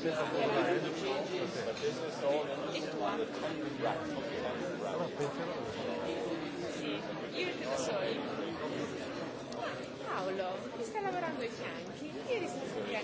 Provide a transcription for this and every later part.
Paolo, chi sta lavorando ai fianchi, ieri sono stata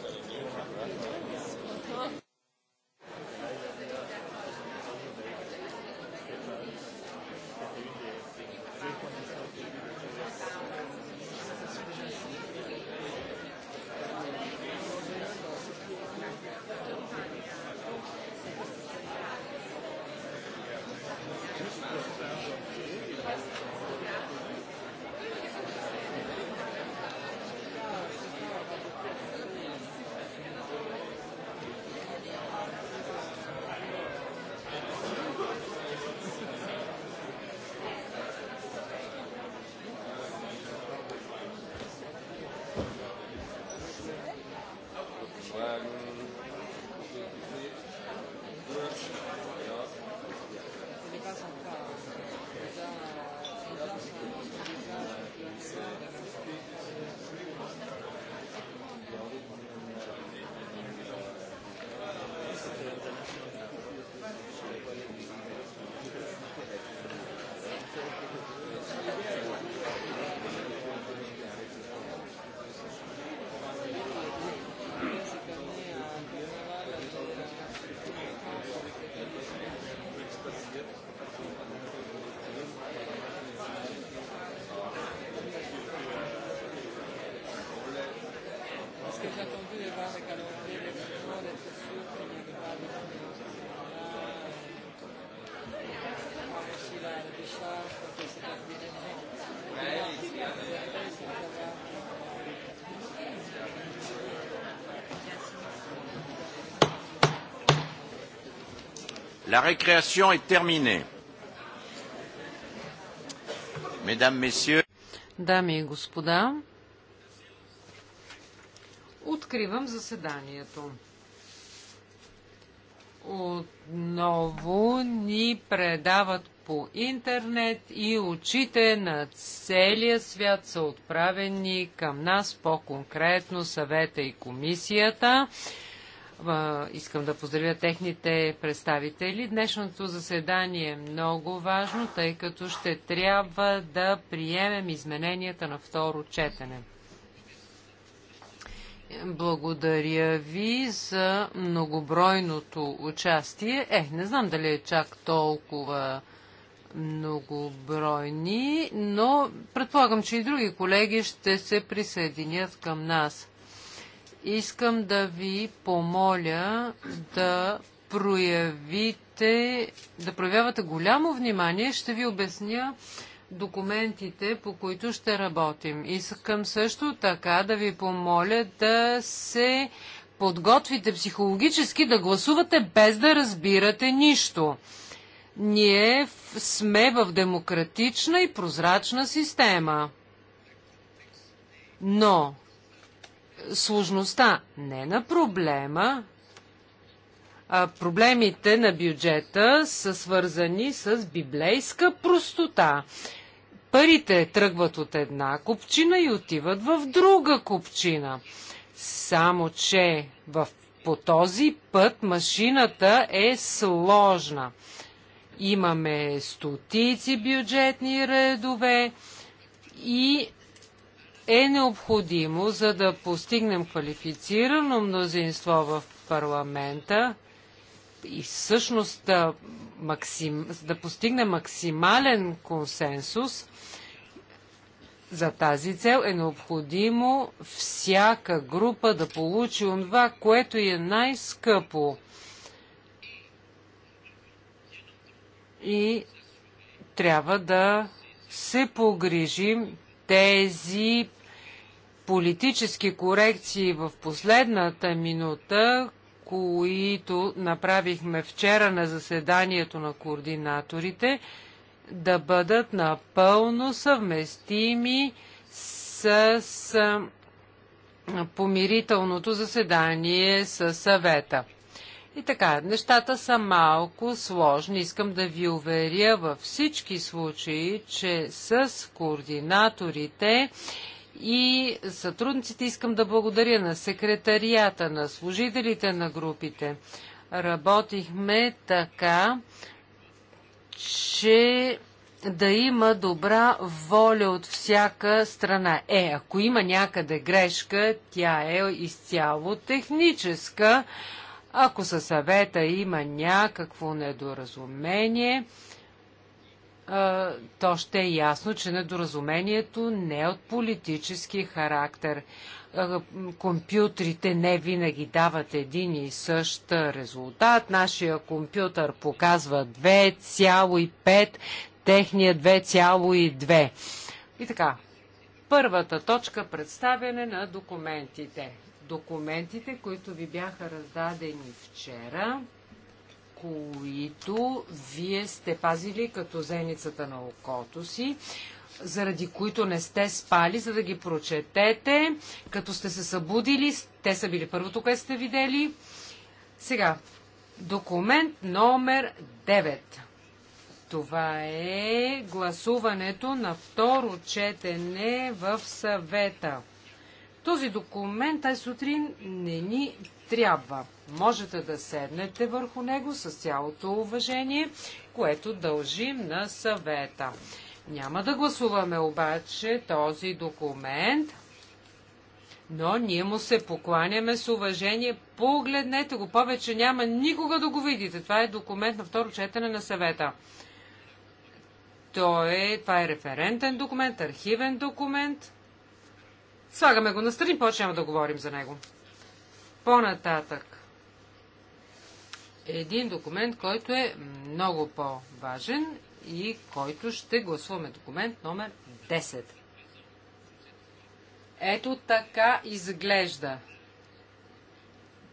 La récréation est terminée. Mesdames, Messieurs. Дами и господа, откривам заседанието. Отново ни предават по интернет и очите на целия свят са отправени към нас, по-конкретно съвета и комисията. Искам да поздравя техните представители. Днешното заседание е много важно, тъй като ще трябва да приемем измененията на второ четене. Благодаря ви за многобройното участие. Е, не знам дали е чак толкова многобройни, но предполагам, че и други колеги ще се присъединят към нас. Искам да ви помоля да проявите, да проявявате голямо внимание. Ще ви обясня документите, по които ще работим. Искам също така да ви помоля да се подготвите психологически да гласувате без да разбирате нищо. Ние сме в демократична и прозрачна система. Но сложността, не на проблема. А проблемите на бюджета са свързани с библейска простота. Парите тръгват от една купчина и отиват в друга купчина. Само, че в, по този път машината е сложна. Имаме стотици бюджетни редове и е необходимо, за да постигнем квалифицирано мнозинство в парламента и всъщност да, максим, да постигне максимален консенсус, за тази цел е необходимо всяка група да получи това, което е най-скъпо. И трябва да се погрижим тези политически корекции в последната минута, които направихме вчера на заседанието на координаторите, да бъдат напълно съвместими с помирителното заседание със съвета. И така, нещата са малко сложни. Искам да ви уверя във всички случаи, че с координаторите и сътрудниците искам да благодаря на секретарията, на служителите на групите. Работихме така, че да има добра воля от всяка страна. Е, ако има някъде грешка, тя е изцяло техническа. Ако със съвета има някакво недоразумение, то ще е ясно, че недоразумението не е от политически характер. Компютрите не винаги дават един и същ резултат. Нашия компютър показва 2,5, техния 2,2. И така, първата точка представяне на документите. Документите, които ви бяха раздадени вчера, които вие сте пазили като зеницата на окото си, заради които не сте спали, за да ги прочетете. Като сте се събудили, те са били първото, което сте видели. Сега, документ номер 9. Това е гласуването на второ четене в съвета. Този документ тази сутрин не ни трябва. Можете да седнете върху него с цялото уважение, което дължим на съвета. Няма да гласуваме обаче този документ, но ние му се покланяме с уважение. Погледнете го, повече няма никога да го видите. Това е документ на второ четене на съвета. Той е, това е референтен документ, архивен документ – Слагаме го настрани, почваме да говорим за него. По-нататък. Един документ, който е много по-важен и който ще гласуваме документ номер 10. Ето така изглежда.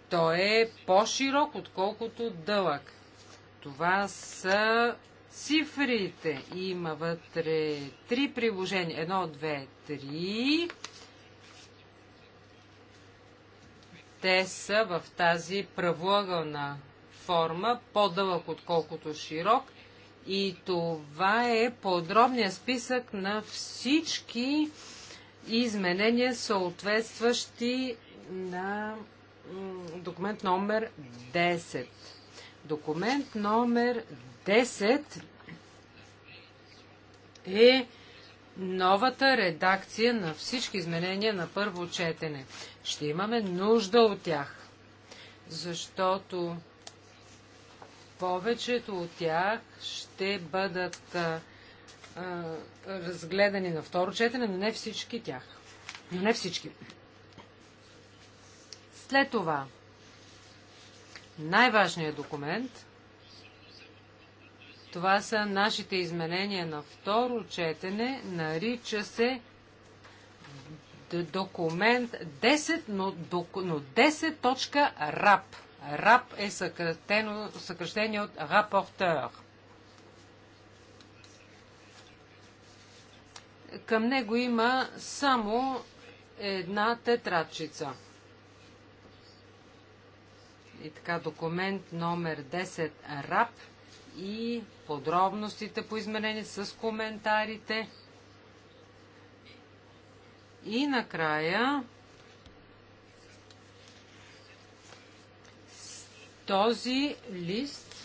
Той е по-широк, отколкото дълъг. Това са цифрите. Има вътре три приложения. Едно, две, три. Те са в тази правоъгълна форма, по-дълъг отколкото широк. И това е подробния списък на всички изменения, съответстващи на документ номер 10. Документ номер 10 е новата редакция на всички изменения на първо четене. Ще имаме нужда от тях, защото повечето от тях ще бъдат а, а, разгледани на второ четене, но не всички тях. Но не всички. След това, най-важният документ това са нашите изменения на второ четене. Нарича се документ 10, но, док, но 10 точка РАП. РАП е съкратено, съкръщение от рапортер. Към него има само една тетрадчица. И така, документ номер 10 РАП – и подробностите по изменение с коментарите. И накрая този лист,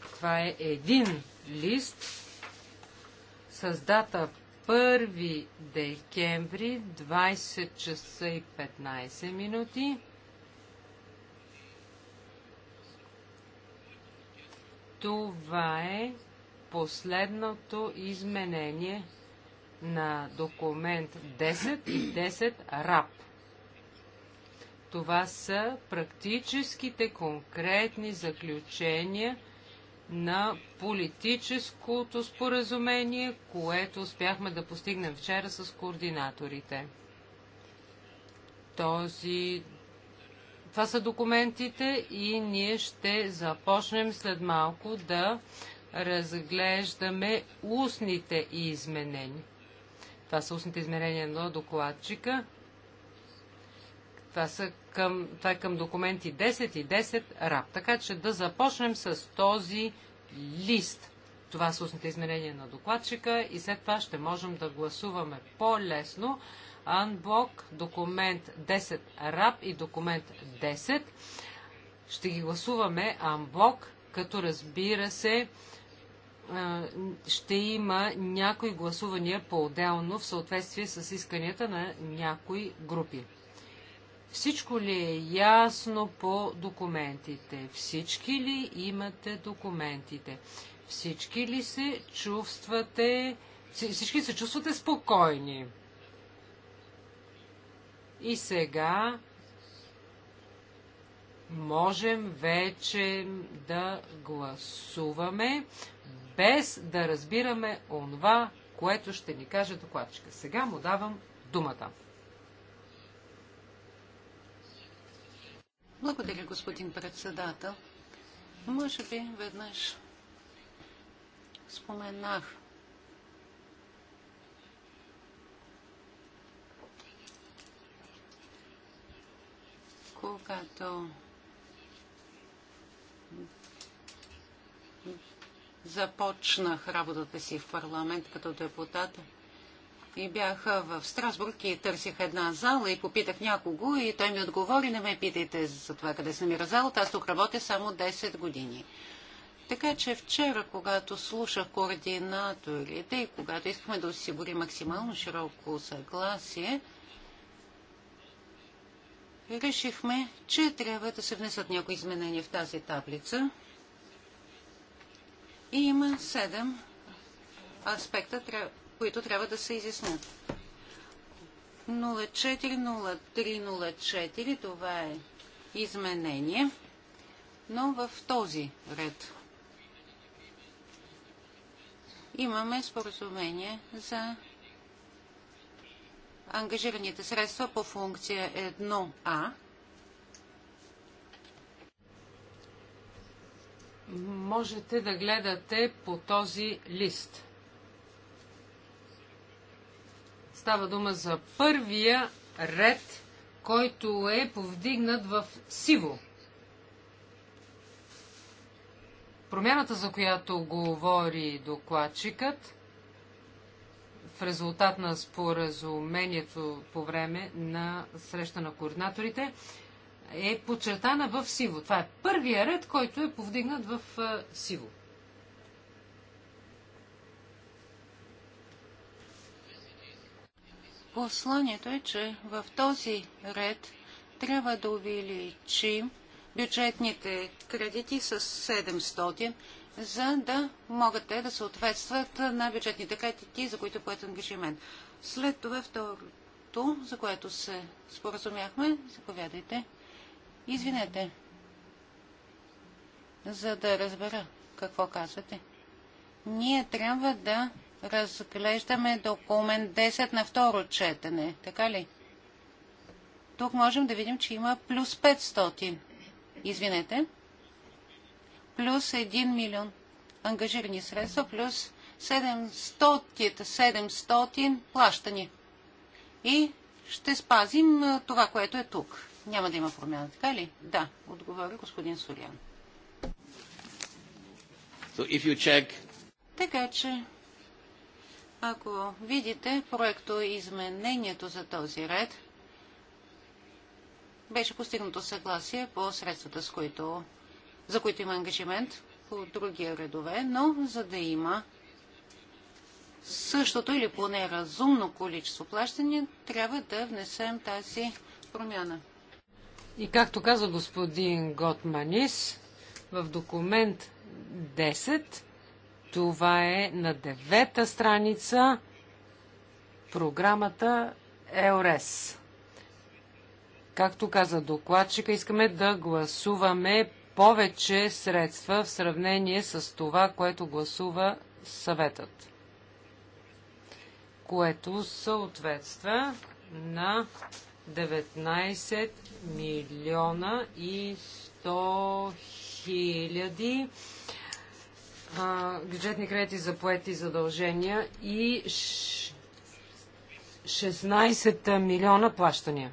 това е един лист с дата 1 декември 20 часа и 15 минути. Това е последното изменение на документ 10 и 10 РАП. Това са практическите конкретни заключения на политическото споразумение, което успяхме да постигнем вчера с координаторите. Този това са документите и ние ще започнем след малко да разглеждаме устните изменения. Това са устните изменения на докладчика. Това, са към, това е към документи 10 и 10 раб. Така че да започнем с този лист. Това са устните изменения на докладчика и след това ще можем да гласуваме по-лесно. Анблок, документ 10 раб и документ 10. Ще ги гласуваме Анблок, като разбира се, е, ще има някои гласувания по-отделно в съответствие с исканията на някои групи. Всичко ли е ясно по документите? Всички ли имате документите? Всички ли се чувствате, всички се чувствате спокойни? И сега можем вече да гласуваме, без да разбираме онова, което ще ни каже докладчика. Сега му давам думата. Благодаря, господин председател. Може би веднъж споменах когато започнах работата си в парламент като депутат и бях в Страсбург и търсих една зала и попитах някого и той ми отговори, не ме питайте за това къде се намира залата, аз тук работя само 10 години. Така че вчера, когато слушах координаторите и когато искахме да осигурим максимално широко съгласие, решихме, че трябва да се внесат някои изменения в тази таблица. И има седем аспекта, които трябва да се изяснят. 040304, това е изменение, но в този ред. Имаме споразумение за ангажираните средства по функция 1А. Можете да гледате по този лист. Става дума за първия ред, който е повдигнат в сиво. Промяната, за която говори докладчикът, в резултат на споразумението по време на среща на координаторите е подчертана в сиво. Това е първия ред, който е повдигнат в сиво. Посланието е, че в този ред трябва да увеличим бюджетните кредити с 700, за да могат те да съответстват на бюджетните кредити, за които е поет ангажимент. След това второто, за което се споразумяхме, заповядайте. Извинете, за да разбера какво казвате. Ние трябва да разглеждаме документ 10 на второ четене, така ли? Тук можем да видим, че има плюс 500. Извинете плюс 1 милион ангажирани средства, плюс 700, 700 плащани. И ще спазим това, което е тук. Няма да има промяна, така ли? Да, отговори господин Сурян. So if you check... Така че, ако видите проекто изменението за този ред, беше постигнато съгласие по средствата, с които за които има ангажимент по други редове, но за да има същото или поне разумно количество плащания, трябва да внесем тази промяна. И както каза господин Готманис, в документ 10, това е на девета страница, програмата ЕОРЕС. Както каза докладчика, искаме да гласуваме повече средства в сравнение с това, което гласува съветът, което съответства на 19 милиона и 100 хиляди бюджетни кредити за поети задължения и 16 милиона плащания.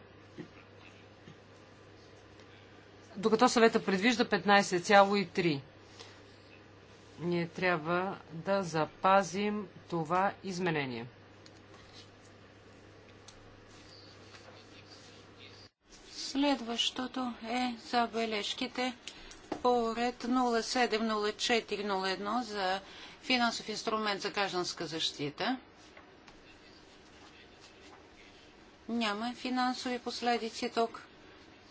докато съвета предвижда 15,3. Ние трябва да запазим това изменение. Следващото е забележките по ред 070401 за финансов инструмент за гражданска защита. Няма финансови последици тук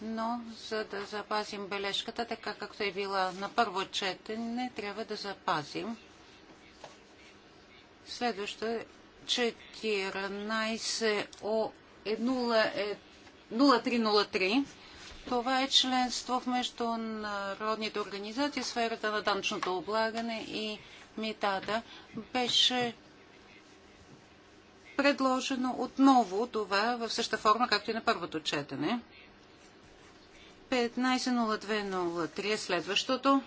но за да запазим бележката, така както е била на първо четене, трябва да запазим. Следващо 14 о 0303. Е, това е членство в международните организации в сферата на данчното облагане и метада, Беше предложено отново това в същата форма, както и на първото четене. 15.02.03 е следващото.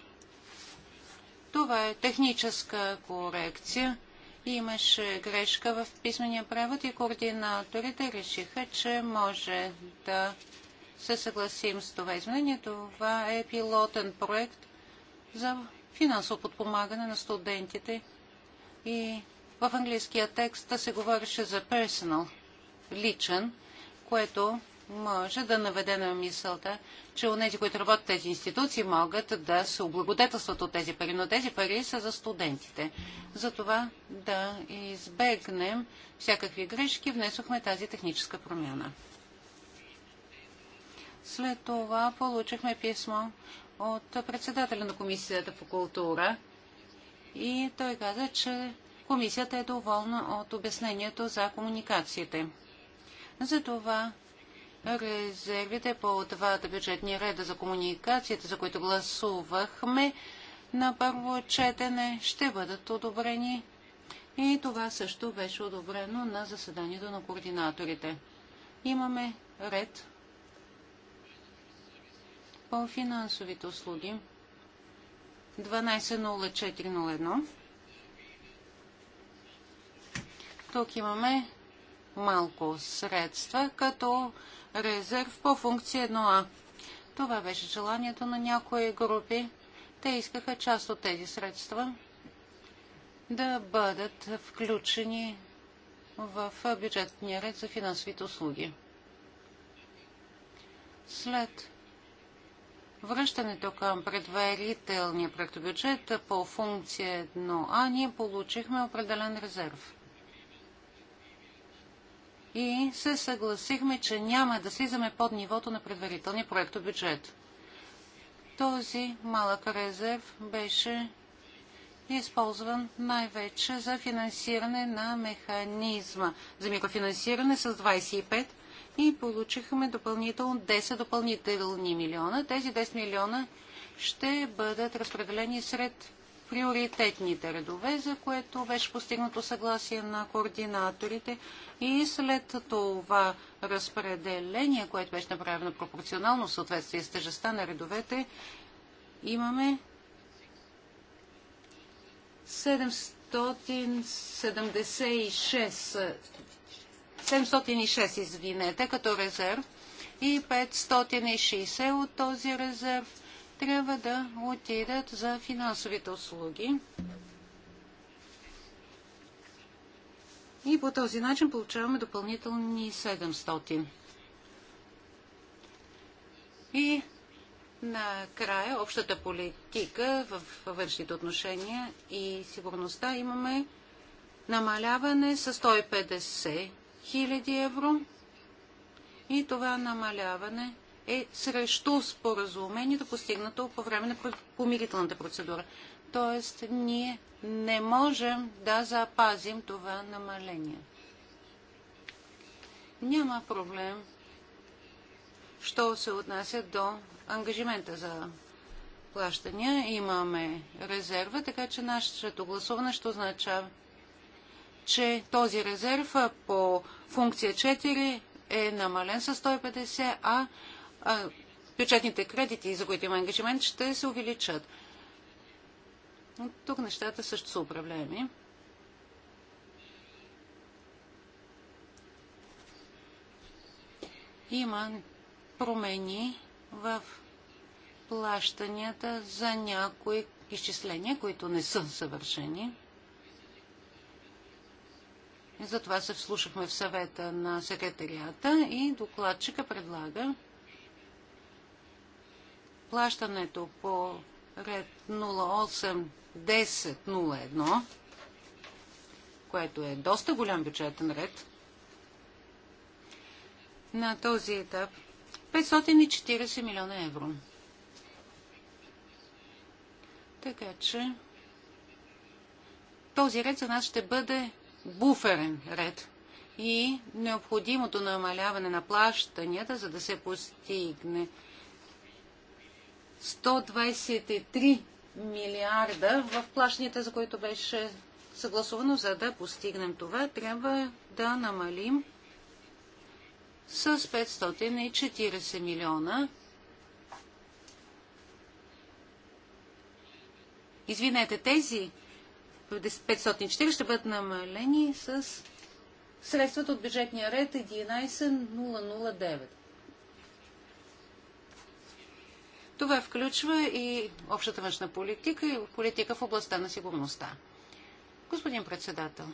Това е техническа корекция. Имаше грешка в писмения превод и координаторите решиха, че може да се съгласим с това изменение. Това е пилотен проект за финансово подпомагане на студентите. И в английския текст се говореше за personal, личен, което може да наведе на мисълта, че нези, които работят тези институции, могат да се облагодетелстват от тези пари, но тези пари са за студентите. Затова да избегнем всякакви грешки, внесохме тази техническа промяна. След това получихме писмо от председателя на Комисията по култура и той каза, че комисията е доволна от обяснението за комуникациите. Затова резервите по двата бюджетни реда за комуникацията, за които гласувахме на първо четене, ще бъдат одобрени. И това също беше одобрено на заседанието на координаторите. Имаме ред по финансовите услуги 120401. Тук имаме малко средства като резерв по функция 1А. Това беше желанието на някои групи. Те искаха част от тези средства да бъдат включени в бюджетния ред за финансовите услуги. След връщането към предварителния проектобюджет по функция 1А ние получихме определен резерв и се съгласихме, че няма да слизаме под нивото на предварителния бюджет. Този малък резерв беше използван най-вече за финансиране на механизма за микрофинансиране с 25 и получихме допълнително 10 допълнителни милиона. Тези 10 милиона ще бъдат разпределени сред приоритетните редове, за което беше постигнато съгласие на координаторите и след това разпределение, което беше направено пропорционално в съответствие с тежестта на редовете, имаме 776 706, извинете, като резерв и 560 от този резерв трябва да отидат за финансовите услуги. И по този начин получаваме допълнителни 700. И накрая общата политика в външните отношения и сигурността имаме намаляване с 150 000 евро. И това намаляване е срещу споразумението, постигнато по време на помирителната процедура. Тоест, ние не можем да запазим това намаление. Няма проблем, що се отнася до ангажимента за плащания. Имаме резерва, така че нашето гласуване ще означава, че този резерв по функция 4 е намален с 150, а бюджетните кредити, за които има ангажимент, ще се увеличат. Тук нещата също са управляеми. Има промени в плащанията за някои изчисления, които не са съвършени. Затова се вслушахме в съвета на секретарията и докладчика предлага плащането по ред 081001, което е доста голям бюджетен ред, на този етап 540 милиона евро. Така че този ред за нас ще бъде буферен ред и необходимото намаляване на плащанията, за да се постигне 123 милиарда в плащанията, за които беше съгласувано, за да постигнем това, трябва да намалим с 540 милиона. Извинете, тези 540 ще бъдат намалени с средствата от бюджетния ред 11009. Това включва и общата външна политика и политика в областта на сигурността. Господин председател,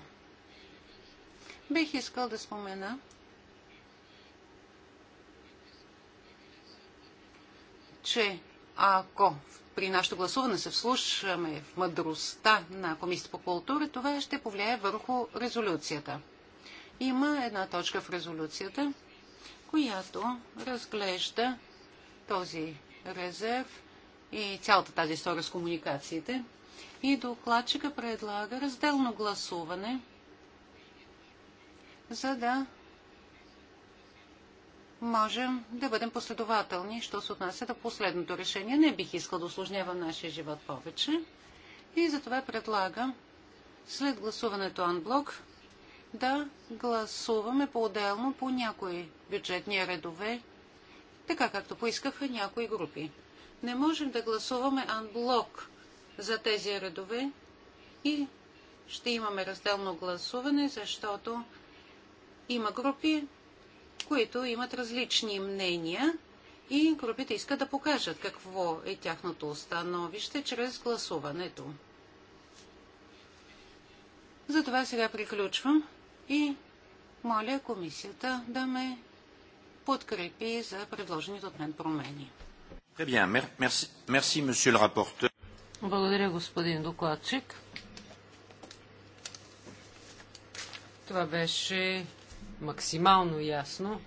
бих искал да спомена, че ако при нашето гласуване се вслушаме в мъдростта на Комисията по култура, това ще повлияе върху резолюцията. Има една точка в резолюцията, която разглежда този резерв и цялата тази история с комуникациите. И докладчика предлага разделно гласуване, за да можем да бъдем последователни, що се отнася до последното решение. Не бих искал да осложнявам нашия живот повече. И затова предлагам след гласуването анблок да гласуваме по-отделно по някои бюджетни редове така както поискаха някои групи. Не можем да гласуваме анблок за тези редове и ще имаме разделно гласуване, защото има групи, които имат различни мнения и групите искат да покажат какво е тяхното установище чрез гласуването. Затова сега приключвам и моля комисията да ме подкрепи за предложените от мен промени. Благодаря, господин докладчик. Това беше максимално ясно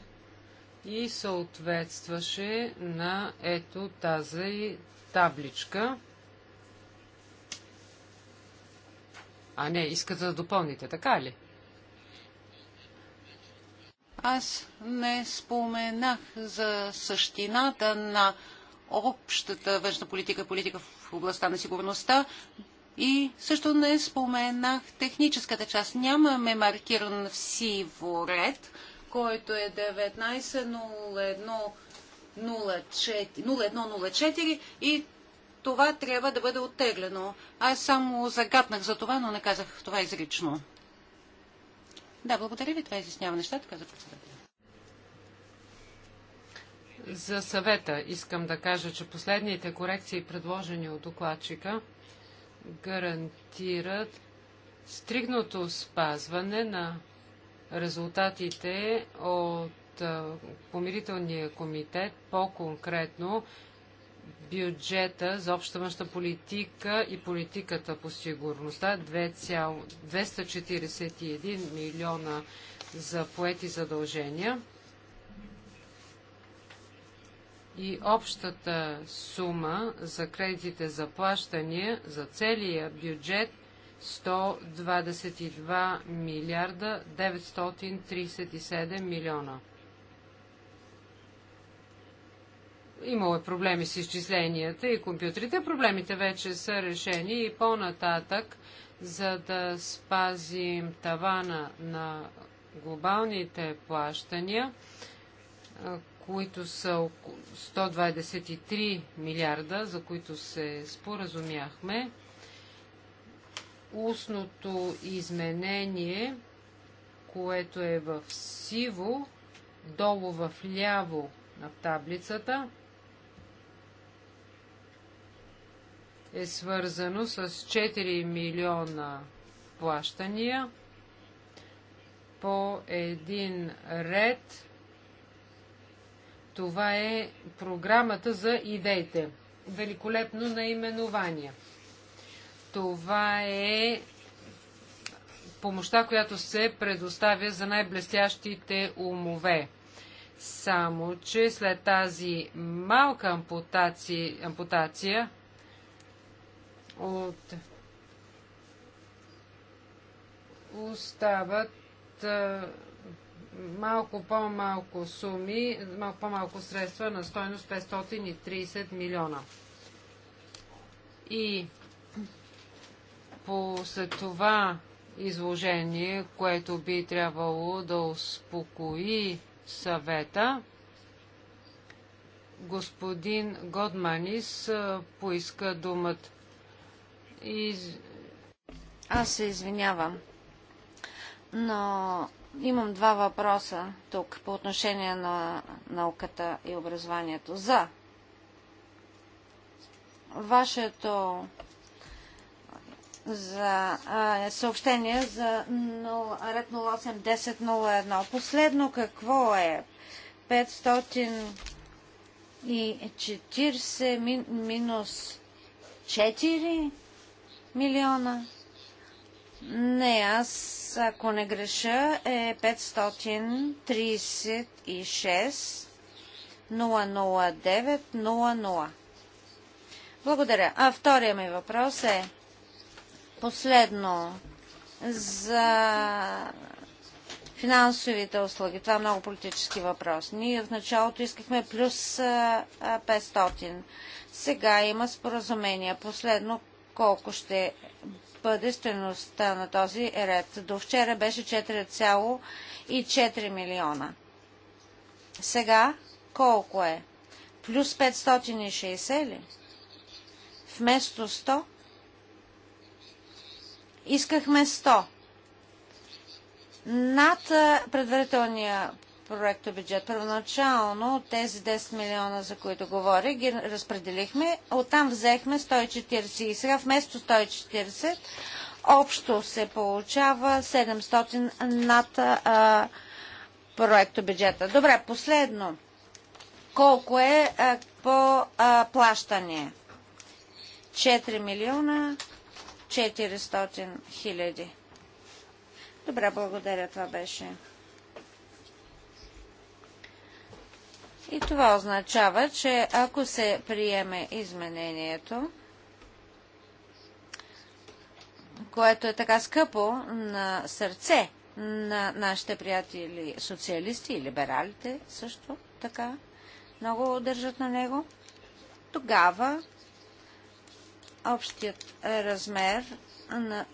и съответстваше на ето тази табличка. А не, искате да допълните, така ли? Аз не споменах за същината на общата външна политика, политика в областта на сигурността и също не споменах техническата част. Нямаме маркиран в сиво ред, който е 19.01.04 и това трябва да бъде оттеглено. Аз само загаднах за това, но не казах това изрично. Да, благодаря ви. Това изяснява нещата, каза председателя. За съвета искам да кажа, че последните корекции, предложени от докладчика, гарантират стригното спазване на резултатите от помирителния комитет, по-конкретно бюджета за обща външна политика и политиката по сигурността 241 милиона за поети задължения и общата сума за кредитите за плащания за целия бюджет 122 милиарда 937 милиона. Имало е проблеми с изчисленията и компютрите. Проблемите вече са решени и по-нататък, за да спазим тавана на глобалните плащания, които са 123 милиарда, за които се споразумяхме. Устното изменение, което е в сиво, долу в ляво на таблицата – е свързано с 4 милиона плащания по един ред. Това е програмата за идеите. Великолепно наименование. Това е помощта, която се предоставя за най-блестящите умове. Само, че след тази малка ампутация, ампутация от остават малко по-малко суми, малко по-малко средства на стойност 530 милиона. И по след това изложение, което би трябвало да успокои съвета, господин Годманис поиска думата. Из... Аз се извинявам, но имам два въпроса тук по отношение на науката и образованието. За вашето за а, съобщение за 0, ред 08-10-01. Последно какво е? 540 минус 4? милиона. Не, аз, ако не греша, е 536 009-00. Благодаря. А втория ми въпрос е последно за финансовите услуги. Това е много политически въпрос. Ние в началото искахме плюс 500. Сега има споразумение. Последно колко ще бъде стоеността на този ред. До вчера беше 4,4 милиона. Сега колко е? Плюс 560 ли? Вместо 100? Искахме 100. Над предварителния проекта бюджет. Първоначално тези 10 милиона, за които говоря, ги разпределихме. Оттам взехме 140 и сега вместо 140 общо се получава 700 над а, проекта бюджета. Добре, последно. Колко е а, по а, плащане? 4 милиона 400 хиляди. Добре, благодаря. Това беше. И това означава, че ако се приеме изменението, което е така скъпо на сърце на нашите приятели социалисти и либералите също така много държат на него, тогава общият размер на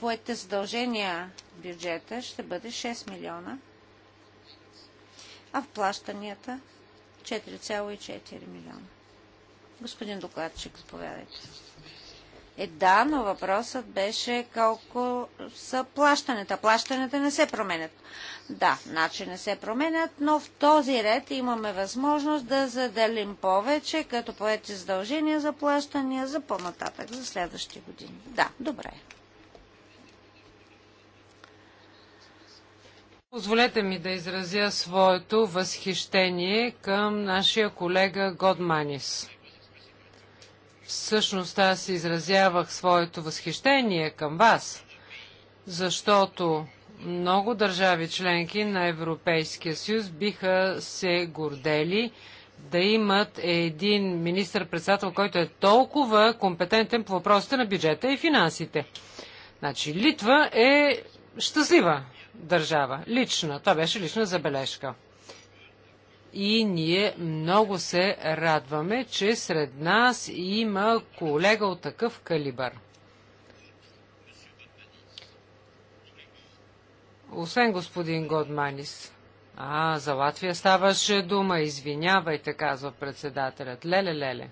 поете задължения бюджета ще бъде 6 милиона а в плащанията 4,4 милиона. Господин докладчик, заповядайте. Е, да, но въпросът беше колко са плащанията. Плащанията не се променят. Да, значи не се променят, но в този ред имаме възможност да заделим повече, като поети задължения за плащания за по-нататък, за следващи години. Да, добре. Позволете ми да изразя своето възхищение към нашия колега Годманис. Всъщност аз изразявах своето възхищение към вас, защото много държави членки на Европейския съюз биха се гордели да имат един министр-председател, който е толкова компетентен по въпросите на бюджета и финансите. Значи Литва е щастлива, държава. Лична. Това беше лична забележка. И ние много се радваме, че сред нас има колега от такъв калибър. Освен господин Годманис. А, за Латвия ставаше дума, извинявайте, казва председателят. Леле, леле.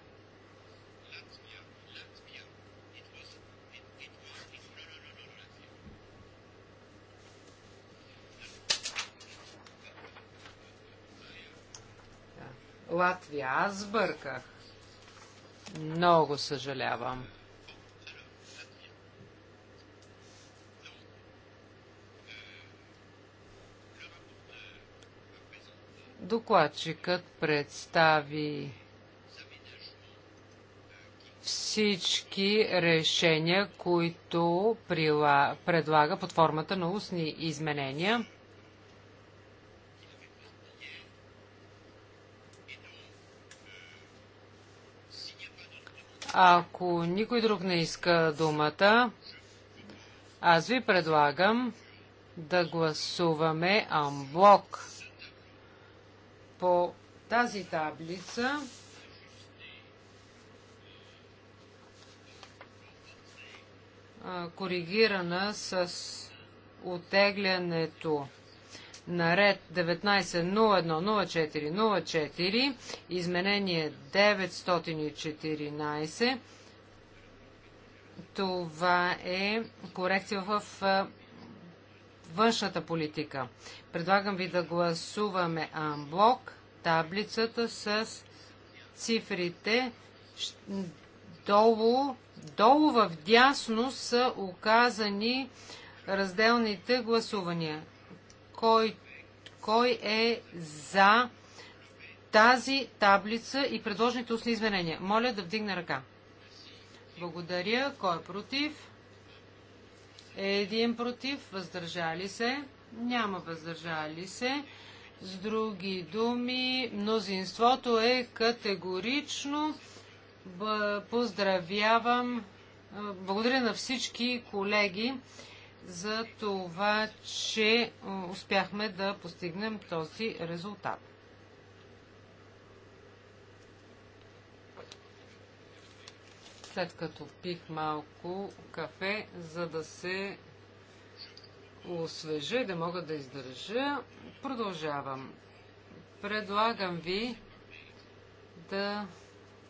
Латвия. Аз бърках. Много съжалявам. Докладчикът представи всички решения, които предлага под формата на устни изменения. Ако никой друг не иска думата, аз ви предлагам да гласуваме амблок по тази таблица. коригирана с отеглянето на ред 19010404, изменение 914. Това е корекция в външната политика. Предлагам ви да гласуваме анблок, таблицата с цифрите долу, долу в дясно са указани разделните гласувания кой, кой е за тази таблица и предложените устни изменения. Моля да вдигна ръка. Благодаря. Кой е против? Един против. Въздържали се? Няма въздържали се. С други думи, мнозинството е категорично. Поздравявам. Благодаря на всички колеги за това, че успяхме да постигнем този резултат. След като пих малко кафе, за да се освежа и да мога да издържа, продължавам. Предлагам ви да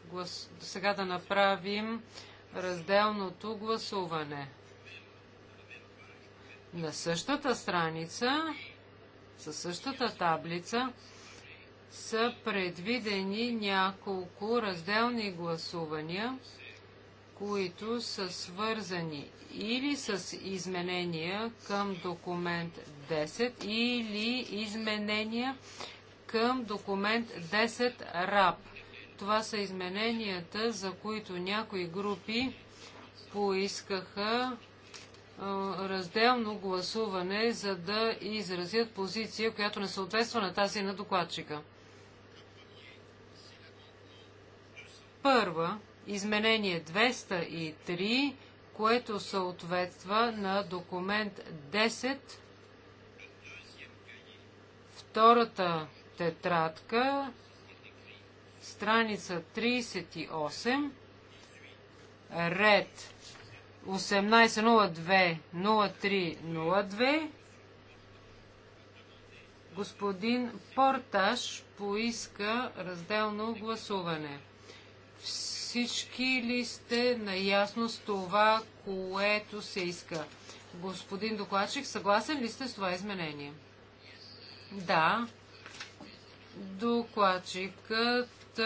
глас... сега да направим разделното гласуване. На същата страница, със същата таблица, са предвидени няколко разделни гласувания, които са свързани или с изменения към документ 10, или изменения към документ 10 РАП. Това са измененията, за които някои групи поискаха разделно гласуване, за да изразят позиция, която не съответства на тази на докладчика. Първа, изменение 203, което съответства на документ 10, втората тетрадка, страница 38, ред 1802 господин Порташ поиска разделно гласуване. Всички ли сте наясно с това, което се иска? Господин докладчик, съгласен ли сте с това изменение? Да. Докладчикът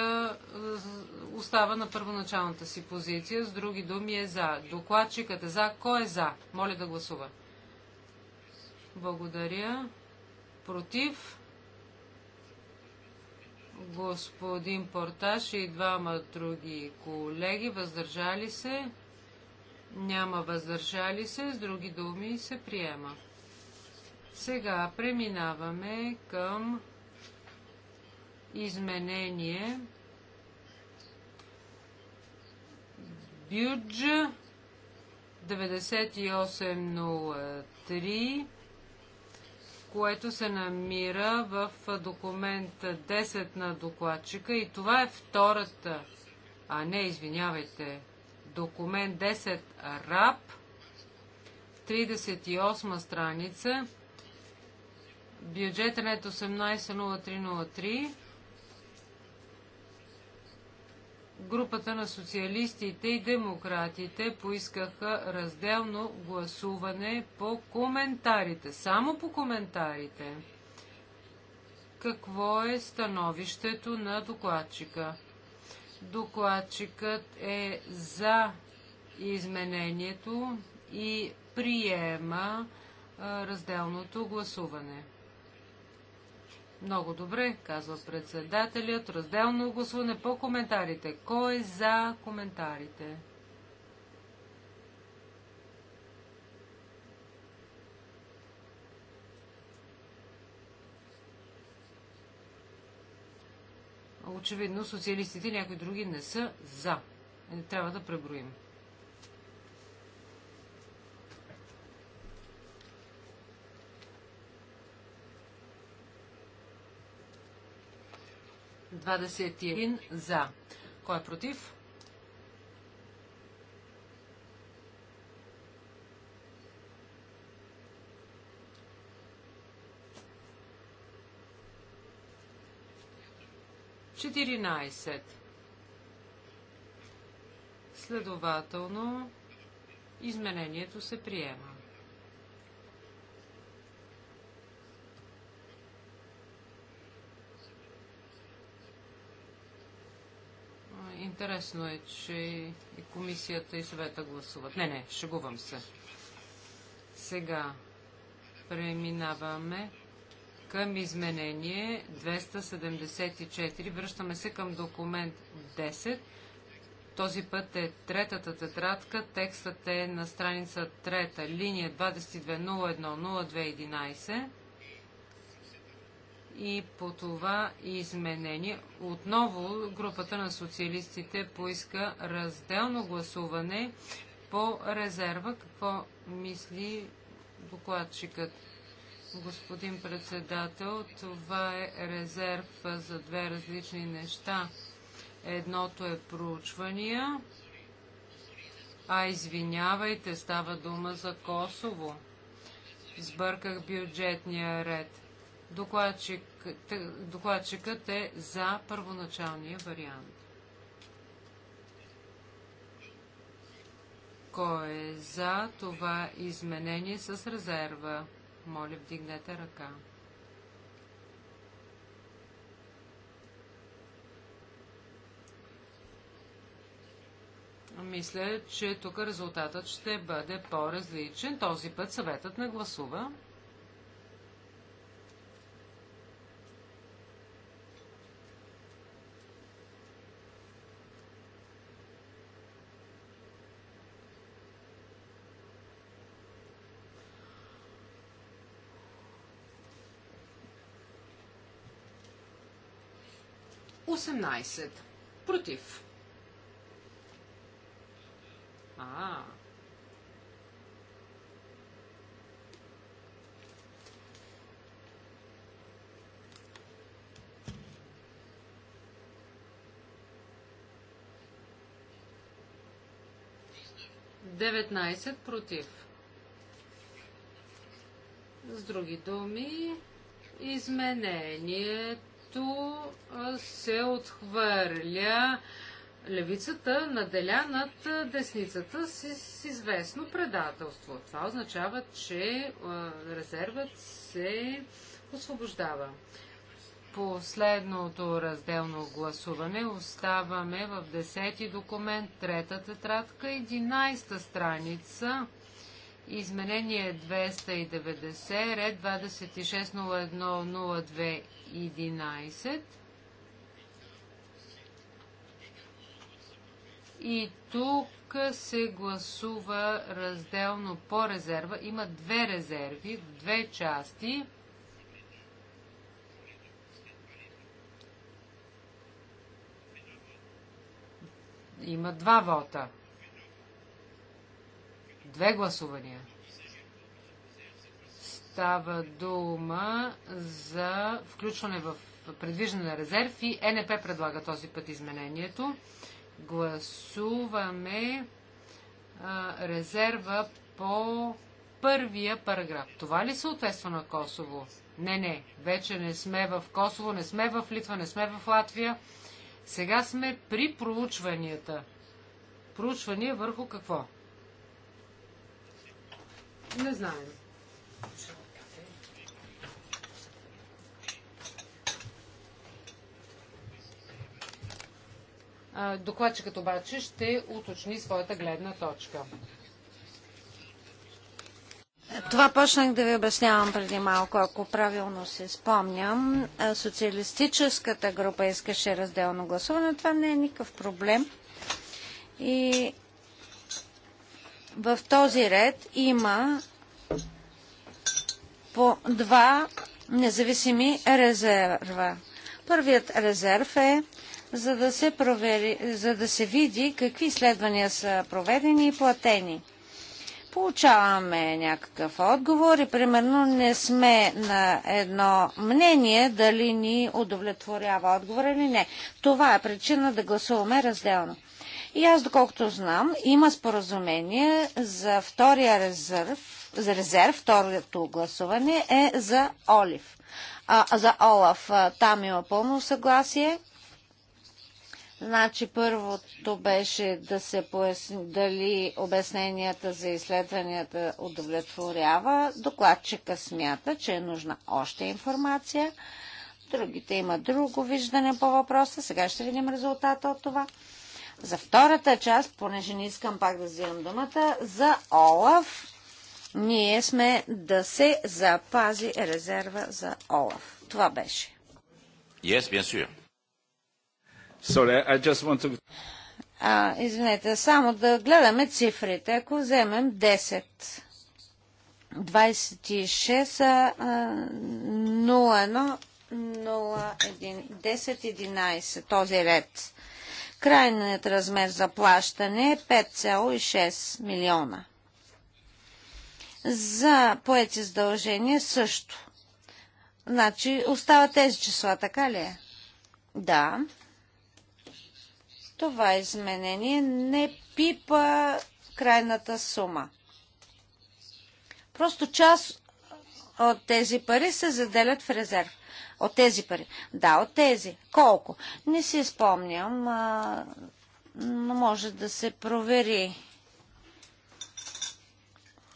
остава на първоначалната си позиция. С други думи е за. Докладчикът е за. Кой е за? Моля да гласува. Благодаря. Против? Господин Порташ и двама други колеги въздържали се. Няма въздържали се. С други думи се приема. Сега преминаваме към изменение Бюджа 9803, което се намира в документ 10 на докладчика и това е втората, а не, извинявайте, документ 10 РАП, 38 страница, бюджетът е 180303, групата на социалистите и демократите поискаха разделно гласуване по коментарите. Само по коментарите. Какво е становището на докладчика? Докладчикът е за изменението и приема разделното гласуване. Много добре, казва председателят. Разделно гласуване по коментарите. Кой за коментарите? Очевидно, социалистите и някои други не са за. Е, трябва да преброим. 21 за. Кой е против? Четиринайсет. Следователно, изменението се приема. Интересно е, че и комисията и съвета гласуват. Не, не, шегувам се. Сега преминаваме към изменение 274. Връщаме се към документ 10. Този път е третата тетрадка. Текстът е на страница 3, линия 22010211 и по това изменение отново групата на социалистите поиска разделно гласуване по резерва. Какво мисли докладчикът? Господин председател, това е резерв за две различни неща. Едното е проучвания, а извинявайте, става дума за Косово. Сбърках бюджетния ред. Докладчик, докладчикът е за първоначалния вариант. Кой е за това изменение с резерва? Моля, вдигнете ръка. Мисля, че тук резултатът ще бъде по-различен. Този път съветът не гласува. 18. Против. А. Деветнайсет против. С други думи, изменението който се отхвърля. Левицата наделя над десницата с, известно предателство. Това означава, че резервът се освобождава. Последното разделно гласуване оставаме в 10 документ, 3-та тетрадка, 11 страница. Изменение 290, ред 260102 11. И тук се гласува разделно по резерва. Има две резерви, две части. Има два вота. Две гласувания става дума за включване в предвиждане на резерв и НП предлага този път изменението. Гласуваме а, резерва по първия параграф. Това ли съответства на Косово? Не, не. Вече не сме в Косово, не сме в Литва, не сме в Латвия. Сега сме при проучванията. Проучвания върху какво? Не знаем. Докладчикът обаче ще уточни своята гледна точка. Това почнах да ви обяснявам преди малко, ако правилно се спомням. Социалистическата група искаше разделно гласуване. Това не е никакъв проблем. И в този ред има по два независими резерва. Първият резерв е за да се, провери, за да се види какви изследвания са проведени и платени. Получаваме някакъв отговор и примерно не сме на едно мнение дали ни удовлетворява отговор или не. Това е причина да гласуваме разделно. И аз, доколкото знам, има споразумение за втория резерв, за резерв, второто гласуване е за Олив. А, за Олаф там има пълно съгласие Значи първото беше да се поясни дали обясненията за изследванията удовлетворява. Докладчика смята, че е нужна още информация. Другите имат друго виждане по въпроса. Сега ще видим резултата от това. За втората част, понеже не искам пак да взимам думата, за Олаф ние сме да се запази резерва за Олаф. Това беше. Yes, bien sûr. Sorry, I just want to... А, извинете, само да гледаме цифрите. Ако вземем 10, 26, а, 01, 10, 11, този ред. Крайният размер за плащане е 5,6 милиона. За поети задължения също. Значи остават тези числа, така ли е? Да това изменение не пипа крайната сума. Просто част от тези пари се заделят в резерв. От тези пари. Да, от тези. Колко? Не си спомням, а, но може да се провери.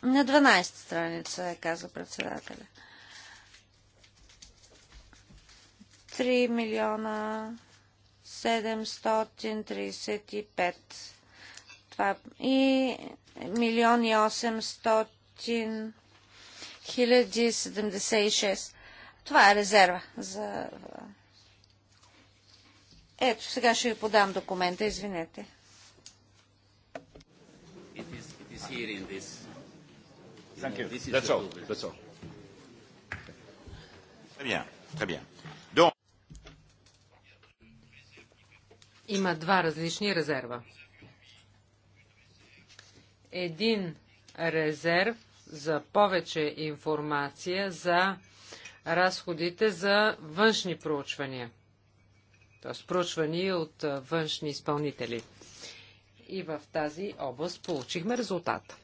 На 12-та страница, е, каза председателя. 3 милиона 735. Това и милион и 800 хиляди Това е резерва за... Ето, сега ще ви подам документа, извинете. It is, it is here in this. Thank you. That's all. That's all. Très bien. Très bien. има два различни резерва. Един резерв за повече информация за разходите за външни проучвания, т.е. проучвания от външни изпълнители. И в тази област получихме резултат.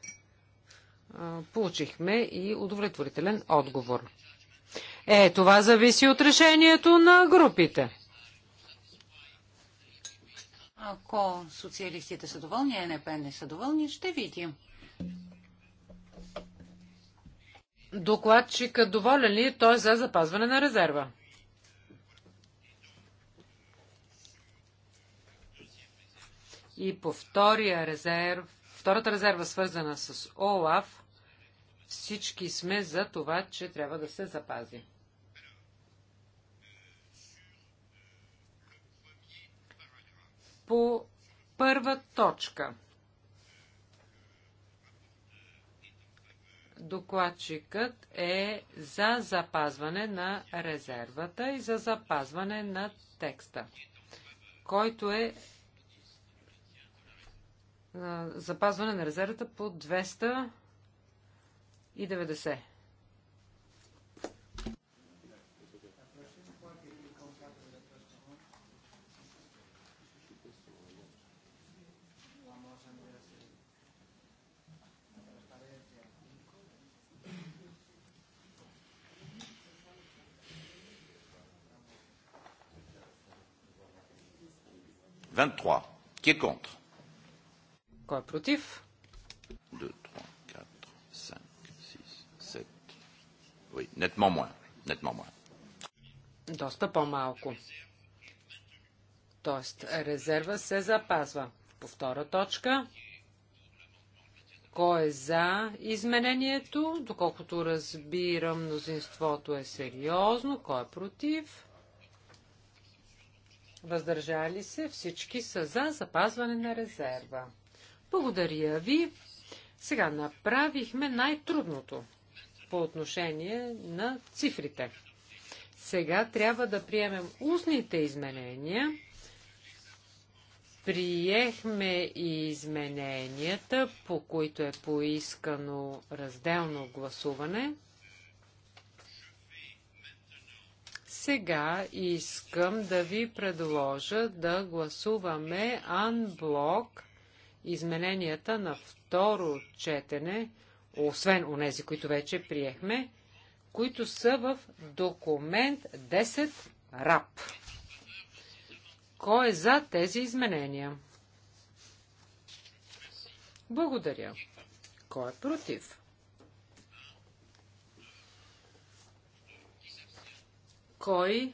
Получихме и удовлетворителен отговор. Е, това зависи от решението на групите. Ако социалистите са доволни, а НП не са доволни, ще видим. Докладчика доволен ли е той за запазване на резерва? И по втория резерв, втората резерва свързана с ОЛАФ, всички сме за това, че трябва да се запази. по първа точка. Докладчикът е за запазване на резервата и за запазване на текста, който е запазване на резервата по 290. 23. Qui est contre Кой е против? 2, 3, 4, 5, 6, 7. Oui, nettement moins. Nettement moins. Доста по-малко. Тоест, резерва се запазва. По втора точка, кой е за изменението? Доколкото разбирам, мнозинството е сериозно. Кой е против? въздържали се, всички са за запазване на резерва. Благодаря ви. Сега направихме най-трудното по отношение на цифрите. Сега трябва да приемем устните изменения. Приехме и измененията, по които е поискано разделно гласуване. Сега искам да ви предложа да гласуваме анблок измененията на второ четене, освен нези, които вече приехме, които са в документ 10 РАП. Кой е за тези изменения? Благодаря. Кой е против? Кой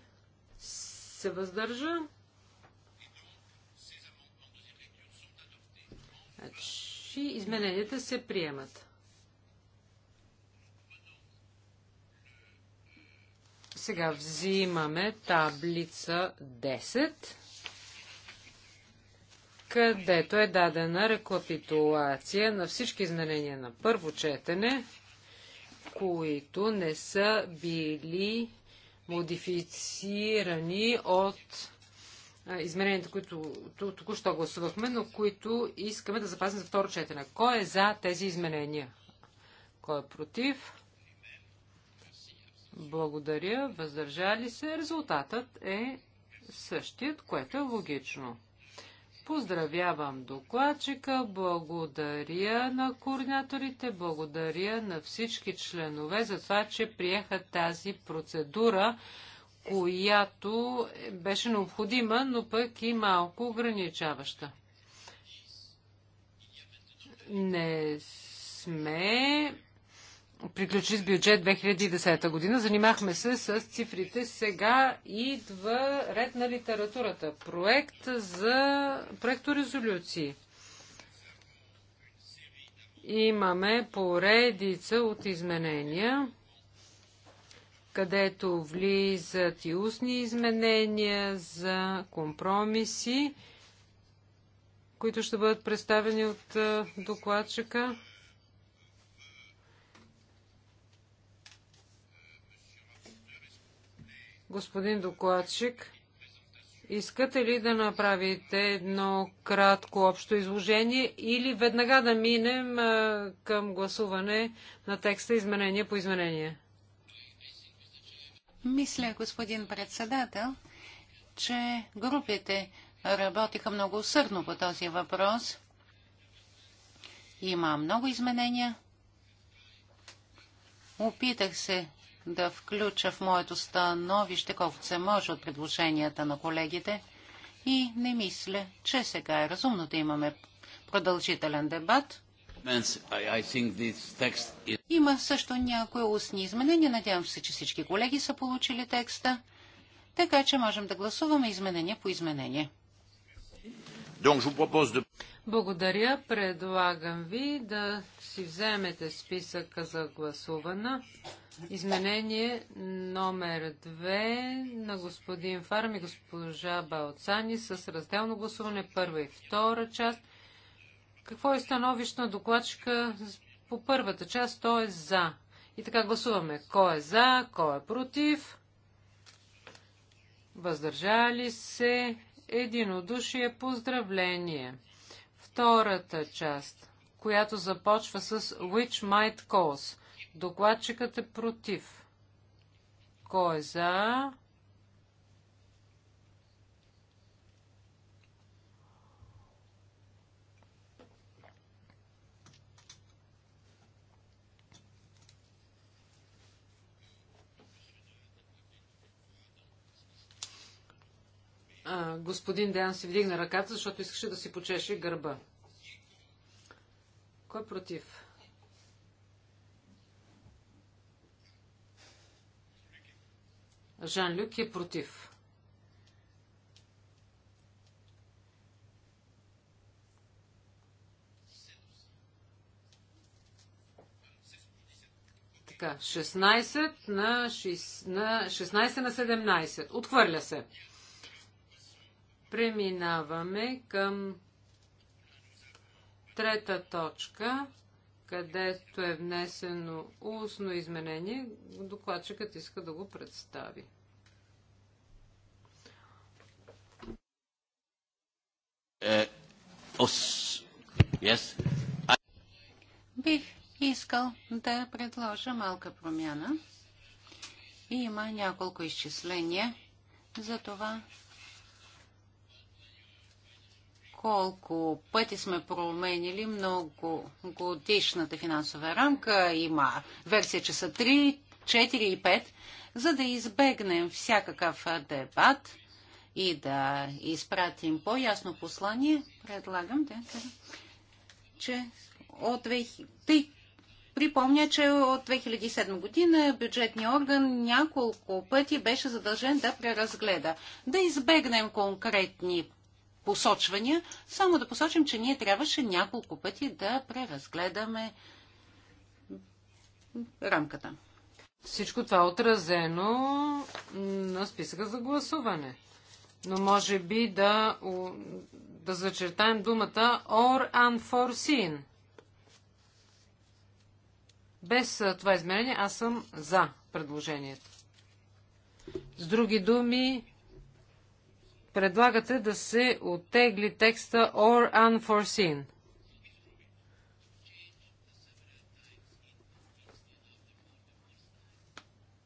се въздържа? Значи, измененията се приемат. Сега взимаме таблица 10, където е дадена рекапитулация на всички изменения на първо четене, които не са били модифицирани от измененията, които току-що гласувахме, но които искаме да запазим за второ четене. Кой е за тези изменения? Кой е против? Благодаря. Въздържали се. Резултатът е същият, което е логично. Поздравявам докладчика, благодаря на координаторите, благодаря на всички членове за това, че приеха тази процедура, която беше необходима, но пък и малко ограничаваща. Не сме приключи с бюджет 2010 година. Занимахме се с цифрите. Сега идва ред на литературата. Проект за проекторезолюции. Имаме поредица от изменения, където влизат и устни изменения за компромиси, които ще бъдат представени от докладчика. Господин докладчик, искате ли да направите едно кратко общо изложение или веднага да минем а, към гласуване на текста изменение по изменение? Мисля, господин председател, че групите работиха много усърдно по този въпрос. Има много изменения. Опитах се да включа в моето становище колкото се може от предложенията на колегите и не мисля, че сега е разумно да имаме продължителен дебат. Има също някои устни изменения. Надявам се, че всички колеги са получили текста, така че можем да гласуваме изменения по изменение. Благодаря. Предлагам ви да си вземете списъка за гласувана. Изменение номер 2 на господин Фарм и госпожа Балцани с разделно гласуване първа и втора част. Какво е становище на докладчика по първата част? той е за. И така гласуваме. Кой е за, кой е против? Въздържали се? единодушие поздравление. Втората част, която започва с which might cause. Докладчикът е против. Кой е за? А, господин Деян си вдигна ръката, защото искаше да си почеше гърба. Кой е против? Жан Люк е против. Така, 16 на, 6, на 16 на 17. Отхвърля се. Преминаваме към трета точка, където е внесено устно изменение. Докладчикът иска да го представи. Е, Бих искал да предложа малка промяна. Има няколко изчисления за това колко пъти сме променили много годишната финансова рамка. Има версия, че са 3, 4 и 5, за да избегнем всякакъв дебат и да изпратим по-ясно послание. Предлагам да, да че от 2000... Припомня, че от 2007 година бюджетният орган няколко пъти беше задължен да преразгледа, да избегнем конкретни посочвания. Само да посочим, че ние трябваше няколко пъти да преразгледаме рамката. Всичко това е отразено на списъка за гласуване. Но може би да, да зачертаем думата or unforeseen. Без това измерение аз съм за предложението. С други думи, предлагате да се оттегли текста or unforeseen.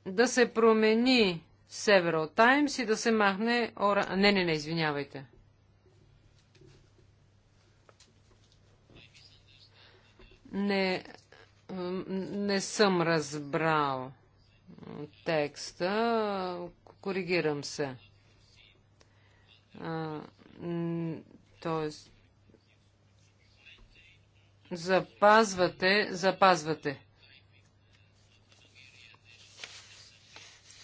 Да се промени several times и да се махне or... Не, не, не, извинявайте. Не, не съм разбрал текста. Коригирам се т.е. запазвате, запазвате.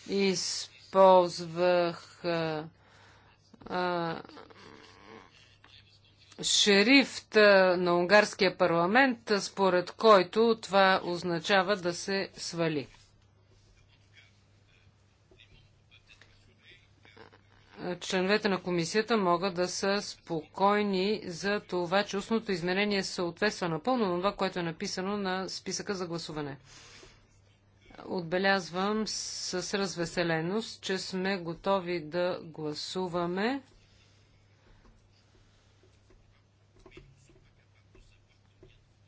Използвах а, а, шерифт на унгарския парламент, според който това означава да се свали. членовете на комисията могат да са спокойни за това, че устното изменение съответства напълно на това, което е написано на списъка за гласуване. Отбелязвам с развеселеност, че сме готови да гласуваме.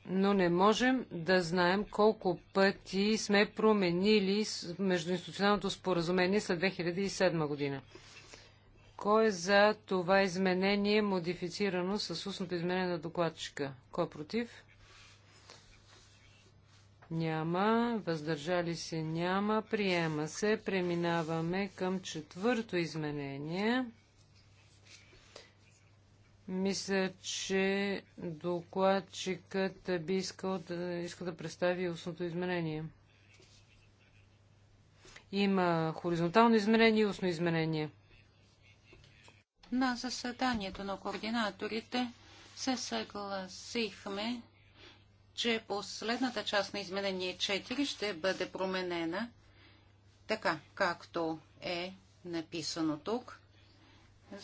но не можем да знаем колко пъти сме променили междуинституционалното споразумение след 2007 година. Кой е за това изменение, модифицирано с устното изменение на докладчика? Кой е против? Няма. Въздържали се няма. Приема се. Преминаваме към четвърто изменение. Мисля, че докладчикът би искал да, иска да представи устното изменение. Има хоризонтално изменение и устно изменение. На заседанието на координаторите се съгласихме, че последната част на изменение 4 ще бъде променена така, както е написано тук,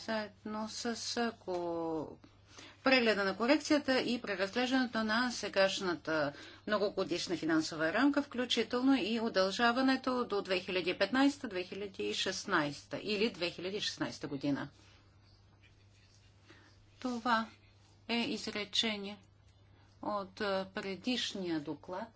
заедно с прегледа на корекцията и преразглеждането на сегашната многогодишна финансова рамка, включително и удължаването до 2015-2016 или 2016 година. Това е изречение от предишния доклад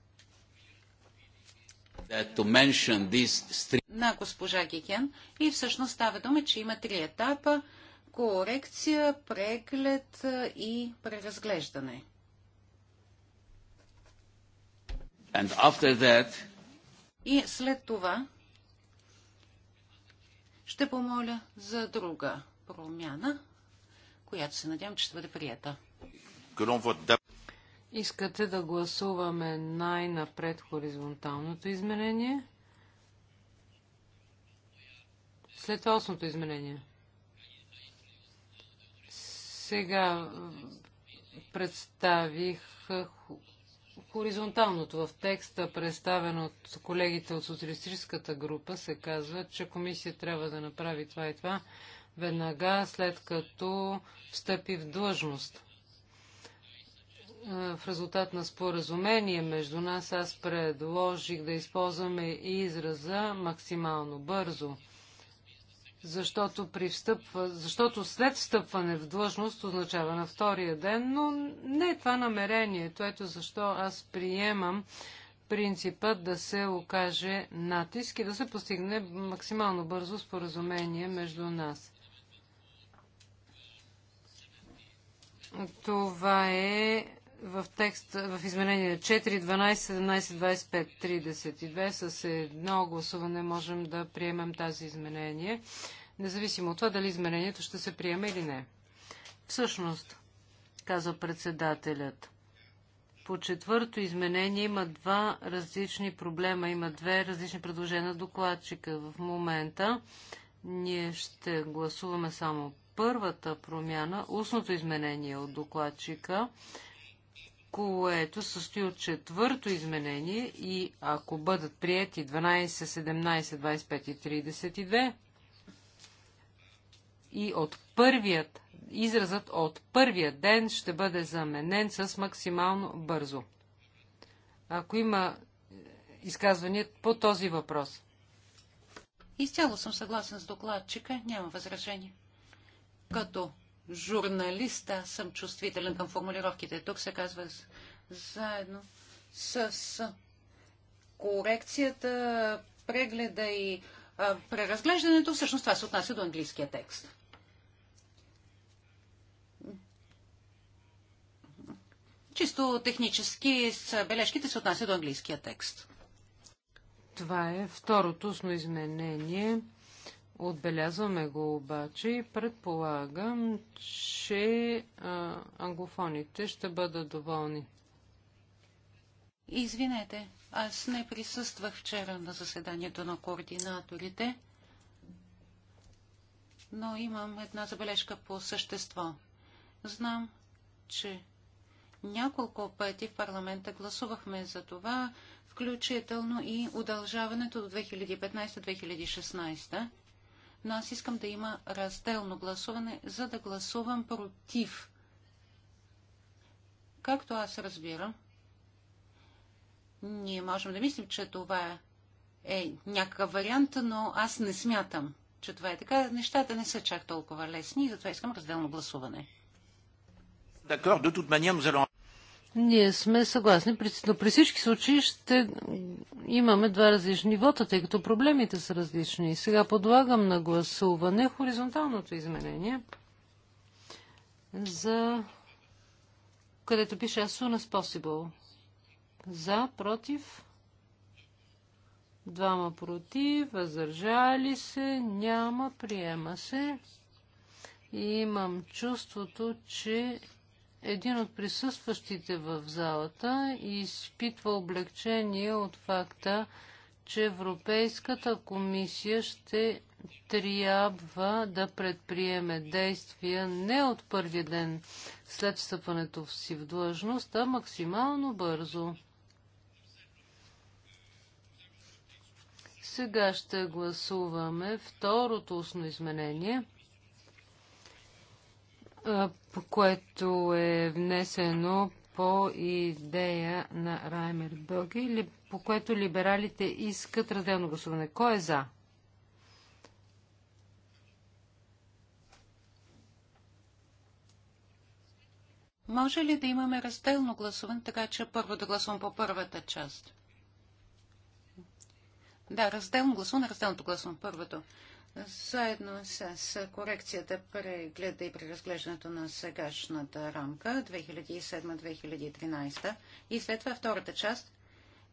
на госпожа Гиген. И всъщност става дума, че има три етапа – корекция, преглед и преразглеждане. And after that... И след това ще помоля за друга промяна – която се надявам, че ще бъде прията. Искате да гласуваме най-напред хоризонталното изменение? След това осното изменение. Сега представих хоризонталното в текста, представен от колегите от социалистическата група, се казва, че комисия трябва да направи това и това веднага след като встъпи в длъжност. Е, в резултат на споразумение между нас аз предложих да използваме израза максимално бързо защото, при встъпва, защото след встъпване в длъжност означава на втория ден, но не е това намерението. Ето защо аз приемам принципът да се окаже натиск и да се постигне максимално бързо споразумение между нас. Това е в текст, в изменение 4, 12, 17, 25, 32. С едно гласуване можем да приемем тази изменение, независимо от това дали изменението ще се приеме или не. Всъщност, казва председателят, по четвърто изменение има два различни проблема, има две различни предложения на докладчика. В момента ние ще гласуваме само първата промяна, устното изменение от докладчика, което състои от четвърто изменение и ако бъдат прияти 12, 17, 25 и 32 и от първият изразът от първия ден ще бъде заменен с максимално бързо. Ако има изказвания по този въпрос. Изцяло съм съгласен с докладчика, няма възражение. Като журналист аз съм чувствителен към формулировките. Тук се казва заедно с корекцията, прегледа и а, преразглеждането. Всъщност това се отнася до английския текст. Чисто технически с бележките се отнася до английския текст. Това е второто устно изменение. Отбелязваме го обаче и предполагам, че а, англофоните ще бъдат доволни. Извинете, аз не присъствах вчера на заседанието на координаторите, но имам една забележка по същество. Знам, че няколко пъти в парламента гласувахме за това, включително и удължаването до 2015-2016 но аз искам да има разделно гласуване, за да гласувам против. Както аз разбирам, ние можем да мислим, че това е някакъв вариант, но аз не смятам, че това е така. Нещата не са чак толкова лесни и затова искам разделно гласуване. D'accord, de toute manière, nous allons... Ние сме съгласни, но при всички случаи ще имаме два различни нивота, тъй като проблемите са различни. Сега подлагам на гласуване хоризонталното изменение, за където пише as soon as possible. За, против, двама против, въздържали се, няма, приема се. И имам чувството, че един от присъстващите в залата изпитва облегчение от факта, че Европейската комисия ще трябва да предприеме действия не от първия ден след встъпването си в длъжност, а максимално бързо. Сега ще гласуваме второто устно изменение. По което е внесено по идея на Раймер Бълги, по което либералите искат разделно гласуване. Кой е за? Може ли да имаме разделно гласуване, така че първо да гласувам по първата част? Да, разделно гласуване, разделното гласуване, първото заедно с корекцията, прегледа и преразглеждането на сегашната рамка 2007-2013 и след това втората част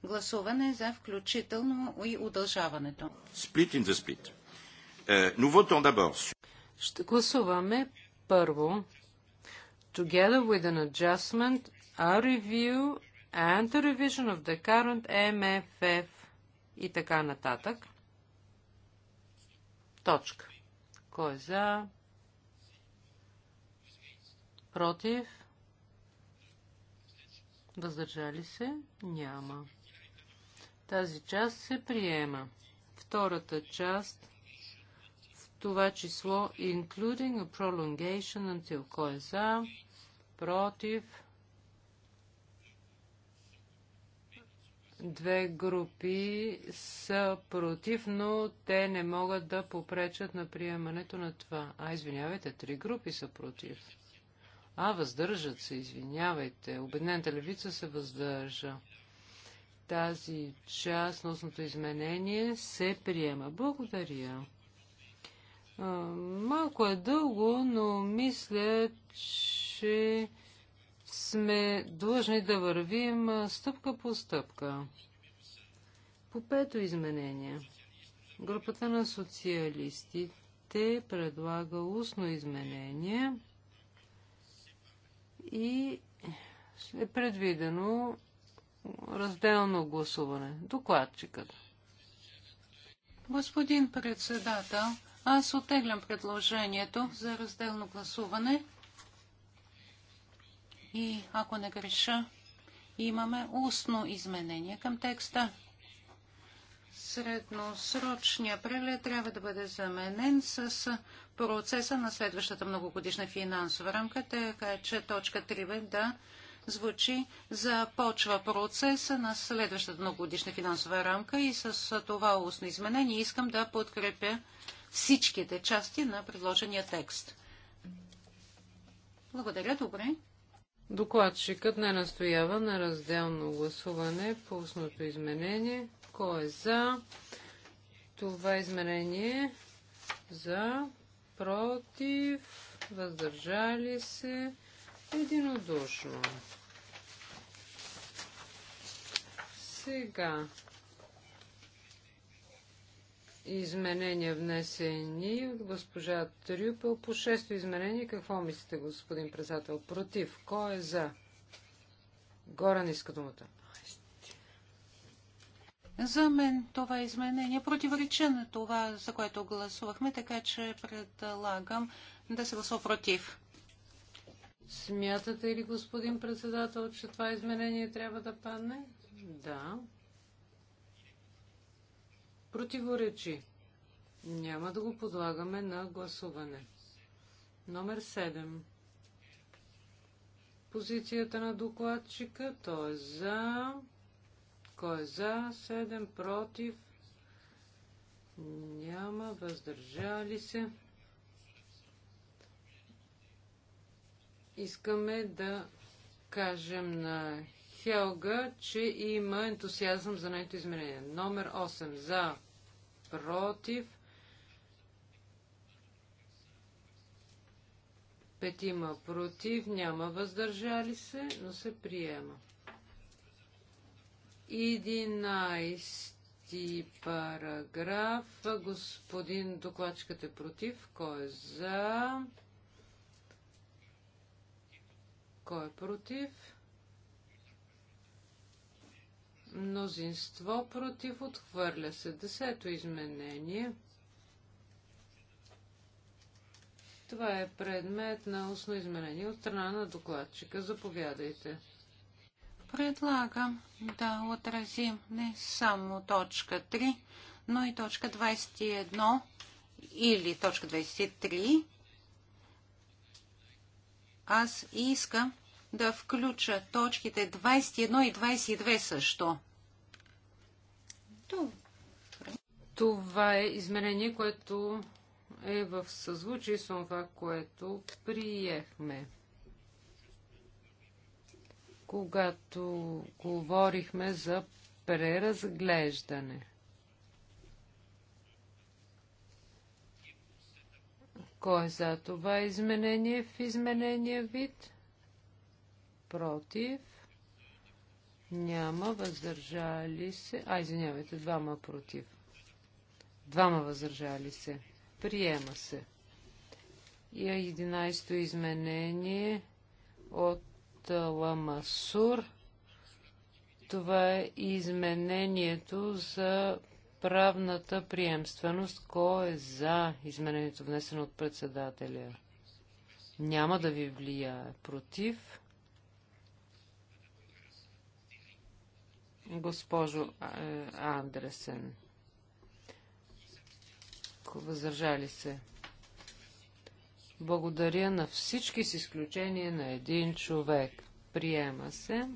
гласуване за включително и удължаването. Split in the split. Е, Ще гласуваме първо Together with an adjustment, a review and a revision of the current MFF и така нататък. Точка. Кой е за? Против? Въздържали се? Няма. Тази част се приема. Втората част в това число including a prolongation until кой е за? Против? две групи са против, но те не могат да попречат на приемането на това. А, извинявайте, три групи са против. А, въздържат се, извинявайте. Обеднената левица се въздържа. Тази част на изменение се приема. Благодаря. Малко е дълго, но мисля, че сме длъжни да вървим стъпка по стъпка. По пето изменение. Групата на социалистите предлага устно изменение и е предвидено разделно гласуване. Докладчикът. Господин председател, аз отеглям предложението за разделно гласуване. И ако не греша, имаме устно изменение към текста. Средносрочния преглед трябва да бъде заменен с процеса на следващата многогодишна финансова рамка, така че точка 3 да звучи започва процеса на следващата многогодишна финансова рамка и с това устно изменение искам да подкрепя всичките части на предложения текст. Благодаря, добре. Докладчикът не настоява на разделно гласуване по устното изменение. Кой е за това изменение? За, против, въздържали се, единодушно. Сега изменения внесени от госпожа Трюпел. По шесто изменение, какво мислите, господин председател? Против. Кой е за? Горан иска думата. За мен това изменение е противоречи на това, за което гласувахме, така че предлагам да се гласува против. Смятате ли, господин председател, че това изменение трябва да падне? Да противоречи. Няма да го подлагаме на гласуване. Номер 7. Позицията на докладчика, той е за, кой е за, 7 против, няма, въздържали се. Искаме да кажем на Хелга, че има ентусиазъм за нейното изменение. Номер 8 за против. Петима против, няма въздържали се, но се приема. 11 параграф. Господин докладчикът е против. Кой е за? Кой е против? Мнозинство против отхвърля се. Десето изменение. Това е предмет на устно изменение от страна на докладчика. Заповядайте. Предлагам да отразим не само точка 3, но и точка 21 или точка 23. Аз искам да включа точките 21 и 22 също. Това е изменение, което е в съзвучие с това, което приехме. Когато говорихме за преразглеждане. Кой е за това изменение в изменения вид? против, няма, въздържали се. А, извинявайте, двама против. Двама въздържали се. Приема се. И 11-то изменение от Ламасур. Това е изменението за правната приемственост. Кой е за изменението, внесено от председателя? Няма да ви влияе. Против? Госпожо Андресен, въздържали се. Благодаря на всички с изключение на един човек. Приема се.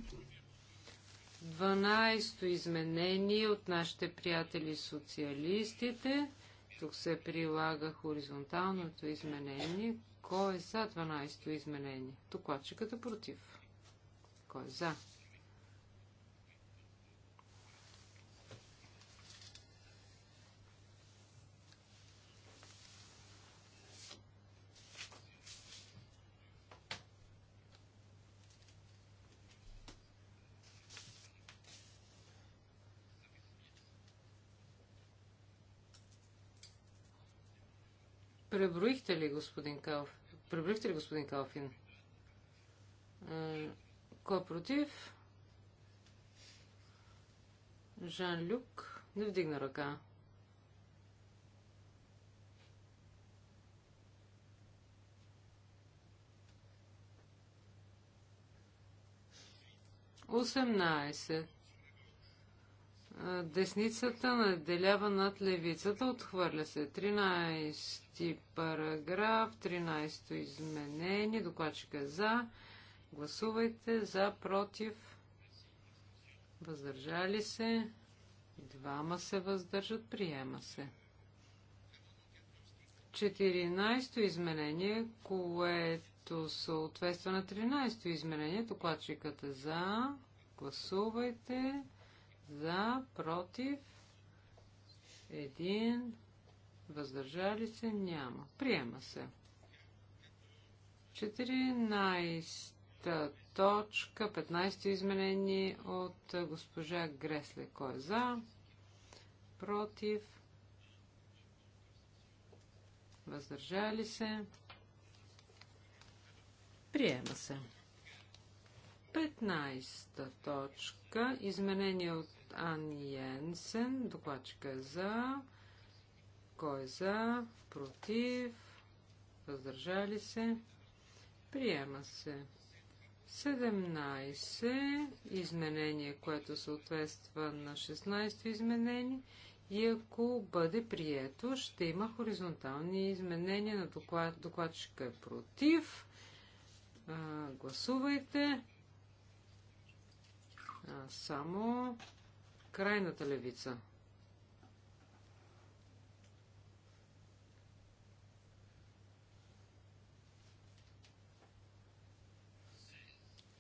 12-то изменение от нашите приятели социалистите. Тук се прилага хоризонталното изменение. Кой е за 12-то изменение? е против. Кой е за? Преброихте ли, господин Калфин? Преброихте ли, господин Калфин? Кой е против? Жан Люк не вдигна ръка. Осемнайсет. Десницата наделява над левицата, отхвърля се. 13 параграф, 13 изменение, докладчика е за. Гласувайте за, против, въздържали се, двама се въздържат, приема се. 14-то изменение, което съответства на 13-то изменение, докладчиката е за, гласувайте, за, против, един, въздържали се, няма. Приема се. 14 точка, 15 изменение от госпожа Гресле. Кой е за? Против? Въздържали се? Приема се. 15 точка. Изменение от Ан Йенсен. Докладчика е за. Кой е за? Против? Въздържали се? Приема се. 17 изменение, което съответства на 16 изменение и ако бъде прието, ще има хоризонтални изменения на доклад, докладчика е против. А, гласувайте само крайната левица.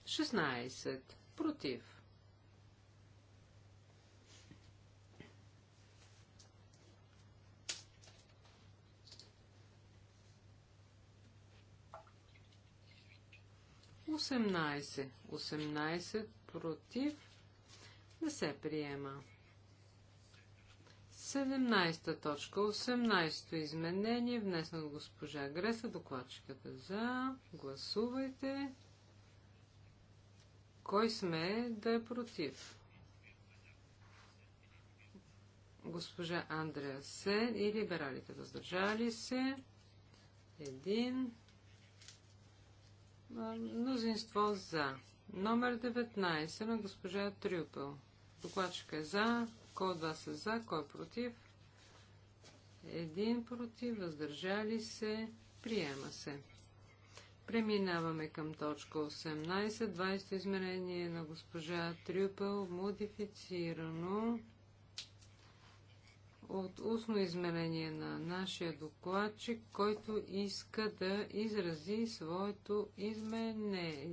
Шестнайсет. Против. Осемнайсет. Осемнайсет против, не се приема. 17 точка, 18 изменение, внесено от госпожа Греса, докладчиката за, гласувайте. Кой сме да е против? Госпожа Андреа Сен и либералите въздържали се. Един. Мнозинство за. Номер 19 на госпожа Трюпел. Докладчика е за, кой от вас е за, кой е против? Един против, въздържали се, приема се. Преминаваме към точка 18, 20 измерение на госпожа Трюпел, модифицирано от устно изменение на нашия докладчик, който иска да изрази своето измене,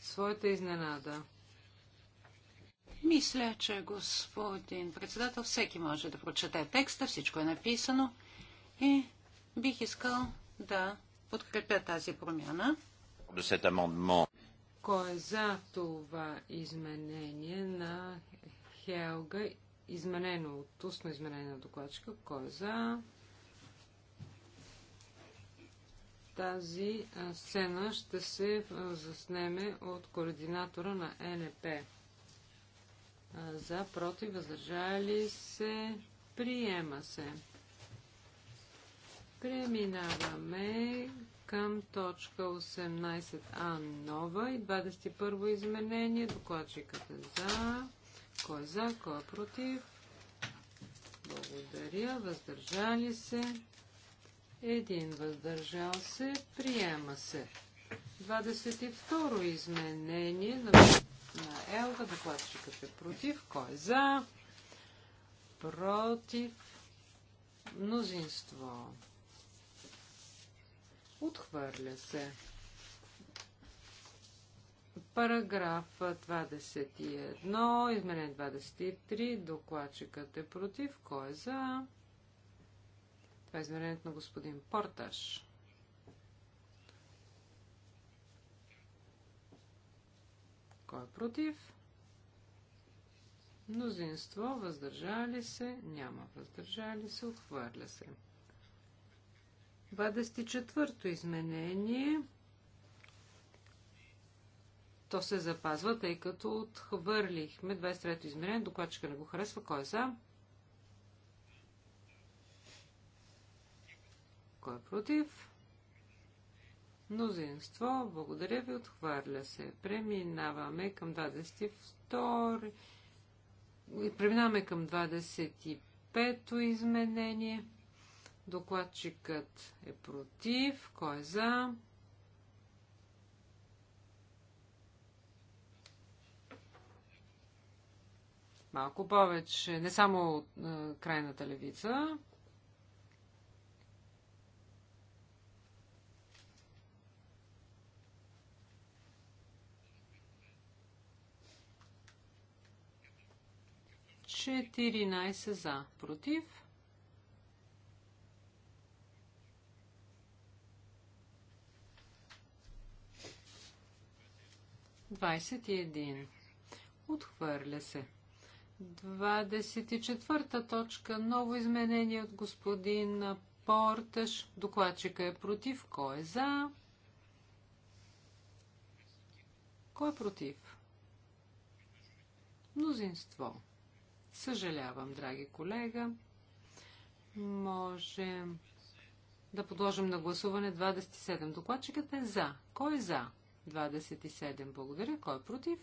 своята изненада. Мисля, че господин председател, всеки може да прочете текста, всичко е написано и бих искал да подкрепя тази промяна. Кой е за това изменение на Хелга изменено от устно изменение на докладчика. Кой е за? Тази сцена ще се заснеме от координатора на НП. За, против, въздържали се, приема се. Преминаваме към точка 18А нова и 21 изменение. Докладчикът е за. Кой е за, кой е против? Благодаря. Въздържали се. Един въздържал се. Приема се. 22 изменение на, на Елга. Докладчикът е против. Кой е за? Против. Мнозинство. Отхвърля се. Параграф 21, изменение 23, докладчикът е против, кой е за? Това е измерението на господин Порташ. Кой е против? Мнозинство, въздържали се, няма въздържали се, отхвърля се. 24-то изменение то се запазва, тъй като отхвърлихме 23-то измерение. Докладчика не го харесва. Кой е за? Кой е против? Мнозинство. Благодаря ви. Отхвърля се. Преминаваме към 22. Преминаваме към 25-то изменение. Докладчикът е против. Кой е за? малко повече, не само от крайната левица. Четиринайсе за, против. Двадесет и един. Отхвърля се. 24-та точка. Ново изменение от господин Порташ. Докладчика е против. Кой е за? Кой е против? Мнозинство. Съжалявам, драги колега. Можем да подложим на гласуване 27. Докладчикът е за. Кой е за? 27. Благодаря. Кой е против?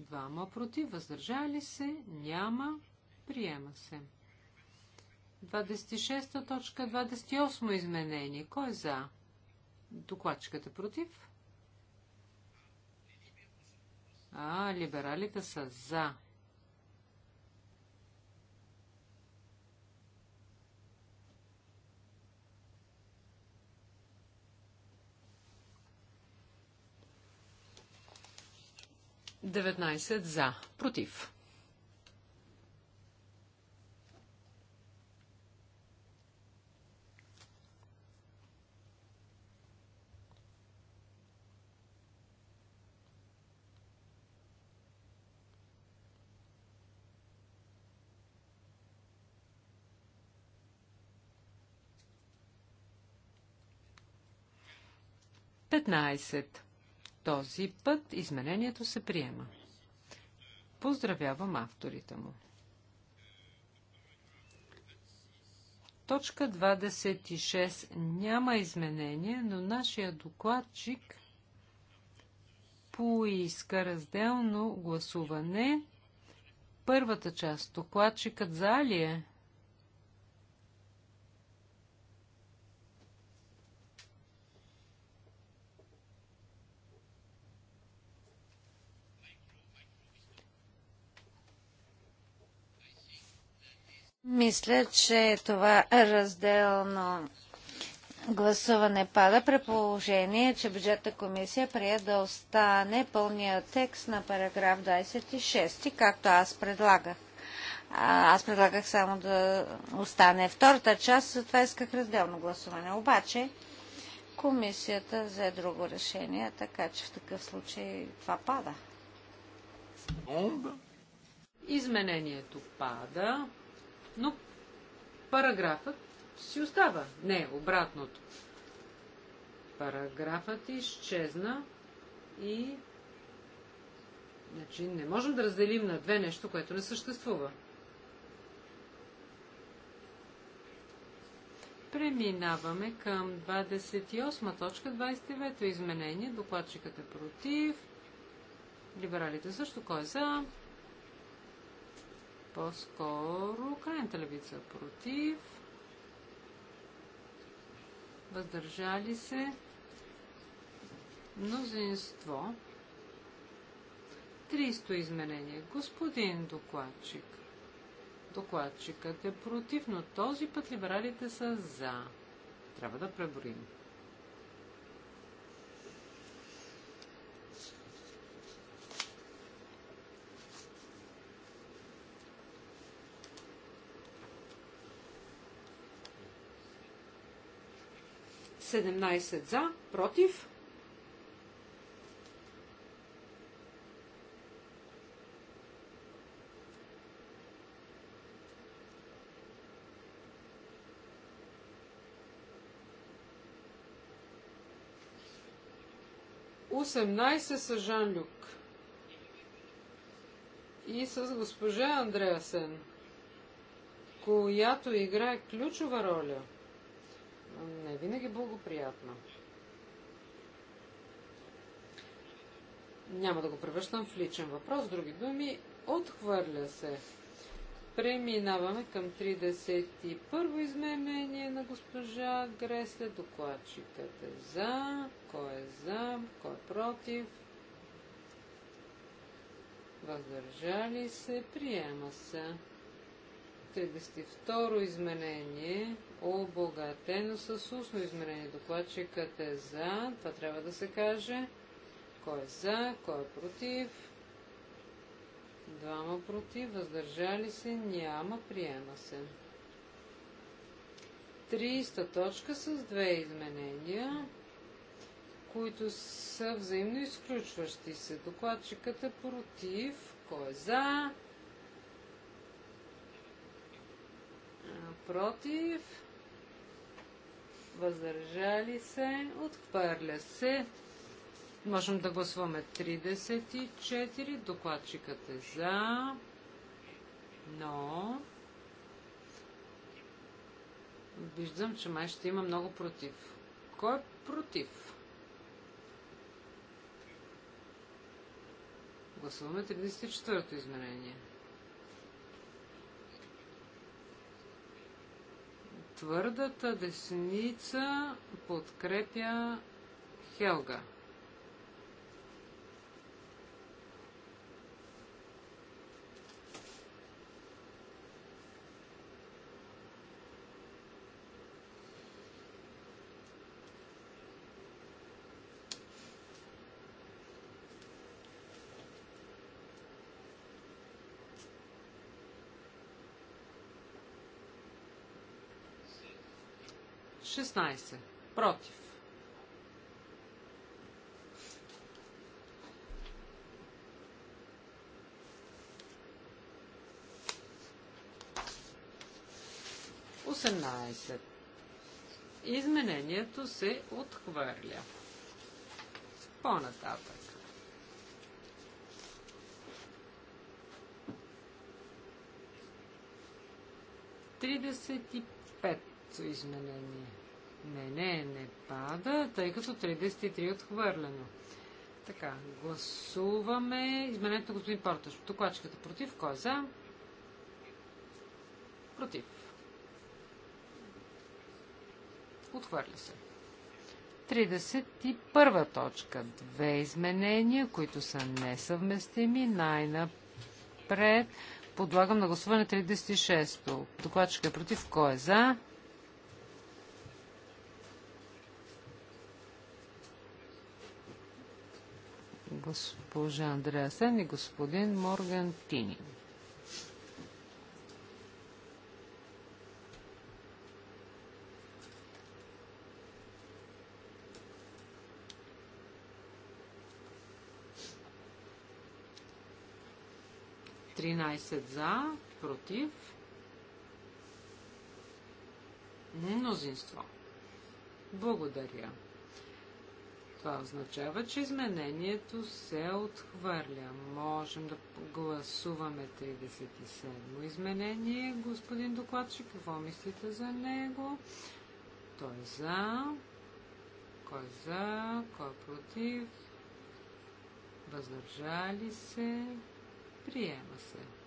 Двама против. Въздържали се? Няма. Приема се. 26 точка 28 изменение. Кой е за? Докладчиката против? А, либералите са за. 19 за. Против. Петнайсет този път изменението се приема. Поздравявам авторите му. Точка 26 няма изменение, но нашия докладчик поиска разделно гласуване. Първата част, докладчикът за ли е? Мисля, че това разделно гласуване пада при положение, че бюджетна комисия прие да остане пълния текст на параграф 26, както аз предлагах. аз предлагах само да остане втората част, затова исках разделно гласуване. Обаче комисията взе друго решение, така че в такъв случай това пада. Изменението пада но параграфът си остава. Не, обратното. Параграфът изчезна и... Значи не можем да разделим на две нещо, което не съществува. Преминаваме към 28 точка, 29 изменение. Докладчикът е против. Либералите също. Кой е за? по-скоро крайната левица против, въздържали се, мнозинство, 300 изменение. Господин докладчик, докладчикът е против, но този път либералите са за. Трябва да преборим. 17 за, против. Осемнайсет са Жан Люк и с госпожа Андреасен, която играе ключова роля – не винаги е благоприятна. Няма да го превръщам в личен въпрос. Други думи, отхвърля се. Преминаваме към 31-во изменение на госпожа Гресле. Докладчикът е за, кой е за, кой е против. Въздържали се, приема се. 32-ро изменение обогатено с устно измерение. Докладчикът е за, това трябва да се каже. Кой е за, кой е против? Двама против, въздържали се, няма, приема се. 300 точка с две изменения, които са взаимно изключващи се. Докладчикът е против, кой е за? Против въздържали се, отхвърля се. Можем да гласуваме 34. Докладчикът е за. Но. Виждам, че май ще има много против. Кой е против? Гласуваме 34-то изменение. 34. Твърдата десница подкрепя Хелга. 16. Против. Осемнайсет. Изменението се отхвърля. По-нататък. Тридесет и пет изменение. Не, не, не пада, тъй като 33 е отхвърлено. Така, гласуваме изменението на господин Порташ. Докладчиката против, кой е за? Против. Отхвърля се. 31 точка. Две изменения, които са несъвместими. Най-напред подлагам на гласуване 36-то. Докладчика е против. Кой е за? госпожа Андреасен и господин Морган Тини. Тринайсет за, против, мнозинство. Благодаря. Това означава, че изменението се отхвърля. Можем да гласуваме 37-мо изменение. Господин докладчик, какво мислите за него? Той е за. Кой е за? Кой е против? Въздържали се? Приема се.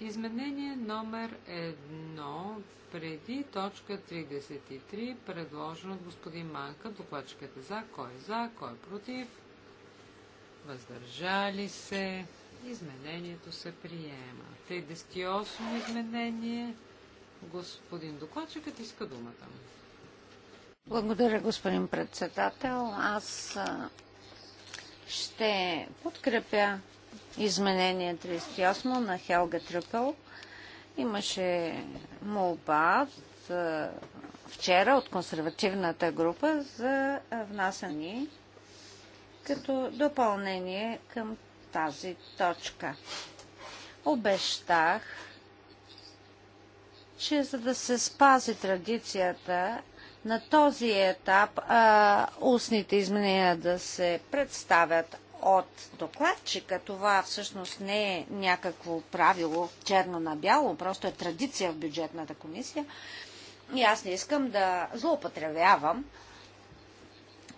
Изменение номер 1 преди точка 33, предложено от господин Манка. докладчиката е за, кой е за, кой е против. Въздържали се. Изменението се приема. 38 изменение. Господин докладчикът иска думата. Благодаря, господин председател. Аз ще подкрепя изменение 38 на Хелга Трюпел. Имаше молба за, вчера от консервативната група за внасяне като допълнение към тази точка. Обещах, че за да се спази традицията на този етап а, устните изменения да се представят от докладчика. Това всъщност не е някакво правило черно на бяло, просто е традиция в бюджетната комисия. И аз не искам да злоупотребявам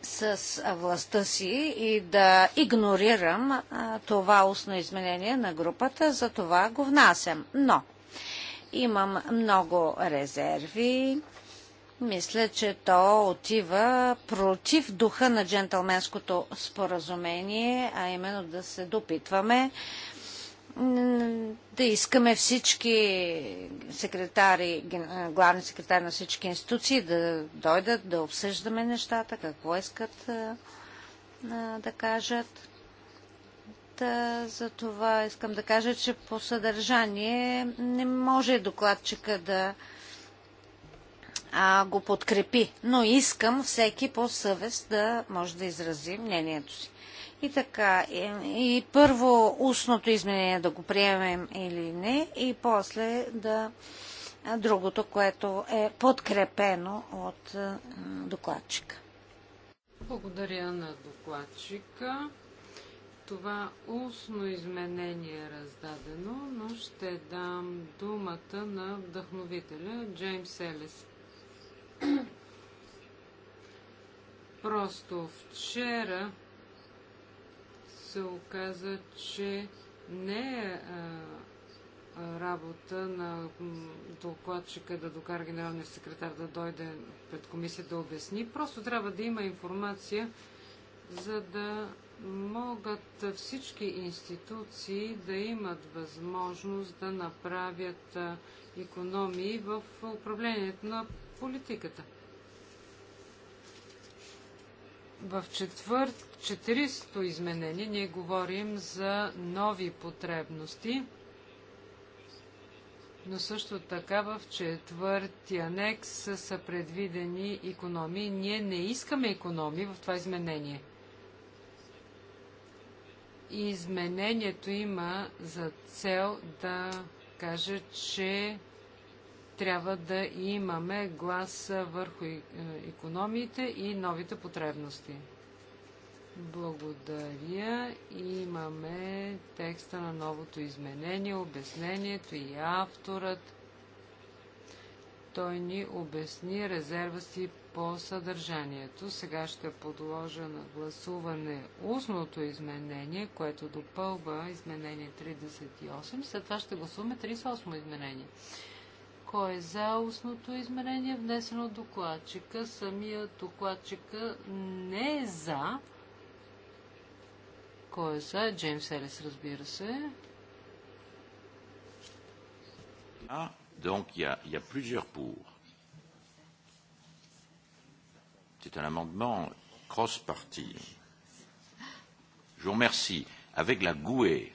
с властта си и да игнорирам а, това устно изменение на групата, за това го внасям. Но имам много резерви мисля, че то отива против духа на джентълменското споразумение, а именно да се допитваме, да искаме всички секретари, главни секретари на всички институции да дойдат, да обсъждаме нещата, какво искат да кажат. Та, за това искам да кажа, че по съдържание не може докладчика да а, го подкрепи. Но искам всеки по съвест да може да изрази мнението си. И така, и, е, и първо устното изменение да го приемем или не, и после да другото, което е подкрепено от докладчика. Благодаря на докладчика. Това устно изменение е раздадено, но ще дам думата на вдъхновителя Джеймс Елес. Просто вчера се оказа, че не е работа на докладчика да докара генералния секретар да дойде пред комисията да обясни. Просто трябва да има информация, за да могат всички институции да имат възможност да направят економии в управлението на политиката. В четвърт, 40-то изменение ние говорим за нови потребности, но също така в четвърти анекс са предвидени економии. Ние не искаме економии в това изменение. И изменението има за цел да каже, че трябва да имаме глас върху економиите и новите потребности. Благодаря. Имаме текста на новото изменение, обяснението и авторът. Той ни обясни резерва си по съдържанието. Сега ще подложа на гласуване устното изменение, което допълва изменение 38. След това ще гласуваме 38 изменение. Кой е за устното измерение, внесено от докладчика? Самия докладчика не е за. Кой е за? Джеймс Елис, разбира се. А, donc il y a, y a plusieurs pour. C'est un amendement cross-party. Je vous remercie. Avec la GUE.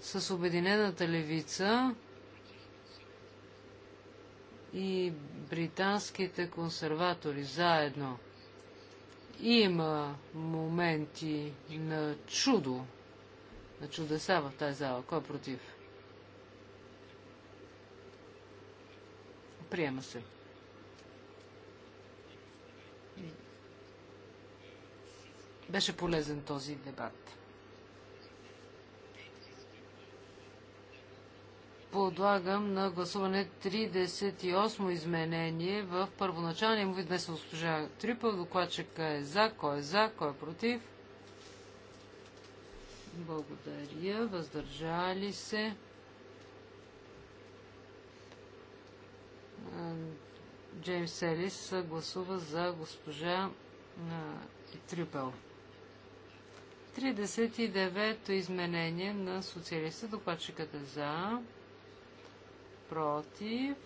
С Обединената левица и британските консерватори заедно. Има моменти на чудо, на чудеса в тази зала. Кой е против? Приема се. Беше полезен този дебат. подлагам на гласуване 38 изменение в първоначалния му вид днес госпожа Трипъл. Докладчика е за, кой е за, кой е против. Благодаря. Въздържали се. Джеймс Елис гласува за госпожа Трипъл. 39-то изменение на социалиста. Докладчикът е за против,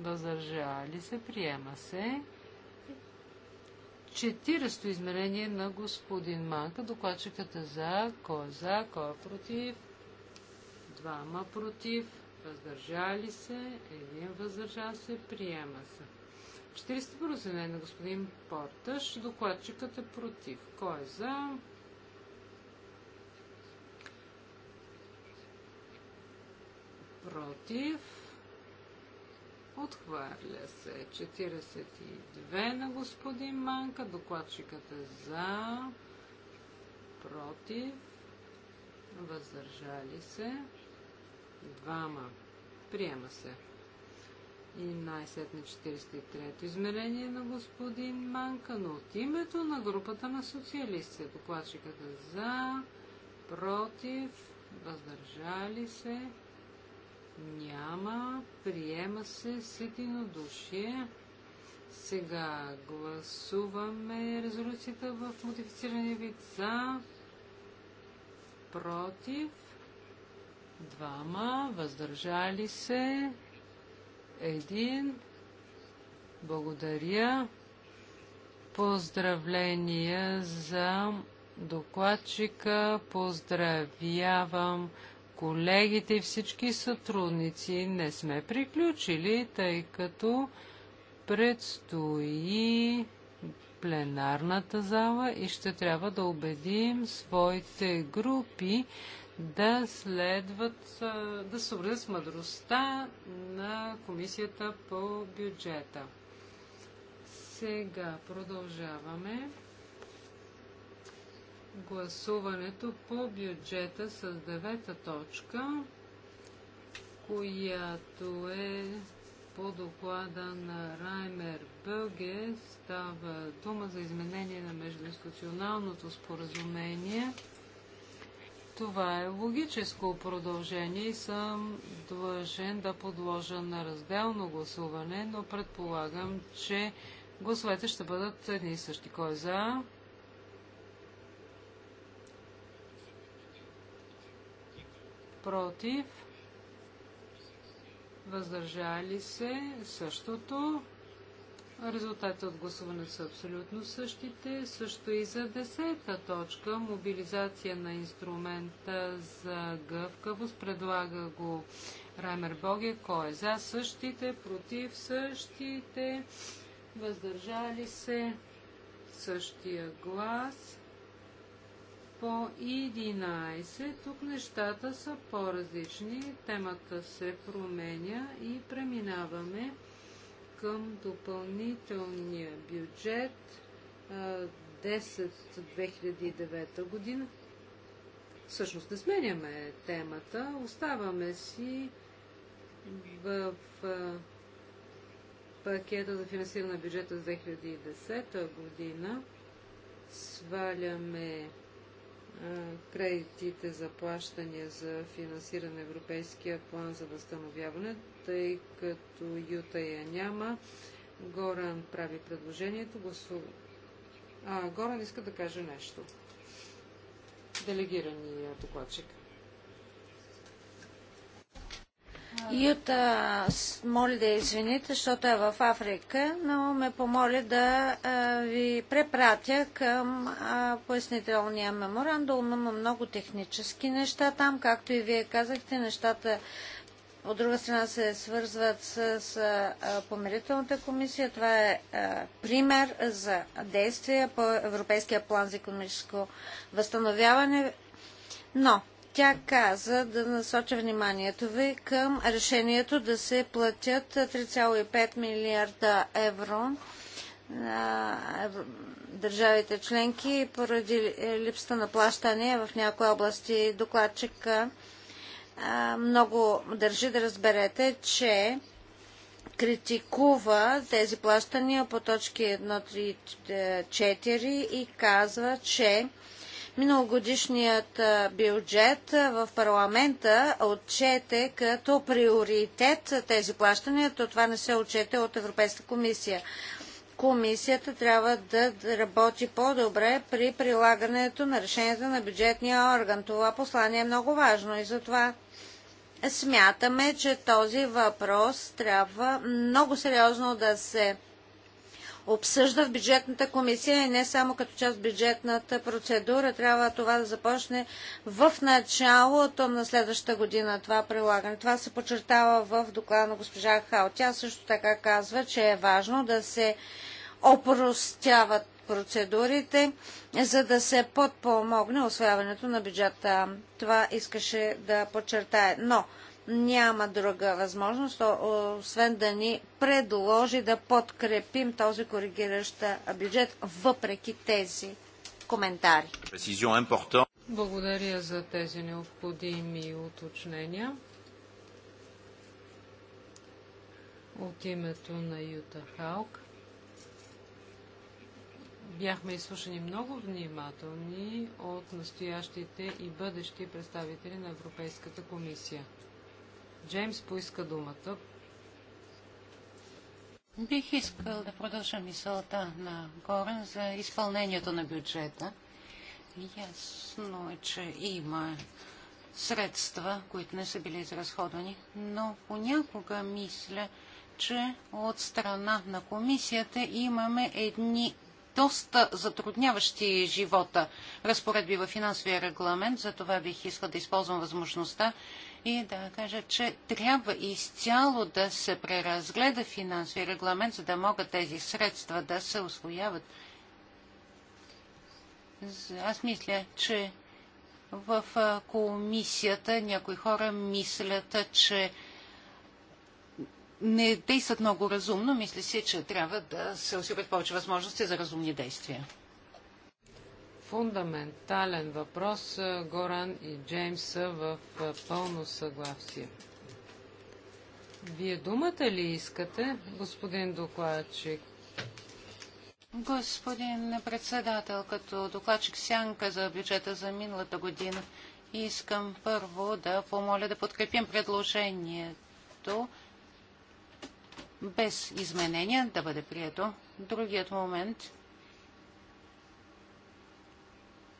въздържали се, приема се. Четиристо измерение на господин Манка. Докладчикът е за, кой е за, кой е против, двама против, въздържали се, един въздържал се, приема се. 41 на господин Порташ. Докладчикът е против. Кой е за? против, отхвърля се 42 на господин Манка, докладчикът е за, против, въздържали се, двама, приема се. И най-сетне 43-то измерение на господин Манка, но от името на групата на социалистите. Докладчиката е за, против, въздържали се, няма. Приема се с единодушие. Сега гласуваме резолюцията в модифициране вид за, против, двама, въздържали се, един. Благодаря. Поздравления за докладчика. Поздравявам колегите и всички сътрудници. Не сме приключили, тъй като предстои пленарната зала и ще трябва да убедим своите групи да следват, да съобразят с мъдростта на комисията по бюджета. Сега продължаваме гласуването по бюджета с девета точка, която е по доклада на Раймер Бълге. Става дума за изменение на междуинституционалното споразумение. Това е логическо продължение и съм длъжен да подложа на разделно гласуване, но предполагам, че гласовете ще бъдат едни и същи. Кой е за? против, въздържали се, същото. Резултатите от гласуване са абсолютно същите. Също и за десета точка, мобилизация на инструмента за гъвкавост, предлага го Раймер Боге. Кой е за същите, против същите, въздържали се, същия глас по 11. Тук нещата са по-различни. Темата се променя и преминаваме към допълнителния бюджет 10-2009 година. Всъщност не сменяме темата, оставаме си в пакета за финансиране на бюджета за 2010 година. Сваляме кредитите за плащания за финансиране на Европейския план за възстановяване, тъй като Юта я няма. Горан прави предложението. Гласува. А, Горан иска да каже нещо. Делегирания докладчик. Юта моли да извините, защото е в Африка, но ме помоли да ви препратя към пояснителния меморандум. Има много технически неща там, както и вие казахте, нещата от друга страна се свързват с, с помирителната комисия. Това е пример за действия по Европейския план за економическо възстановяване. Но тя каза да насоча вниманието ви към решението да се платят 3,5 милиарда евро на държавите членки поради липсата на плащане в някои области. Докладчик много държи да разберете, че критикува тези плащания по точки 1, 3, 4 и казва, че Миналогодишният бюджет в парламента отчете като приоритет тези плащания, то това не се отчете от Европейска комисия. Комисията трябва да работи по-добре при прилагането на решенията на бюджетния орган. Това послание е много важно и затова смятаме, че този въпрос трябва много сериозно да се обсъжда в бюджетната комисия и не само като част от бюджетната процедура. Трябва това да започне в началото на следващата година това прилагане. Това се подчертава в доклада на госпожа Хао. Тя също така казва, че е важно да се опростяват процедурите, за да се подпомогне освояването на бюджета. Това искаше да подчертае. Но няма друга възможност, освен да ни предложи да подкрепим този коригиращ бюджет, въпреки тези коментари. Благодаря за тези необходими уточнения. От името на Юта Халк. Бяхме изслушани много внимателни от настоящите и бъдещи представители на Европейската комисия. Джеймс поиска думата. Бих искал да продължа мисълта на Горен за изпълнението на бюджета. Ясно е, че има средства, които не са били изразходвани, но понякога мисля, че от страна на комисията имаме едни доста затрудняващи живота разпоредби във финансовия регламент. За това бих искал да използвам възможността и да кажа, че трябва изцяло да се преразгледа финансови регламент, за да могат тези средства да се освояват. Аз мисля, че в комисията някои хора мислят, че не действат много разумно. Мисля си, че трябва да се осигурят повече възможности за разумни действия фундаментален въпрос. Горан и Джеймс са в пълно съгласие. Вие думата ли искате, господин докладчик? Господин председател, като докладчик Сянка за бюджета за миналата година, искам първо да помоля да подкрепим предложението без изменения да бъде прието. Другият момент –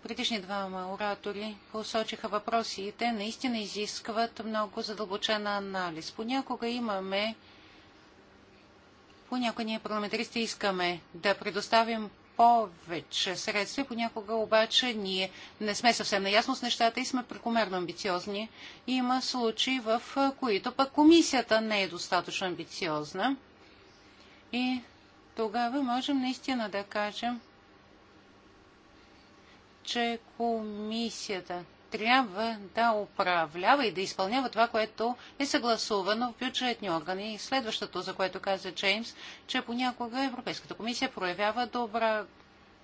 предишни двама оратори посочиха въпроси и те наистина изискват много задълбочен анализ. Понякога имаме, понякога ние парламентаристи искаме да предоставим повече средства, понякога обаче ние не сме съвсем наясно с нещата и сме прекомерно амбициозни. Има случаи, в които пък комисията не е достатъчно амбициозна. И тогава можем наистина да кажем, че комисията трябва да управлява и да изпълнява това, което е съгласувано в бюджетни органи. И следващото, за което каза Джеймс, че понякога Европейската комисия проявява добра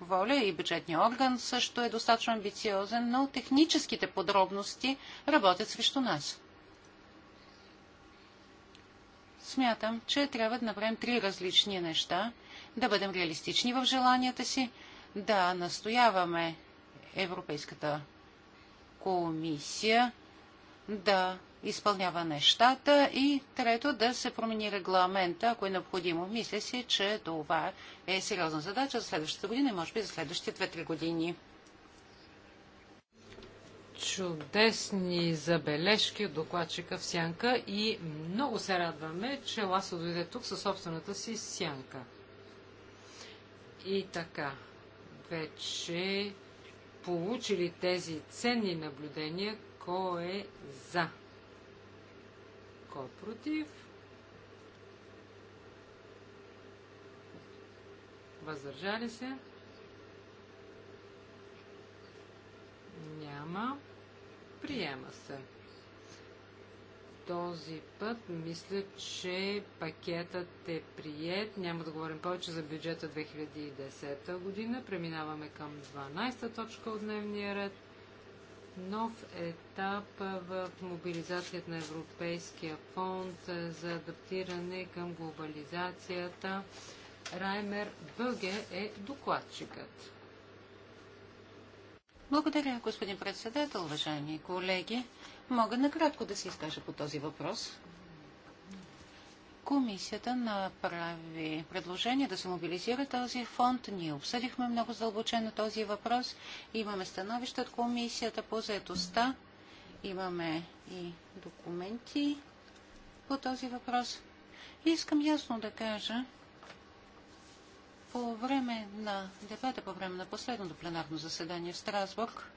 воля и бюджетния орган също е достатъчно амбициозен, но техническите подробности работят срещу нас. Смятам, че трябва да направим три различни неща, да бъдем реалистични в желанията си, да настояваме Европейската комисия да изпълнява нещата и трето да се промени регламента, ако е необходимо. Мисля си, че това е сериозна задача за следващата година и може би за следващите 2-3 години. Чудесни забележки от докладчика в сянка и много се радваме, че Ласо дойде тук със собствената си сянка. И така, вече получили тези ценни наблюдения, кой е за? Кой е против? Въздържали се? Няма. Приема се този път. Мисля, че пакетът е прият. Няма да говорим повече за бюджета 2010 година. Преминаваме към 12-та точка от дневния ред. Нов етап в мобилизацията на Европейския фонд за адаптиране към глобализацията. Раймер Бъге е докладчикът. Благодаря, господин председател, уважаеми колеги. Мога накратко да се изкажа по този въпрос. Комисията направи предложение да се мобилизира този фонд. Ние обсъдихме много задълбочено този въпрос. Имаме становище от комисията по заедостта. Имаме и документи по този въпрос. Искам ясно да кажа, по време на дебата, по време на последното пленарно заседание в Страсбург,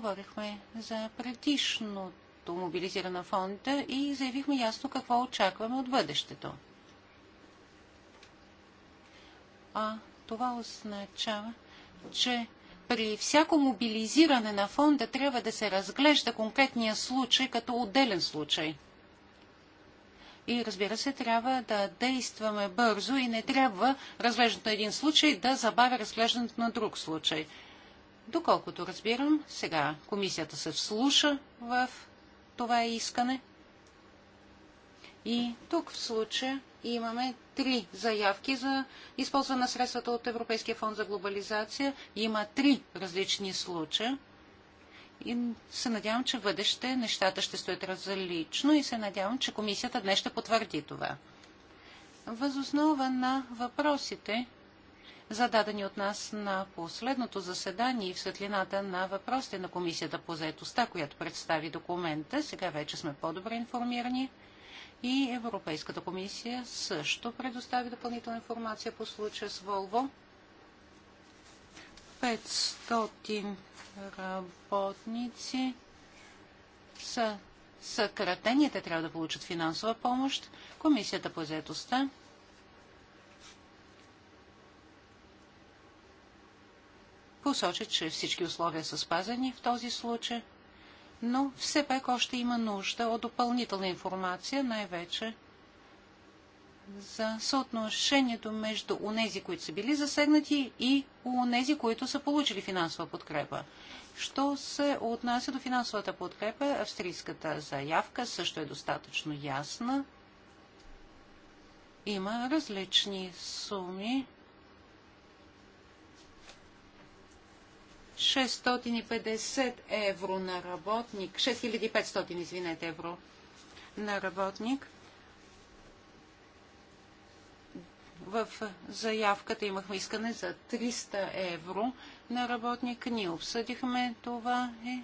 говорихме за предишното мобилизиране на фонда и заявихме ясно какво очакваме от бъдещето. А това означава, че при всяко мобилизиране на фонда трябва да се разглежда конкретния случай като отделен случай. И разбира се, трябва да действаме бързо и не трябва разглеждането на един случай да забавя разглеждането на друг случай. Доколкото разбирам, сега комисията се вслуша в това искане. И тук в случая имаме три заявки за използване на средствата от Европейския фонд за глобализация. Има три различни случая. И се надявам, че в бъдеще нещата ще стоят различно и се надявам, че комисията днес ще потвърди това. Възоснова на въпросите, зададени от нас на последното заседание и в светлината на въпросите на Комисията по заедостта, която представи документа. Сега вече сме по-добре информирани и Европейската комисия също предостави допълнителна информация по случая с Волво. 500 работници са съкратени, те трябва да получат финансова помощ. Комисията по заедостта посочат, че всички условия са спазени в този случай, но все пак още има нужда от допълнителна информация, най-вече за съотношението между онези, които са били засегнати и онези, които са получили финансова подкрепа. Що се отнася до финансовата подкрепа, австрийската заявка също е достатъчно ясна. Има различни суми, 650 евро на работник, 6500, извинете, евро на работник. В заявката имахме искане за 300 евро на работник. Ние обсъдихме това и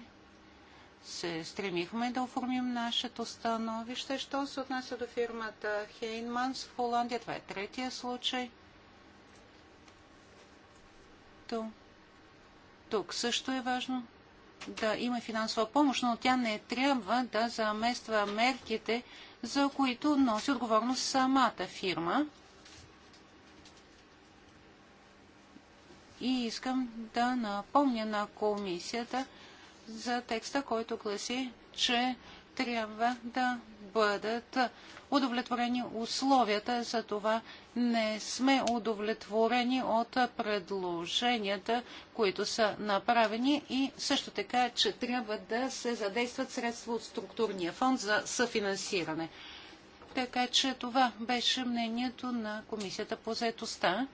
се стремихме да оформим нашето становище. Що се отнася до фирмата Хейнманс в Холандия, това е третия случай. То тук също е важно да има финансова помощ, но тя не трябва да замества мерките, за които носи отговорност самата фирма. И искам да напомня на комисията за текста, който гласи, че трябва да бъдат удовлетворени условията, за това не сме удовлетворени от предложенията, които са направени и също така, че трябва да се задействат средства от структурния фонд за съфинансиране. Така че това беше мнението на Комисията по заедостта.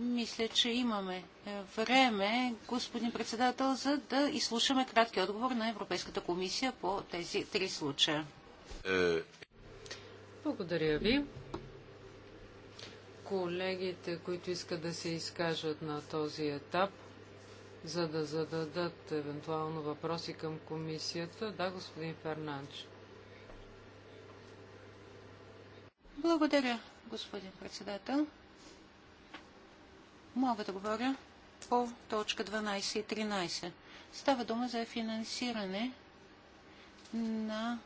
Мисля, че имаме е, време, господин председател, за да изслушаме кратки отговор на Европейската комисия по тези три случая. Е. Благодаря ви. Колегите, които искат да се изкажат на този етап, за да зададат евентуално въпроси към комисията. Да, господин Фернанч. Благодаря, господин председател мога да говоря по точка 12 и 13. Става дума за финансиране на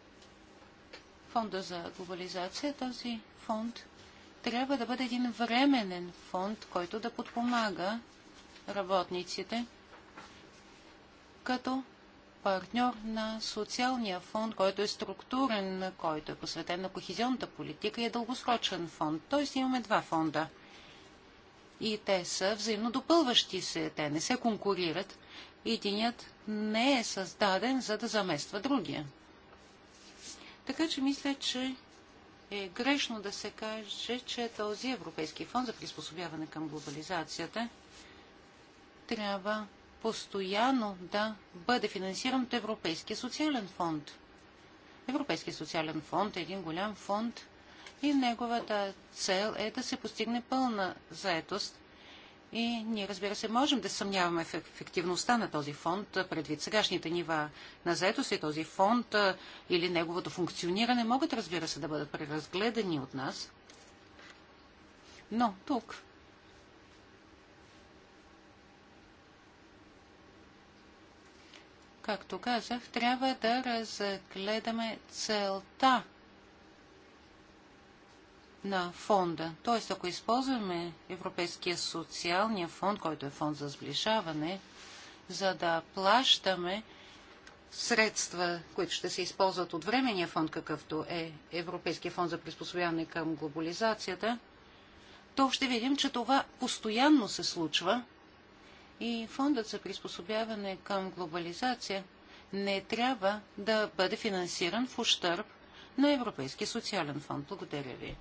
фонда за глобализация. Този фонд трябва да бъде един временен фонд, който да подпомага работниците като партньор на социалния фонд, който е структурен, който е посветен на кохезионната политика и е дългосрочен фонд. Тоест имаме два фонда – и те са взаимно допълващи се, те не се конкурират. Единият не е създаден, за да замества другия. Така че мисля, че е грешно да се каже, че този Европейски фонд за приспособяване към глобализацията трябва постоянно да бъде финансиран от Европейския социален фонд. Европейския социален фонд е един голям фонд, и неговата цел е да се постигне пълна заетост. И ние, разбира се, можем да съмняваме в ефективността на този фонд, предвид сегашните нива на заетост и този фонд или неговото функциониране могат, разбира се, да бъдат преразгледани от нас. Но тук както казах, трябва да разгледаме целта на фонда. Тоест, ако използваме Европейския социалния фонд, който е фонд за сближаване, за да плащаме средства, които ще се използват от временния фонд, какъвто е Европейския фонд за приспособяване към глобализацията, то ще видим, че това постоянно се случва и фондът за приспособяване към глобализация не трябва да бъде финансиран в ущърб на Европейския социален фонд. Благодаря ви.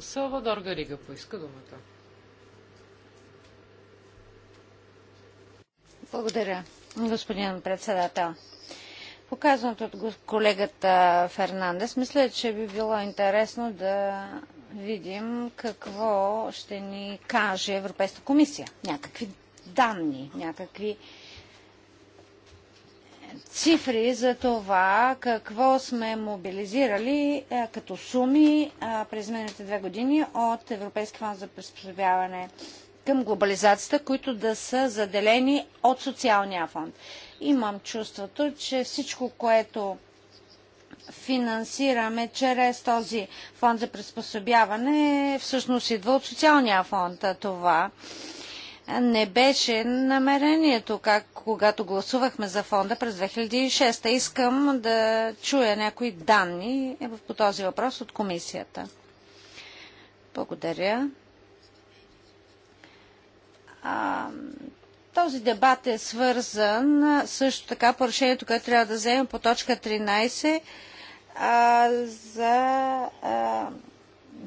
Салвадор Гарига поиска думата. Благодаря, господин председател. Показаното от колегата Фернандес, мисля, че би било интересно да видим какво ще ни каже Европейската комисия. Някакви данни, някакви цифри за това какво сме мобилизирали е, като суми е, през миналите две години от Европейски фонд за приспособяване към глобализацията, които да са заделени от социалния фонд. Имам чувството, че всичко, което финансираме чрез този фонд за приспособяване, всъщност идва от социалния фонд. това е не беше намерението, как, когато гласувахме за фонда през 2006. Искам да чуя някои данни по този въпрос от комисията. Благодаря. А, този дебат е свързан също така по решението, което трябва да вземем по точка 13 а, за а,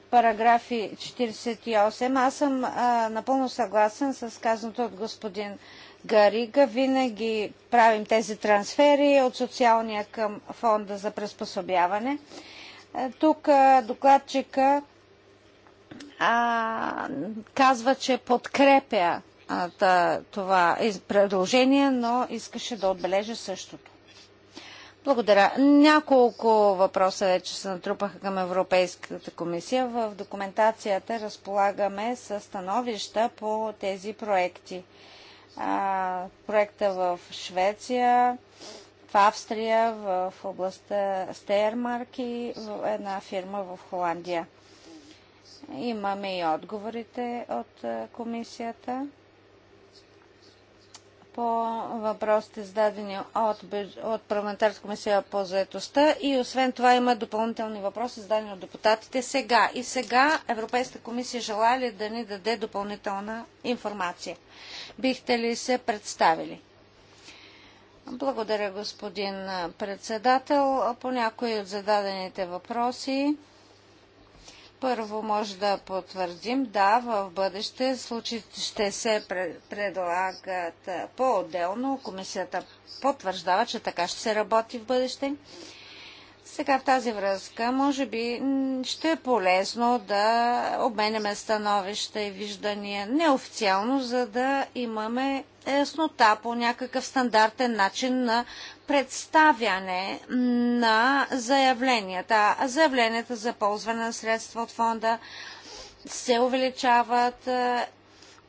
параграфи 48. Аз съм а, напълно съгласен с казаното от господин Гарига. Винаги правим тези трансфери от социалния към фонда за приспособяване. Тук а, докладчика а, казва, че подкрепя а, това предложение, но искаше да отбележи същото. Благодаря. Няколко въпроса вече се натрупаха към Европейската комисия. В документацията разполагаме с становища по тези проекти. проекта в Швеция, в Австрия, в областта Стейермарк и в една фирма в Холандия. Имаме и отговорите от комисията по въпросите зададени от, от парламентарска комисия по заедостта и освен това има допълнителни въпроси зададени от депутатите сега. И сега Европейската комисия желая ли да ни даде допълнителна информация? Бихте ли се представили? Благодаря, господин председател. По някои от зададените въпроси първо може да потвърдим, да, в бъдеще случаите ще се предлагат по-отделно. Комисията потвърждава, че така ще се работи в бъдеще. Сега в тази връзка, може би, ще е полезно да обменяме становища и виждания неофициално, за да имаме яснота по някакъв стандартен начин на представяне на заявленията. Заявленията за ползване на средства от фонда се увеличават.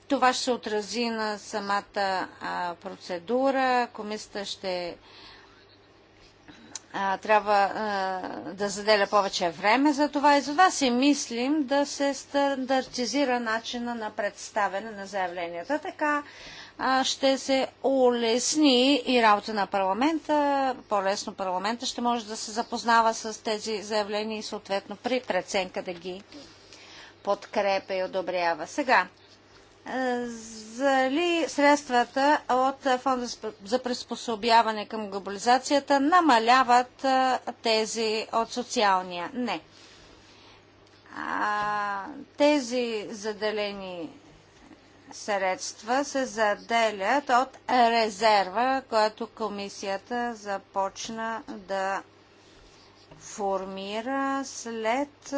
Това ще се отрази на самата процедура. Комисията ще трябва да заделя повече време за това и за това си мислим да се стандартизира начина на представяне на заявленията. Така ще се улесни и работа на парламента. По-лесно парламента ще може да се запознава с тези заявления и съответно при преценка да ги подкрепя и одобрява. Сега, зали средствата от Фонда за приспособяване към глобализацията намаляват тези от социалния? Не. А, тези заделени средства се заделят от резерва, който комисията започна да формира след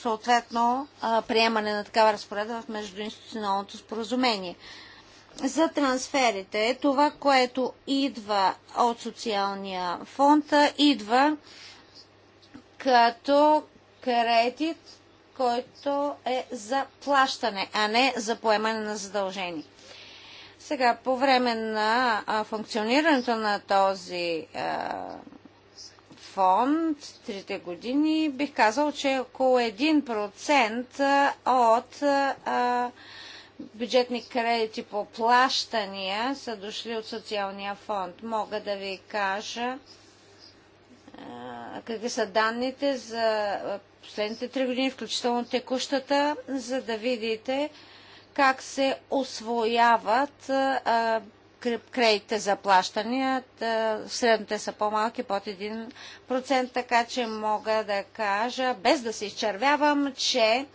съответно приемане на такава разпоредба в междуинституционалното споразумение. За трансферите, това, което идва от социалния фонд, идва като кредит който е за плащане, а не за поемане на задължение. Сега, по време на функционирането на този фонд, трите години, бих казал, че около 1% от бюджетни кредити по плащания са дошли от социалния фонд. Мога да ви кажа, какви са данните за последните три години, включително текущата, за да видите как се освояват кредитите за плащания. Средните са по-малки, под 1%, така че мога да кажа, без да се изчервявам, че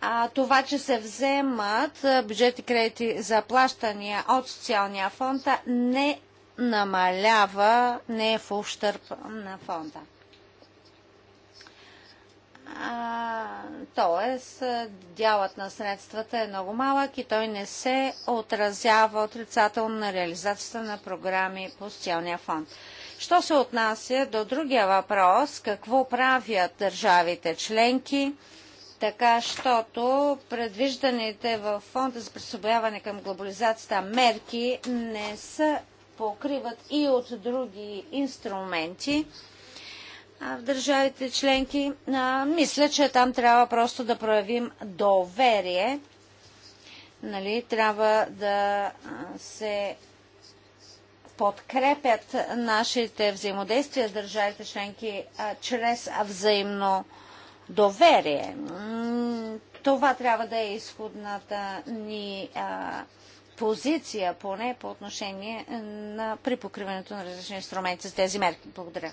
а, това, че се вземат бюджети кредити за плащания от социалния фонд, не намалява, не е в ущърп на фонда. тоест, дялът на средствата е много малък и той не се отразява отрицателно на реализацията на програми по социалния фонд. Що се отнася до другия въпрос, какво правят държавите членки, така щото предвижданите в фонда за присъбояване към глобализацията мерки не са покриват и от други инструменти в държавите членки. Мисля, че там трябва просто да проявим доверие. Нали, трябва да се подкрепят нашите взаимодействия с държавите членки чрез взаимно доверие. Това трябва да е изходната ни а, позиция, поне по отношение на припокриването на различни инструменти с тези мерки. Благодаря.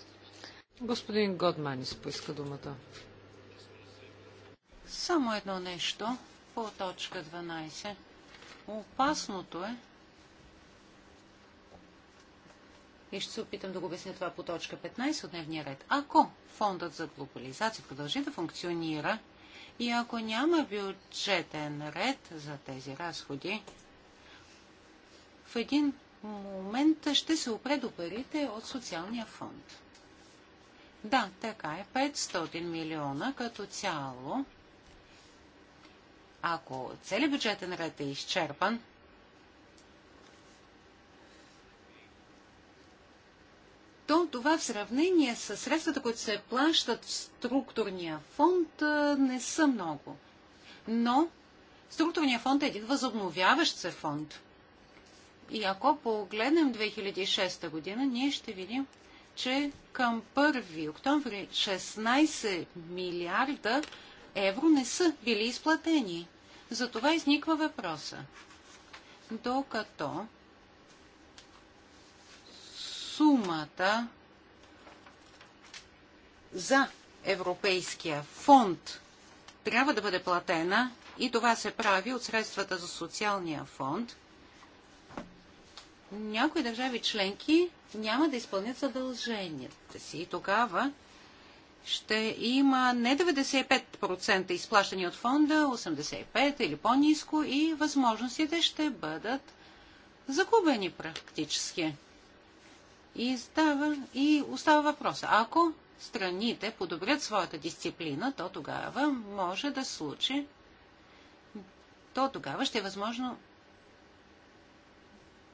Господин Годманис поиска думата. Само едно нещо по точка 12. Опасното е, и ще се опитам да го обясня това по точка 15 от дневния ред. Ако фондът за глобализация продължи да функционира и ако няма бюджетен ред за тези разходи, в един момент ще се опре до парите от социалния фонд. Да, така е. 500 милиона като цяло. Ако целият бюджетен ред е изчерпан, то това в сравнение с средствата, които се плащат в структурния фонд, не са много. Но структурния фонд е един възобновяващ се фонд – и ако погледнем 2006 година, ние ще видим, че към 1 октомври 16 милиарда евро не са били изплатени. Затова изниква въпроса. Докато сумата за Европейския фонд трябва да бъде платена и това се прави от средствата за социалния фонд – някои държави членки няма да изпълнят задълженията си. тогава ще има не 95% изплащани от фонда, 85% или по-низко и възможностите ще бъдат загубени практически. И, става, и остава въпроса. Ако страните подобрят своята дисциплина, то тогава може да случи, то тогава ще е възможно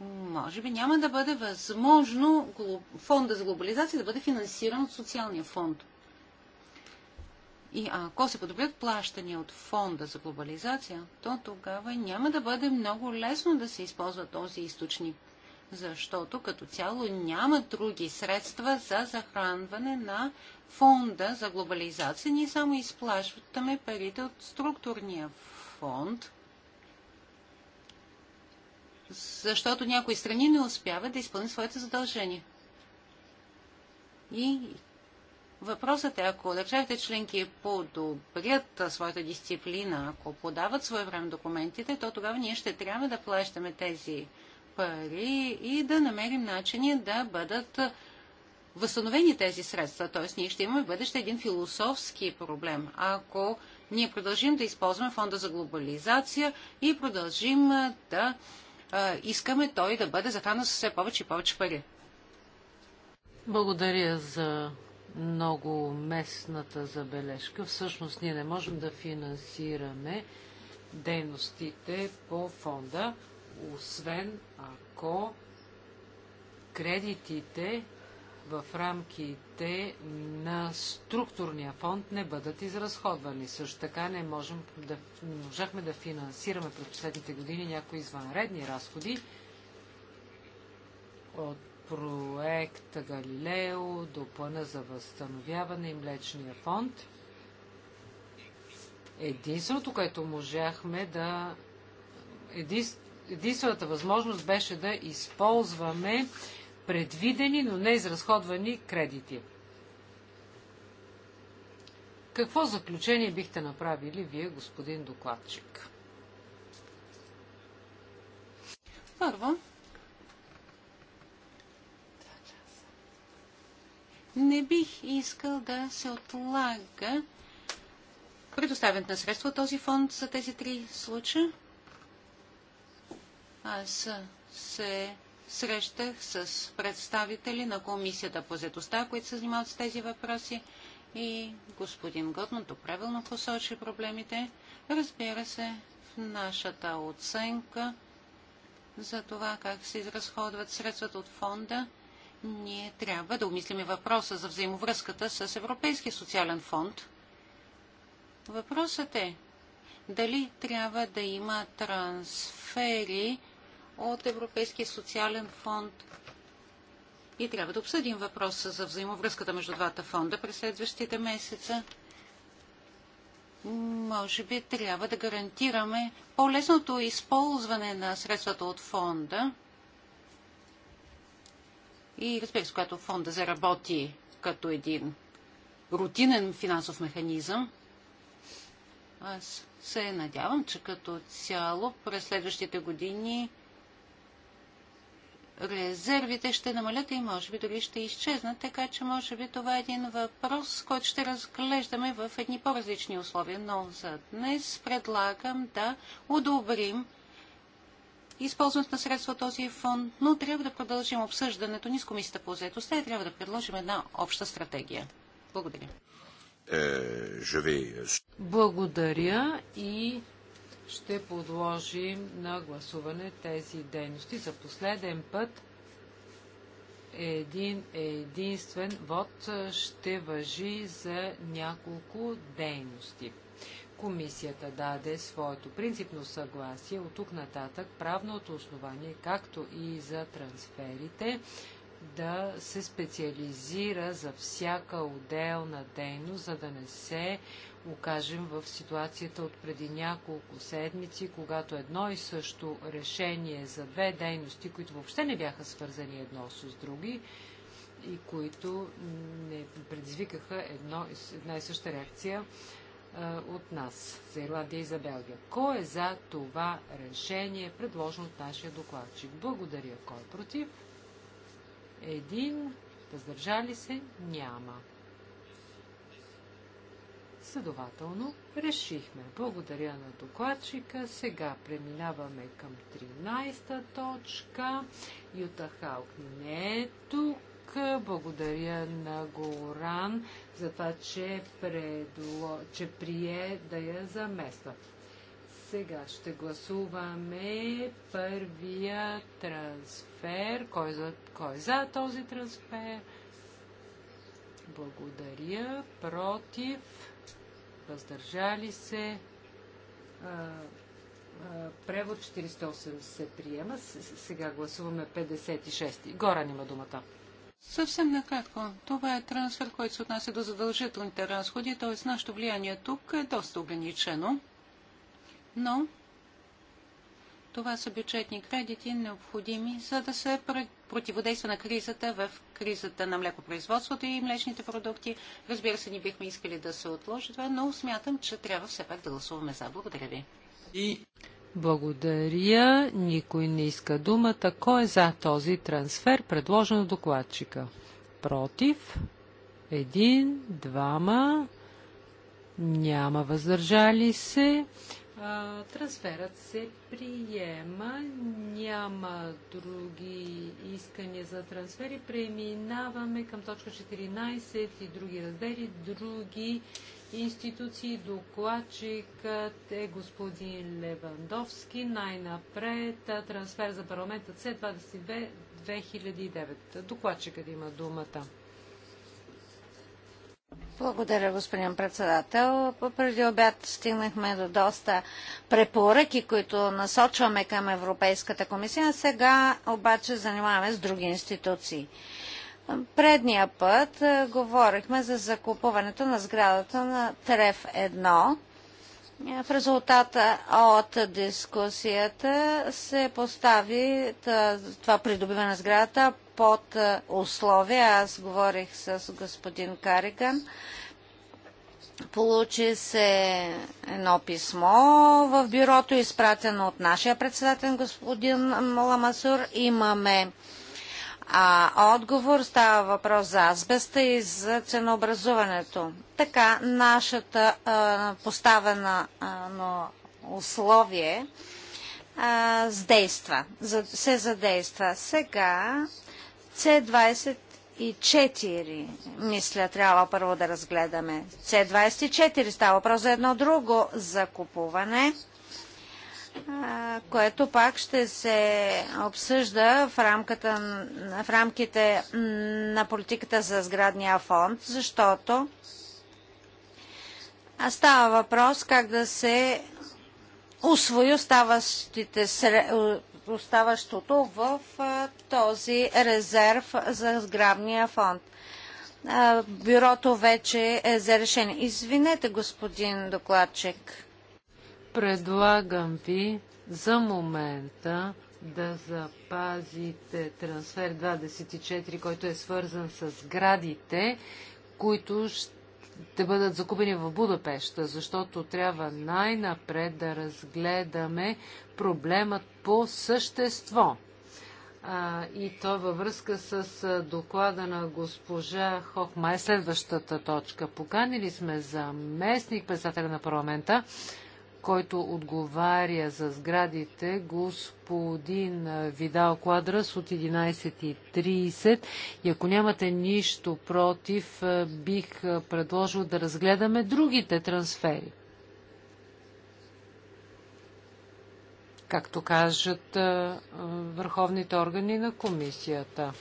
може би няма да бъде възможно фонда за глобализация да бъде финансиран от социалния фонд. И ако се подобрят плащания от фонда за глобализация, то тогава няма да бъде много лесно да се използва този източник, защото като цяло няма други средства за захранване на фонда за глобализация. Ние само изплащаме парите от структурния фонд – защото някои страни не успяват да изпълнят своите задължения. И въпросът е, ако държавите членки подобрят своята дисциплина, ако подават свое време документите, то тогава ние ще трябва да плащаме тези пари и да намерим начини да бъдат възстановени тези средства. Т.е. ние ще имаме в бъдеще един философски проблем. Ако ние продължим да използваме фонда за глобализация и продължим да искаме той да бъде захранен с все повече и повече пари. Благодаря за много местната забележка. Всъщност ние не можем да финансираме дейностите по фонда, освен ако кредитите в рамките на структурния фонд не бъдат изразходвани. Също така не можем да, можахме да финансираме през последните години някои извънредни разходи от проекта Галилео до плана за възстановяване и млечния фонд. Единственото, което можахме да... Единствената възможност беше да използваме предвидени, но не изразходвани кредити. Какво заключение бихте направили вие, господин докладчик? Първо, не бих искал да се отлага предоставят на средства от този фонд за тези три случая. Аз се срещах с представители на комисията по заедостта, които се занимават с тези въпроси и господин Готманто правилно посочи проблемите. Разбира се, в нашата оценка за това как се изразходват средствата от фонда, ние трябва да обмислим въпроса за взаимовръзката с Европейския социален фонд. Въпросът е дали трябва да има трансфери от Европейския социален фонд. И трябва да обсъдим въпроса за взаимовръзката между двата фонда през следващите месеца. Може би трябва да гарантираме по-лесното използване на средствата от фонда и разбира се, когато фонда заработи като един рутинен финансов механизъм, аз се надявам, че като цяло през следващите години резервите ще намалят и може би дори ще изчезнат, така че може би това е един въпрос, който ще разглеждаме в едни по-различни условия. Но за днес предлагам да одобрим използването на средства от този фонд, но трябва да продължим обсъждането ни с комисията по заедостта и трябва да предложим една обща стратегия. Благодаря. Е, Благодаря и ще подложим на гласуване тези дейности. За последен път един единствен вод ще въжи за няколко дейности. Комисията даде своето принципно съгласие от тук нататък правното основание, както и за трансферите, да се специализира за всяка отделна дейност, за да не се окажем в ситуацията от преди няколко седмици, когато едно и също решение за две дейности, които въобще не бяха свързани едно с други и които не предизвикаха едно, една и съща реакция а, от нас, за Ирландия и за Белгия. Кой е за това решение, предложено от нашия докладчик? Благодаря. Кой е против? Един. Въздържали се? Няма. Следователно, решихме. Благодаря на докладчика. Сега преминаваме към 13-та точка. Юта Халк не е тук. Благодаря на Горан за това, че, предло... че прие да я замества. Сега ще гласуваме първия трансфер. Кой за, кой за този трансфер? Благодаря. Против. Въздържали се. А, а, превод 48 се приема. Сега гласуваме 56. Гора има думата. Съвсем накратко. Това е трансфер, който се отнася до задължителните разходи, т.е. нашето влияние тук е доста ограничено но това са бюджетни кредити, необходими за да се противодейства на кризата в кризата на млекопроизводството и млечните продукти. Разбира се, ни бихме искали да се отложи това, но смятам, че трябва все пак да гласуваме за. Благодаря ви. И... Благодаря. Никой не иска думата. Кой е за този трансфер, предложен от докладчика? Против? Един, двама. Няма въздържали се трансферът се приема, няма други искания за трансфери. Преминаваме към точка 14 и други раздели, други институции. Докладчикът е господин Левандовски. Най-напред трансфер за парламента С22 2009. Докладчикът има думата. Благодаря, господин председател. Преди обяд стигнахме до доста препоръки, които насочваме към Европейската комисия. Сега обаче занимаваме с други институции. Предния път говорихме за закупуването на сградата на Треф 1. В резултата от дискусията се постави това придобиване на сградата под е, условия. Аз говорих с господин Кариган. Получи се едно писмо в бюрото, изпратено от нашия председател господин Ламасур. Имаме а, отговор става въпрос за азбеста и за ценообразуването. Така, нашата а, поставена а, но условие а, задейства, за, се задейства. Сега C24, мисля, трябва първо да разгледаме. C24 става въпрос за едно друго закупуване, което пак ще се обсъжда в, рамката, в рамките на политиката за сградния фонд, защото става въпрос как да се освои оставащите оставащото в този резерв за сграбния фонд. Бюрото вече е за решение. Извинете, господин докладчик. Предлагам ви за момента да запазите трансфер 24, който е свързан с градите, които ще да бъдат закупени в Будапешта, защото трябва най-напред да разгледаме проблемът по същество. А, и то във връзка с доклада на госпожа Хохма е следващата точка. Поканили сме заместник председателя на парламента който отговаря за сградите, господин Видал Квадрас от 11.30. И ако нямате нищо против, е, бих е, предложил да разгледаме другите трансфери. както кажат е, върховните органи на комисията.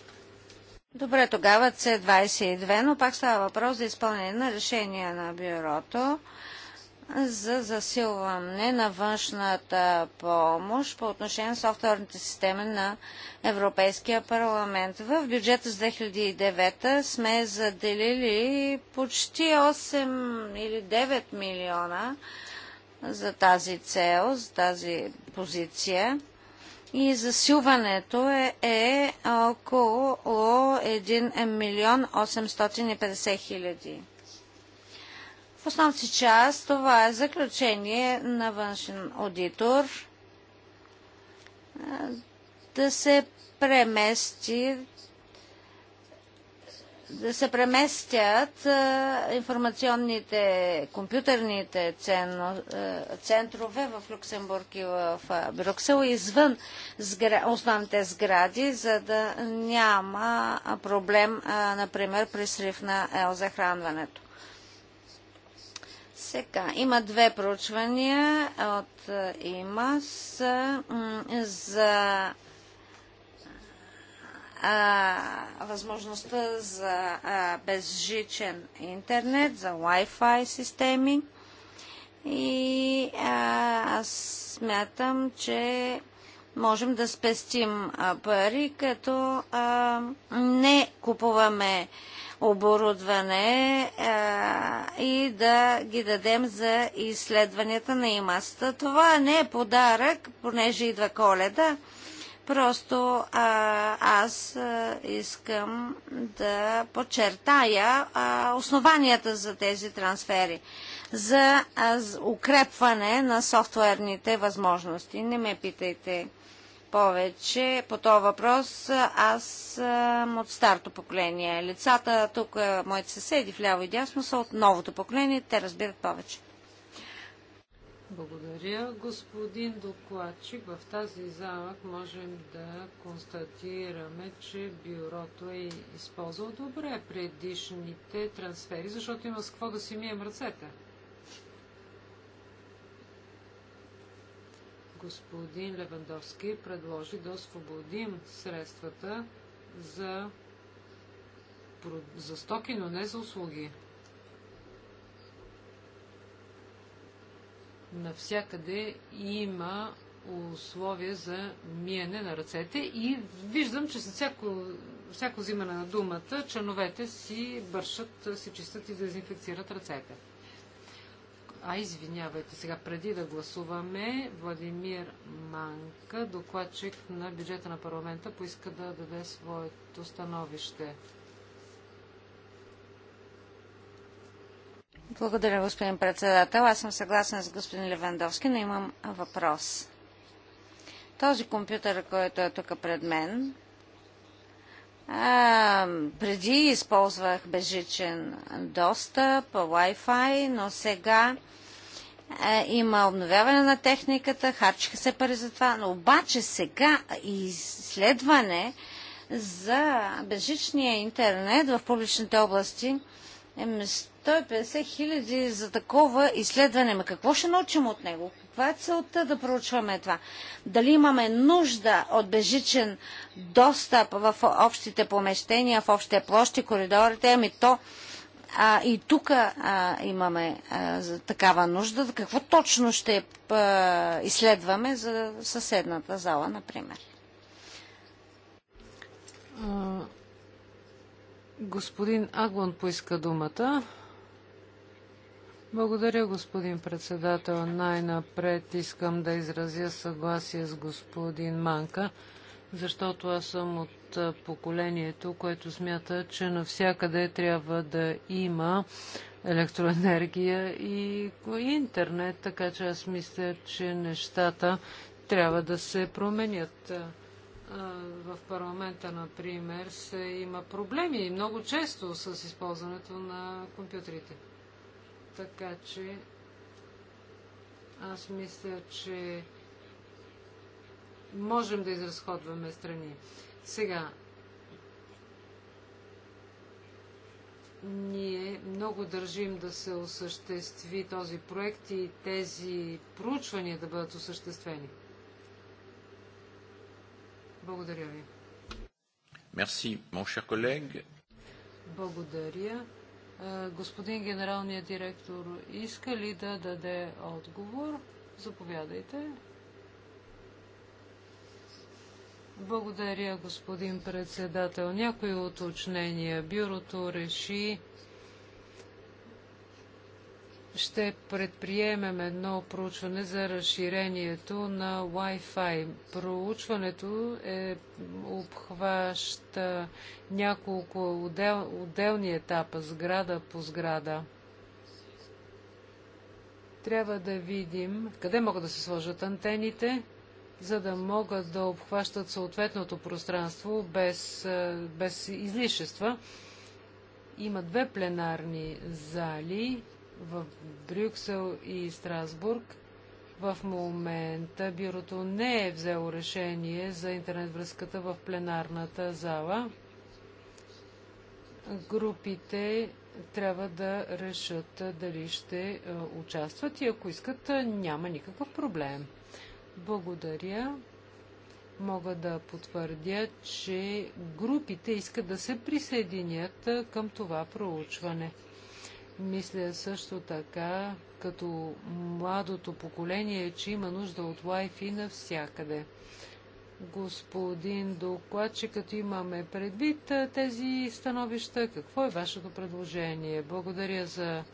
Добре, тогава C22, но пак става въпрос за изпълнение на решение на бюрото за засилване на външната помощ по отношение на софтуерните системи на Европейския парламент. В бюджета за 2009 сме заделили почти 8 или 9 милиона за тази цел, за тази позиция. И засилването е, е около 1 милион 850 хиляди основната част това е заключение на външен аудитор да се премести да се преместят информационните компютърните ценно, центрове в Люксембург и в Брюксел извън основните сгради, за да няма проблем, например, при срив на захранването. Сега, има две проучвания от е, ИМАС за а, възможността за а, безжичен интернет, за Wi-Fi системи. И а, аз смятам, че можем да спестим а, пари, като а, не купуваме а, оборудване и да ги дадем за изследванията на имаста. Това не е подарък, понеже идва коледа. Просто а, аз а, искам да подчертая а, основанията за тези трансфери, за а, укрепване на софтуерните възможности. Не ме питайте повече по този въпрос. Аз съм от старото поколение. Лицата тук, моите съседи вляво и дясно, са от новото поколение. Те разбират повече. Благодаря, господин докладчик. В тази зала можем да констатираме, че бюрото е използвало добре предишните трансфери, защото има с какво да си мием ръцете. господин Левандовски предложи да освободим средствата за, за стоки, но не за услуги. Навсякъде има условия за миене на ръцете и виждам, че с всяко, всяко взимане на думата, членовете си бършат, си чистят и дезинфекцират ръцете. А, извинявайте, сега преди да гласуваме, Владимир Манка, докладчик на бюджета на парламента, поиска да даде своето становище. Благодаря, господин председател. Аз съм съгласен с господин Левандовски, но имам въпрос. Този компютър, който е тук пред мен, преди използвах безжичен достъп, Wi-Fi, но сега а, има обновяване на техниката, харчиха се пари за това, но обаче сега изследване за безжичния интернет в публичните области е 150 хиляди за такова изследване. Ме какво ще научим от него? Каква е целта да проучваме това? Дали имаме нужда от бежичен достъп в общите помещения, в общите площи, коридорите? Ами то а, и тук имаме а, такава нужда. Какво точно ще а, изследваме за съседната зала, например? Господин Агон поиска думата. Благодаря, господин председател. Най-напред искам да изразя съгласие с господин Манка, защото аз съм от поколението, което смята, че навсякъде трябва да има електроенергия и интернет, така че аз мисля, че нещата трябва да се променят. В парламента, например, се има проблеми много често с използването на компютрите. Така че аз мисля, че можем да изразходваме страни. Сега, ние много държим да се осъществи този проект и тези проучвания да бъдат осъществени. Благодаря ви. Merci, mon cher collègue. Благодаря. Е, господин генералният директор иска ли да даде отговор? Заповядайте. Благодаря, господин председател. Някои уточнения. Бюрото реши ще предприемем едно проучване за разширението на Wi-Fi. Проучването е обхваща няколко отдел, отделни етапа, сграда по сграда. Трябва да видим къде могат да се сложат антените, за да могат да обхващат съответното пространство без, без излишества. Има две пленарни зали в Брюксел и Страсбург. В момента бюрото не е взело решение за интернет връзката в пленарната зала. Групите трябва да решат дали ще е, участват и ако искат, е, няма никакъв проблем. Благодаря. Мога да потвърдя, че групите искат да се присъединят е, към това проучване. Мисля също така, като младото поколение, че има нужда от Wi-Fi навсякъде. Господин докладче, като имаме предвид тези становища, какво е вашето предложение? Благодаря за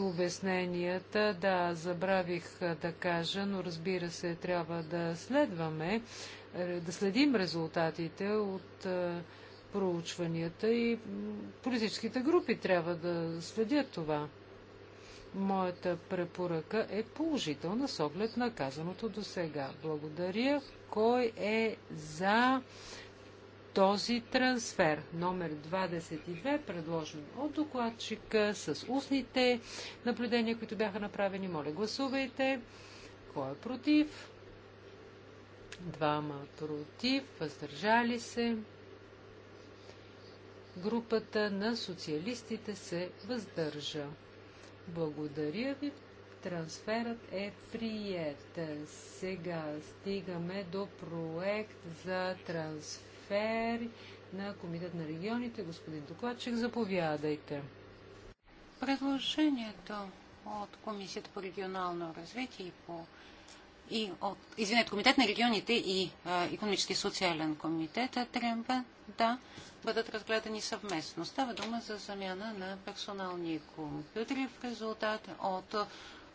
обясненията. Да, забравих да кажа, но разбира се, трябва да следваме, да следим резултатите от проучванията и политическите групи трябва да следят това. Моята препоръка е положителна с оглед на казаното до сега. Благодаря. Кой е за този трансфер? Номер 22, предложен от докладчика с устните наблюдения, които бяха направени. Моля, гласувайте. Кой е против? Двама против. Въздържали се групата на социалистите се въздържа. Благодаря ви. Трансферът е прият. Сега стигаме до проект за трансфер на Комитет на регионите. Господин докладчик, заповядайте. Предложението от Комисията по регионално развитие и по и от, извинете, комитет на регионите и а, економически и социален комитет трябва да бъдат разгледани съвместно. Става дума за замяна на персонални компютри в резултат от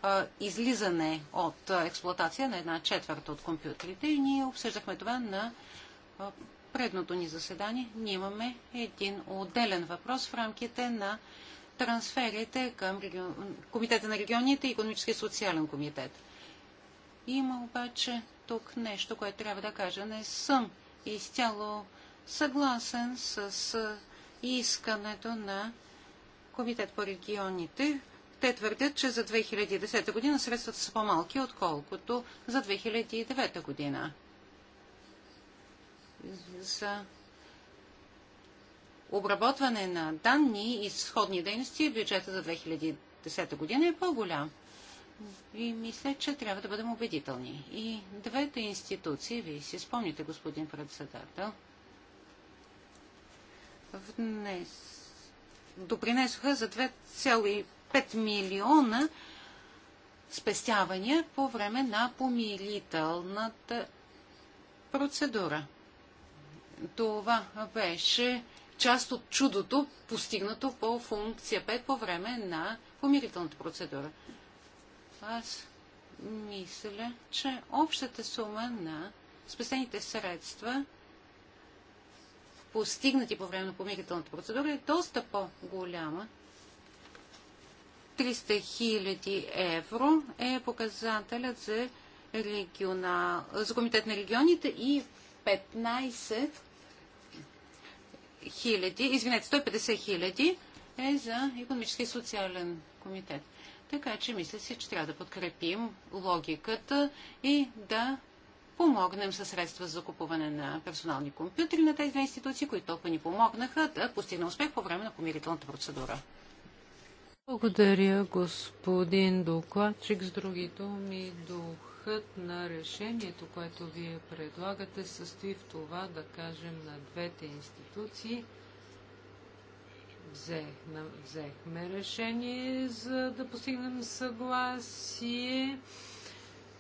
а, излизане от експлуатация на една четвърта от компютрите и ние обсъждахме това на а, предното ни заседание. Ние имаме един отделен въпрос в рамките на трансферите към регион... Комитета на регионите и Економически и социален комитет. Има обаче тук нещо, което трябва да кажа. Не съм изцяло съгласен с искането на Комитет по регионите. Те твърдят, че за 2010 година средствата са по-малки, отколкото за 2009 година. За обработване на данни и сходни дейности бюджета за 2010 година е по-голям и мисля, че трябва да бъдем убедителни. И двете институции, вие си спомните, господин председател, внес, допринесоха за 2,5 милиона спестявания по време на помилителната процедура. Това беше част от чудото, постигнато по функция 5 по време на помирителната процедура. Аз мисля, че общата сума на спестените средства, постигнати по време на помирителната процедура, е доста по-голяма. 300 000 евро е показателят за, регионал, за комитет на регионите и 15 000, извинете, 150 хиляди, е за економически и социален комитет. Така че мисля си, че трябва да подкрепим логиката и да помогнем със средства за купуване на персонални компютри на тези две институции, които толкова ни помогнаха да постигна успех по време на помирителната процедура. Благодаря, господин докладчик. С други думи, духът на решението, което вие предлагате, състои в това да кажем на двете институции – взехме решение за да постигнем съгласие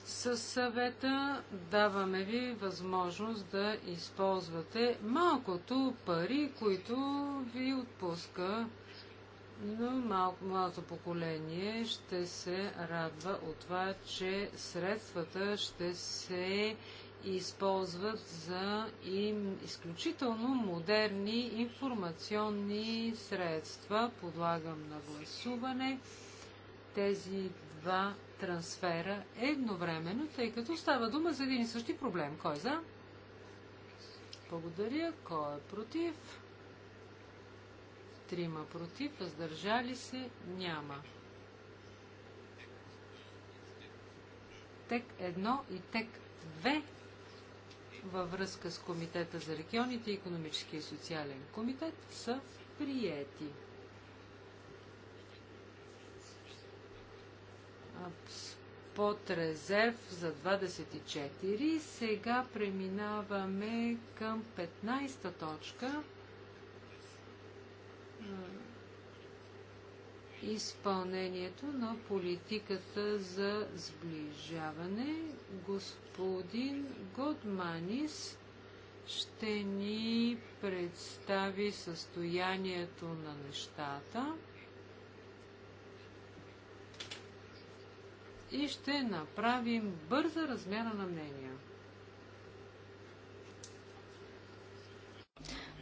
с съвета. Даваме ви възможност да използвате малкото пари, които ви отпуска. Но малко, малото поколение ще се радва от това, че средствата ще се използват за им изключително модерни информационни средства. Подлагам на гласуване тези два трансфера едновременно, тъй като става дума за един и същи проблем. Кой е за? Благодаря. Кой е против? Трима против. Въздържали се? Няма. Тек 1 и тек 2 във връзка с Комитета за регионите и Економически и социален комитет са приети. Под резерв за 24. Сега преминаваме към 15 точка изпълнението на политиката за сближаване. Господин Годманис ще ни представи състоянието на нещата и ще направим бърза размяна на мнения.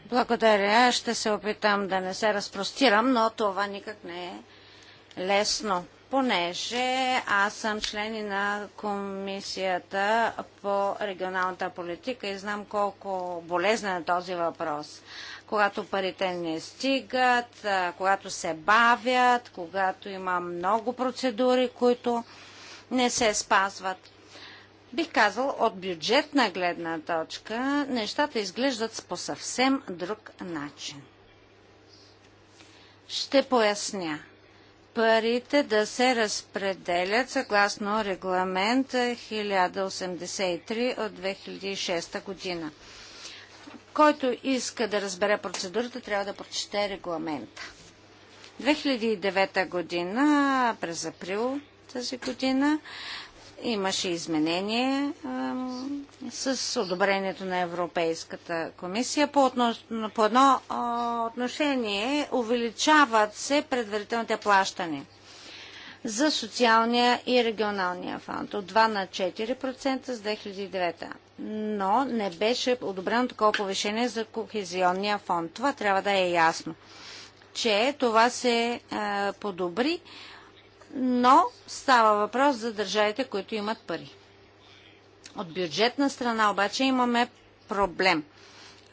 Благодаря. Ще се опитам да не се разпростирам, но това никак не е лесно, понеже аз съм член и на комисията по регионалната политика и знам колко болезнен е този въпрос. Когато парите не стигат, когато се бавят, когато има много процедури, които не се спазват. Бих казал, от бюджетна гледна точка, нещата изглеждат по съвсем друг начин. Ще поясня парите да се разпределят съгласно регламент 1083 от 2006 година. Който иска да разбере процедурата, трябва да прочете регламента. 2009 година, през април тази година, Имаше изменение с одобрението на Европейската комисия. По, относ... по едно отношение увеличават се предварителните плащания за социалния и регионалния фонд от 2 на 4% с 2009. Но не беше одобрено такова повишение за кохезионния фонд. Това трябва да е ясно, че това се а, подобри но става въпрос за държавите, които имат пари. От бюджетна страна обаче имаме проблем.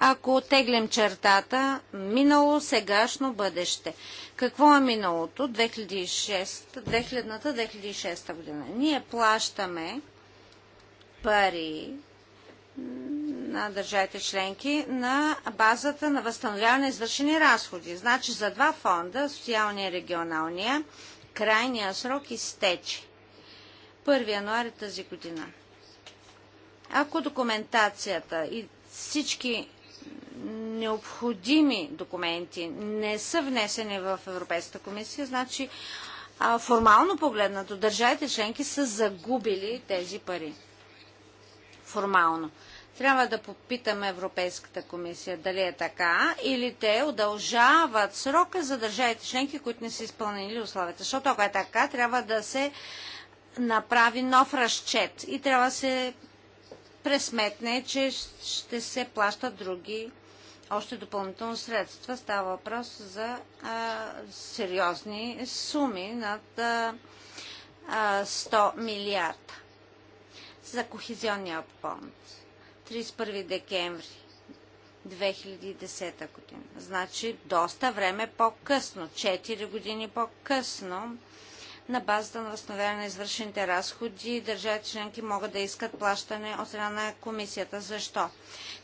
Ако теглим чертата, минало, сегашно, бъдеще. Какво е миналото? 2006, 2000-та, 2006 година. Ние плащаме пари на държавите членки на базата на възстановяване на извършени разходи. Значи за два фонда, социалния и регионалния, крайния срок изтече. 1 януари тази година. Ако документацията и всички необходими документи не са внесени в Европейската комисия, значи формално погледнато държавите членки са загубили тези пари. Формално. Трябва да попитаме Европейската комисия дали е така или те удължават срока за държавите членки, които не са изпълнили условията. Защото ако е така, трябва да се направи нов разчет и трябва да се пресметне, че ще се плащат други още допълнително средства. Става въпрос за а, сериозни суми над а, 100 милиарда за кохезионния фонд. 31 декември 2010 година. Значи доста време по-късно, 4 години по-късно, на базата на възстановяване на извършените разходи, държавите членки могат да искат плащане от страна на комисията. Защо?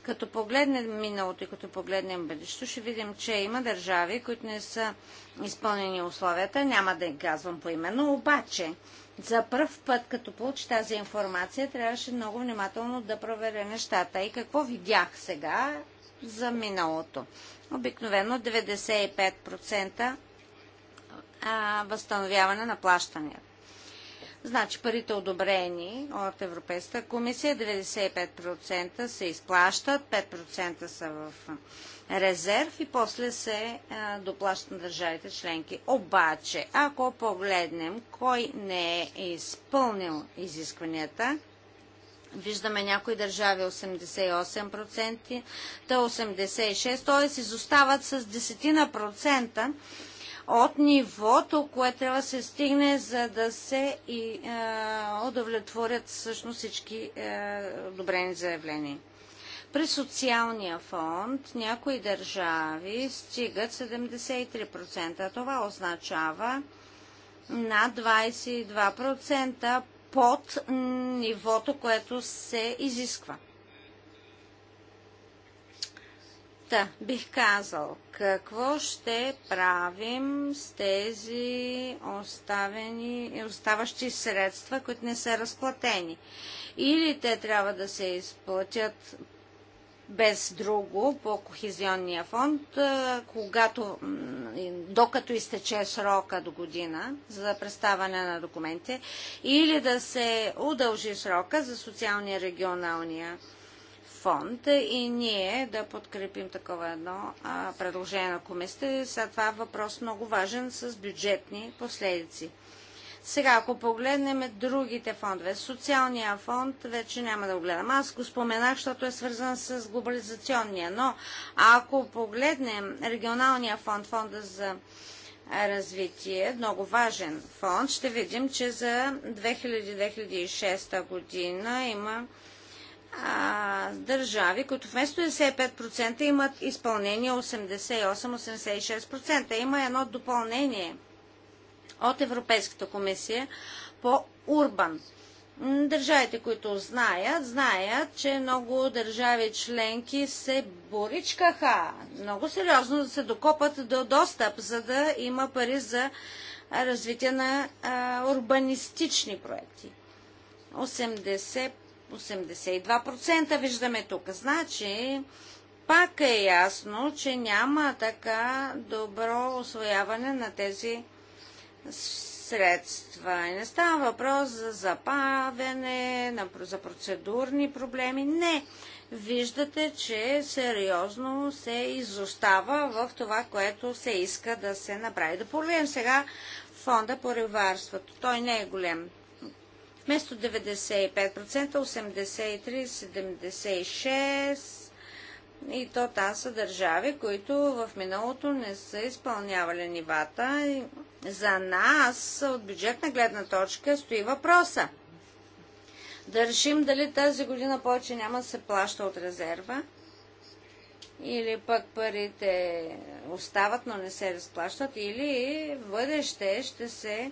Като погледнем миналото и като погледнем бъдещето, ще видим, че има държави, които не са изпълнени условията. Няма да ги казвам по имено, обаче за първ път, като получи тази информация, трябваше много внимателно да проверя нещата. И какво видях сега за миналото? Обикновено 95% възстановяване на плащания. Значи парите одобрени от Европейската комисия, 95% се изплащат, 5% са в резерв и после се доплащат на държавите членки. Обаче, ако погледнем кой не е изпълнил изискванията, Виждаме някои държави 88%, 86%, т.е. изостават с 10% от нивото, което трябва да се стигне, за да се и, е, удовлетворят всъщност всички е, одобрени заявления. При социалния фонд някои държави стигат 73%. Това означава на 22% под нивото, което се изисква. Та, бих казал, какво ще правим с тези оставени, оставащи средства, които не са разплатени? Или те трябва да се изплатят без друго по Кохизионния фонд, когато, докато изтече срока до година за представане на документите, или да се удължи срока за социалния регионалния фонд и ние да подкрепим такова едно предложение на комисията. След това е въпрос много важен с бюджетни последици. Сега, ако погледнем другите фондове, социалния фонд вече няма да го гледам. Аз го споменах, защото е свързан с глобализационния, но ако погледнем регионалния фонд, фонда за развитие, много важен фонд, ще видим, че за 2000-2006 година има а, държави, които вместо 95% имат изпълнение 88-86%. Има едно допълнение – от Европейската комисия по Урбан. Държавите, които знаят, знаят, че много държави членки се боричкаха много сериозно да се докопат до достъп, за да има пари за развитие на а, урбанистични проекти. 80, 82% виждаме тук. Значи, пак е ясно, че няма така добро освояване на тези средства. И не става въпрос за запавяне, за процедурни проблеми. Не. Виждате, че сериозно се изостава в това, което се иска да се направи. Да погледнем сега фонда по реварството. Той не е голем. Вместо 95%, 83, 76, и то та са държави, които в миналото не са изпълнявали нивата за нас от бюджетна гледна точка стои въпроса. Да решим дали тази година повече няма да се плаща от резерва или пък парите остават, но не се разплащат, или в бъдеще ще се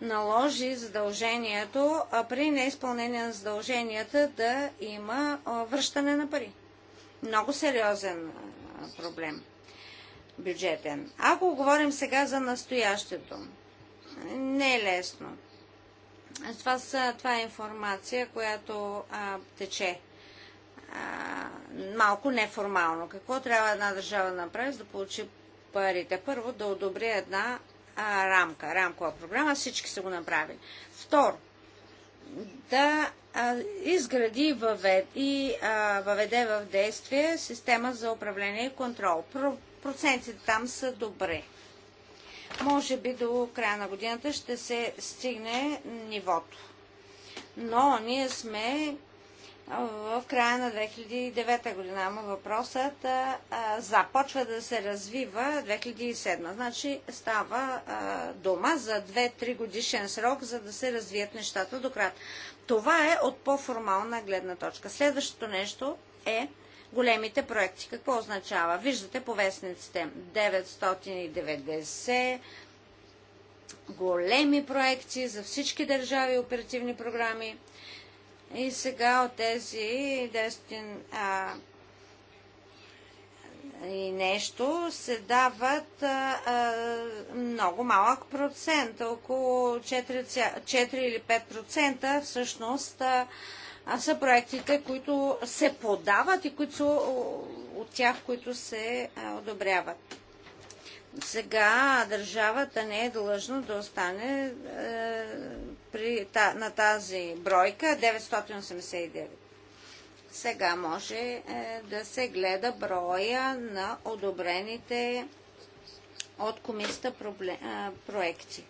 наложи задължението, а при неизпълнение на задълженията да има връщане на пари. Много сериозен проблем бюджетен. Ако говорим сега за настоящето, не е лесно. Това, са, това е информация, която а, тече а, малко неформално. Какво трябва една държава да направи, за да получи парите? Първо, да одобри една а, рамка, рамкова програма. Всички са го направили. Второ, да а, изгради въвед, и а, въведе в действие система за управление и контрол процентите там са добре. Може би до края на годината ще се стигне нивото. Но ние сме в края на 2009 година. Ама въпросът а, започва да се развива 2007. Значи става а, дома за 2-3 годишен срок, за да се развият нещата до края. Това е от по-формална гледна точка. Следващото нещо е големите проекти. Какво означава? Виждате по вестниците 990 големи проекти за всички държави и оперативни програми. И сега от тези 10 а, и нещо се дават а, а, много малък процент, около 4, 4 или 5 процента всъщност а, а са проектите, които се подават и които са от тях, които се одобряват. Сега държавата не е длъжна да остане е, при, та, на тази бройка 989. Сега може е, да се гледа броя на одобрените от комисията проблем, е, проекти.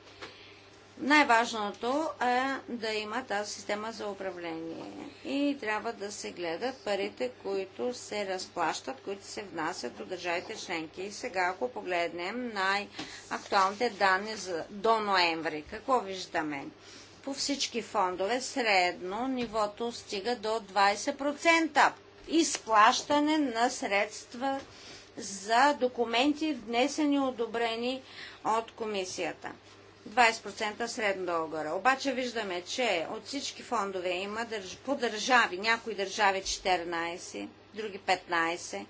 Най-важното е да има тази система за управление и трябва да се гледат парите, които се разплащат, които се внасят от държавите членки. И сега, ако погледнем най-актуалните данни за, до ноември, какво виждаме? По всички фондове средно нивото стига до 20% изплащане на средства за документи, внесени и одобрени от комисията. 20% средно долара. Обаче виждаме, че от всички фондове има държ... по държави, някои държави 14, други 15,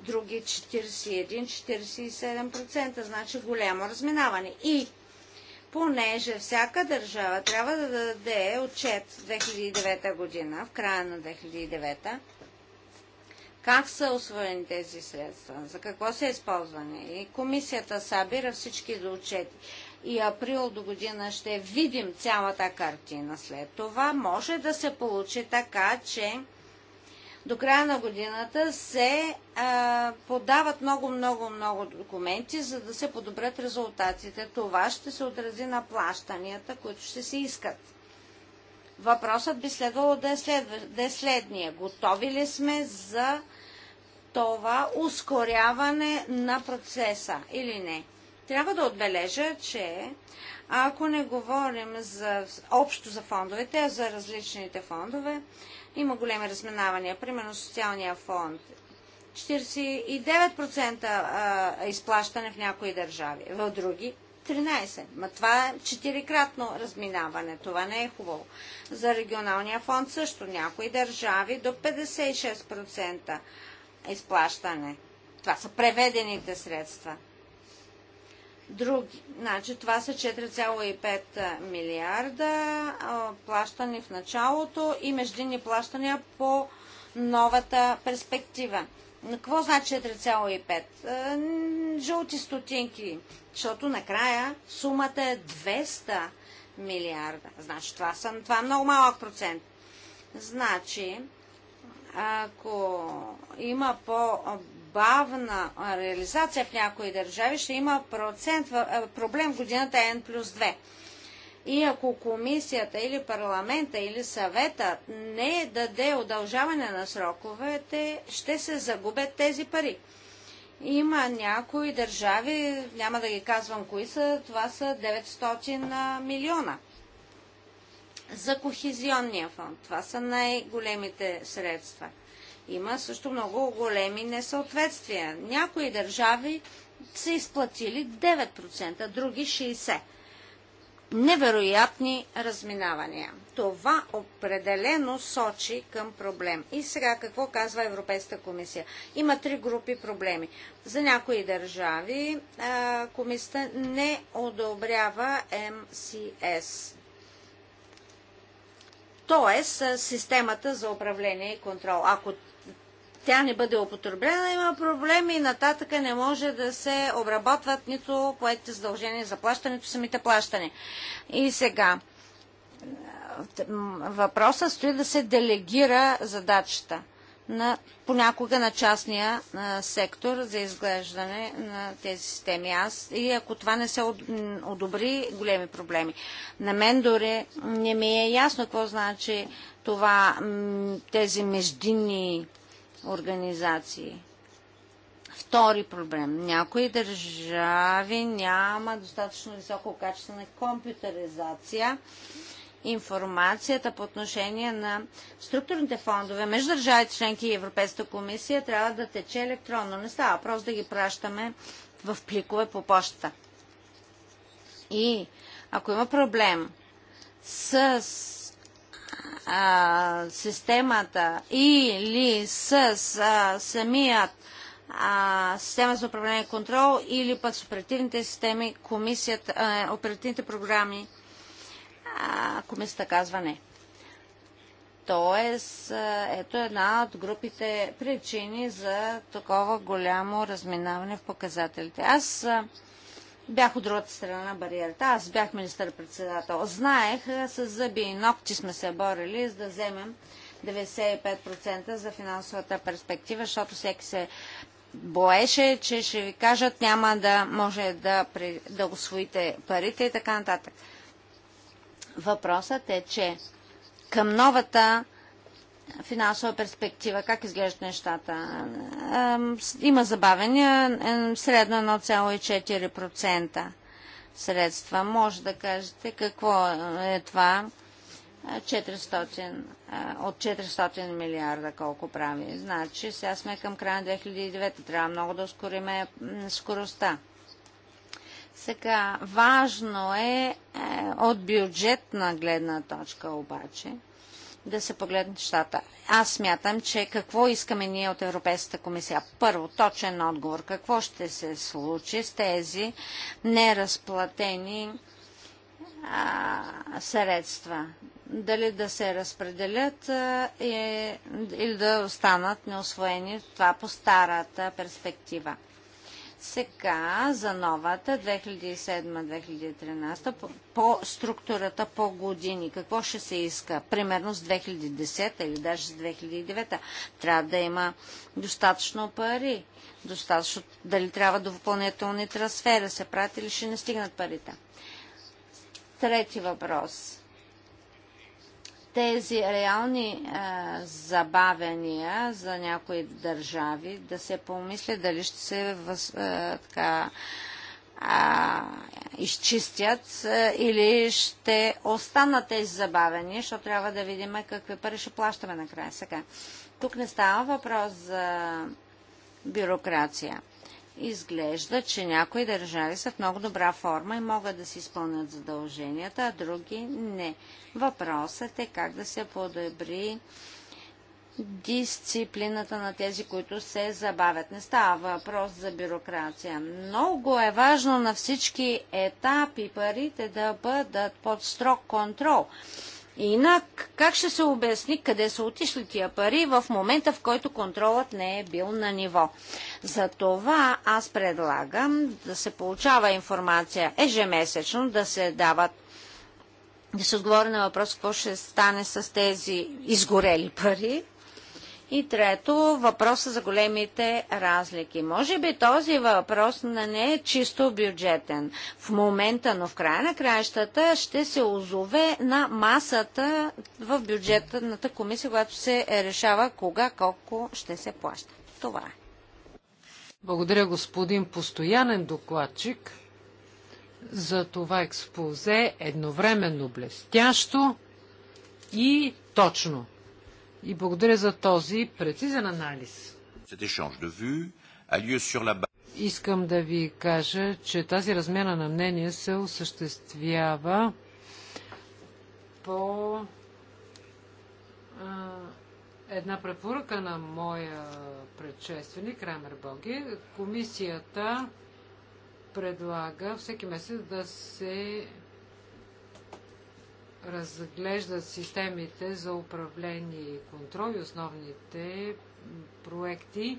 други 41-47%, значи голямо разминаване. И понеже всяка държава трябва да даде отчет 2009 година, в края на 2009, как са освоени тези средства, за какво са използвани. И комисията събира всички до отчети и април до година ще видим цялата картина. След това може да се получи така, че до края на годината се а, подават много, много, много документи, за да се подобрят резултатите. Това ще се отрази на плащанията, които ще се искат. Въпросът би следвало да е, след, да е следния. Готови ли сме за това ускоряване на процеса или не? Трябва да отбележа, че ако не говорим за, общо за фондовете, а за различните фондове, има големи разминавания. Примерно социалния фонд 49% е изплащане в някои държави, в други 13. Ма това е четирикратно разминаване. Това не е хубаво. За регионалния фонд също някои държави до 56% изплащане. Това са преведените средства други. Значи това са 4,5 милиарда плащани в началото и междинни плащания по новата перспектива. Какво значи 4,5? Жълти стотинки, защото накрая сумата е 200 милиарда. Значи това, са, това е много малък процент. Значи, ако има по бавна реализация в някои държави, ще има процент, проблем годината е N плюс 2. И ако комисията или парламента или съвета не даде удължаване на сроковете, ще се загубят тези пари. Има някои държави, няма да ги казвам кои са, това са 900 милиона за кохезионния фонд. Това са най-големите средства. Има също много големи несъответствия. Някои държави са изплатили 9%, други 60%. Невероятни разминавания. Това определено сочи към проблем. И сега какво казва Европейската комисия? Има три групи проблеми. За някои държави комисията не одобрява МСС. Тоест системата за управление и контрол. Ако тя не бъде употребена, има проблеми и нататък не може да се обработват нито поетите задължения за плащането, самите плащане. И сега, въпросът стои да се делегира задачата на, понякога на частния на сектор за изглеждане на тези системи. Аз, и ако това не се одобри, големи проблеми. На мен дори не ми е ясно какво значи това, тези междинни организации. Втори проблем. Някои държави няма достатъчно високо качество на компютъризация информацията по отношение на структурните фондове между държавите членки и Европейската комисия трябва да тече електронно. Не става просто да ги пращаме в пликове по почта. И ако има проблем с системата или с а, самият а, система за управление и контрол или пък с оперативните системи, комисията, а, оперативните програми, а, комисията казва не. Тоест, ето една от групите причини за такова голямо разминаване в показателите. Аз Бях от другата страна на бариерата. Аз бях министър-председател. Знаех, с зъби и ногти сме се борили, за да вземем 95% за финансовата перспектива, защото всеки се боеше, че ще ви кажат няма да може да, да освоите парите и така нататък. Въпросът е, че към новата финансова перспектива. Как изглеждат нещата? Има забавения, е, средно 1,4% средства. Може да кажете какво е това 400, от 400 милиарда колко прави. Значи сега сме към края на 2009. Трябва много да ускориме скоростта. Сега, важно е, е от бюджетна гледна точка обаче – да се погледнат нещата. Аз смятам, че какво искаме ние от Европейската комисия? Първо, точен отговор. Какво ще се случи с тези неразплатени а, средства? Дали да се разпределят а, и, или да останат неосвоени това по старата перспектива? Сега за новата 2007-2013 по, структурата по години. Какво ще се иска? Примерно с 2010 или даже с 2009 трябва да има достатъчно пари. Достатъчно, дали трябва допълнителни трансфери, се прати или ще не стигнат парите. Трети въпрос тези реални а, е, забавяния за някои държави, да се помисли дали ще се въз, а, е, така, а, изчистят а, е, или ще останат тези забавяния, защото трябва да видим какви пари ще плащаме накрая сега. Тук не става въпрос за бюрокрация. Изглежда, че някои държави са в много добра форма и могат да си изпълнят задълженията, а други не. Въпросът е как да се подобри дисциплината на тези, които се забавят. Не става въпрос за бюрокрация. Много е важно на всички етапи парите да бъдат под строг контрол. Инак, как ще се обясни къде са отишли тия пари в момента, в който контролът не е бил на ниво? За това аз предлагам да се получава информация ежемесечно, да се дават да се отговори на въпрос какво ще стане с тези изгорели пари, и трето, въпроса за големите разлики. Може би този въпрос не е чисто бюджетен в момента, но в края на краищата ще се озове на масата в бюджетната комисия, която се решава кога, колко ще се плаща. Това е. Благодаря, господин постоянен докладчик, за това експозе едновременно блестящо и точно. И благодаря за този прецизен анализ. Искам да ви кажа, че тази размяна на мнение се осъществява по една препоръка на моя предшественик, Крамер Боги. Комисията предлага всеки месец да се разглеждат системите за управление и контрол и основните проекти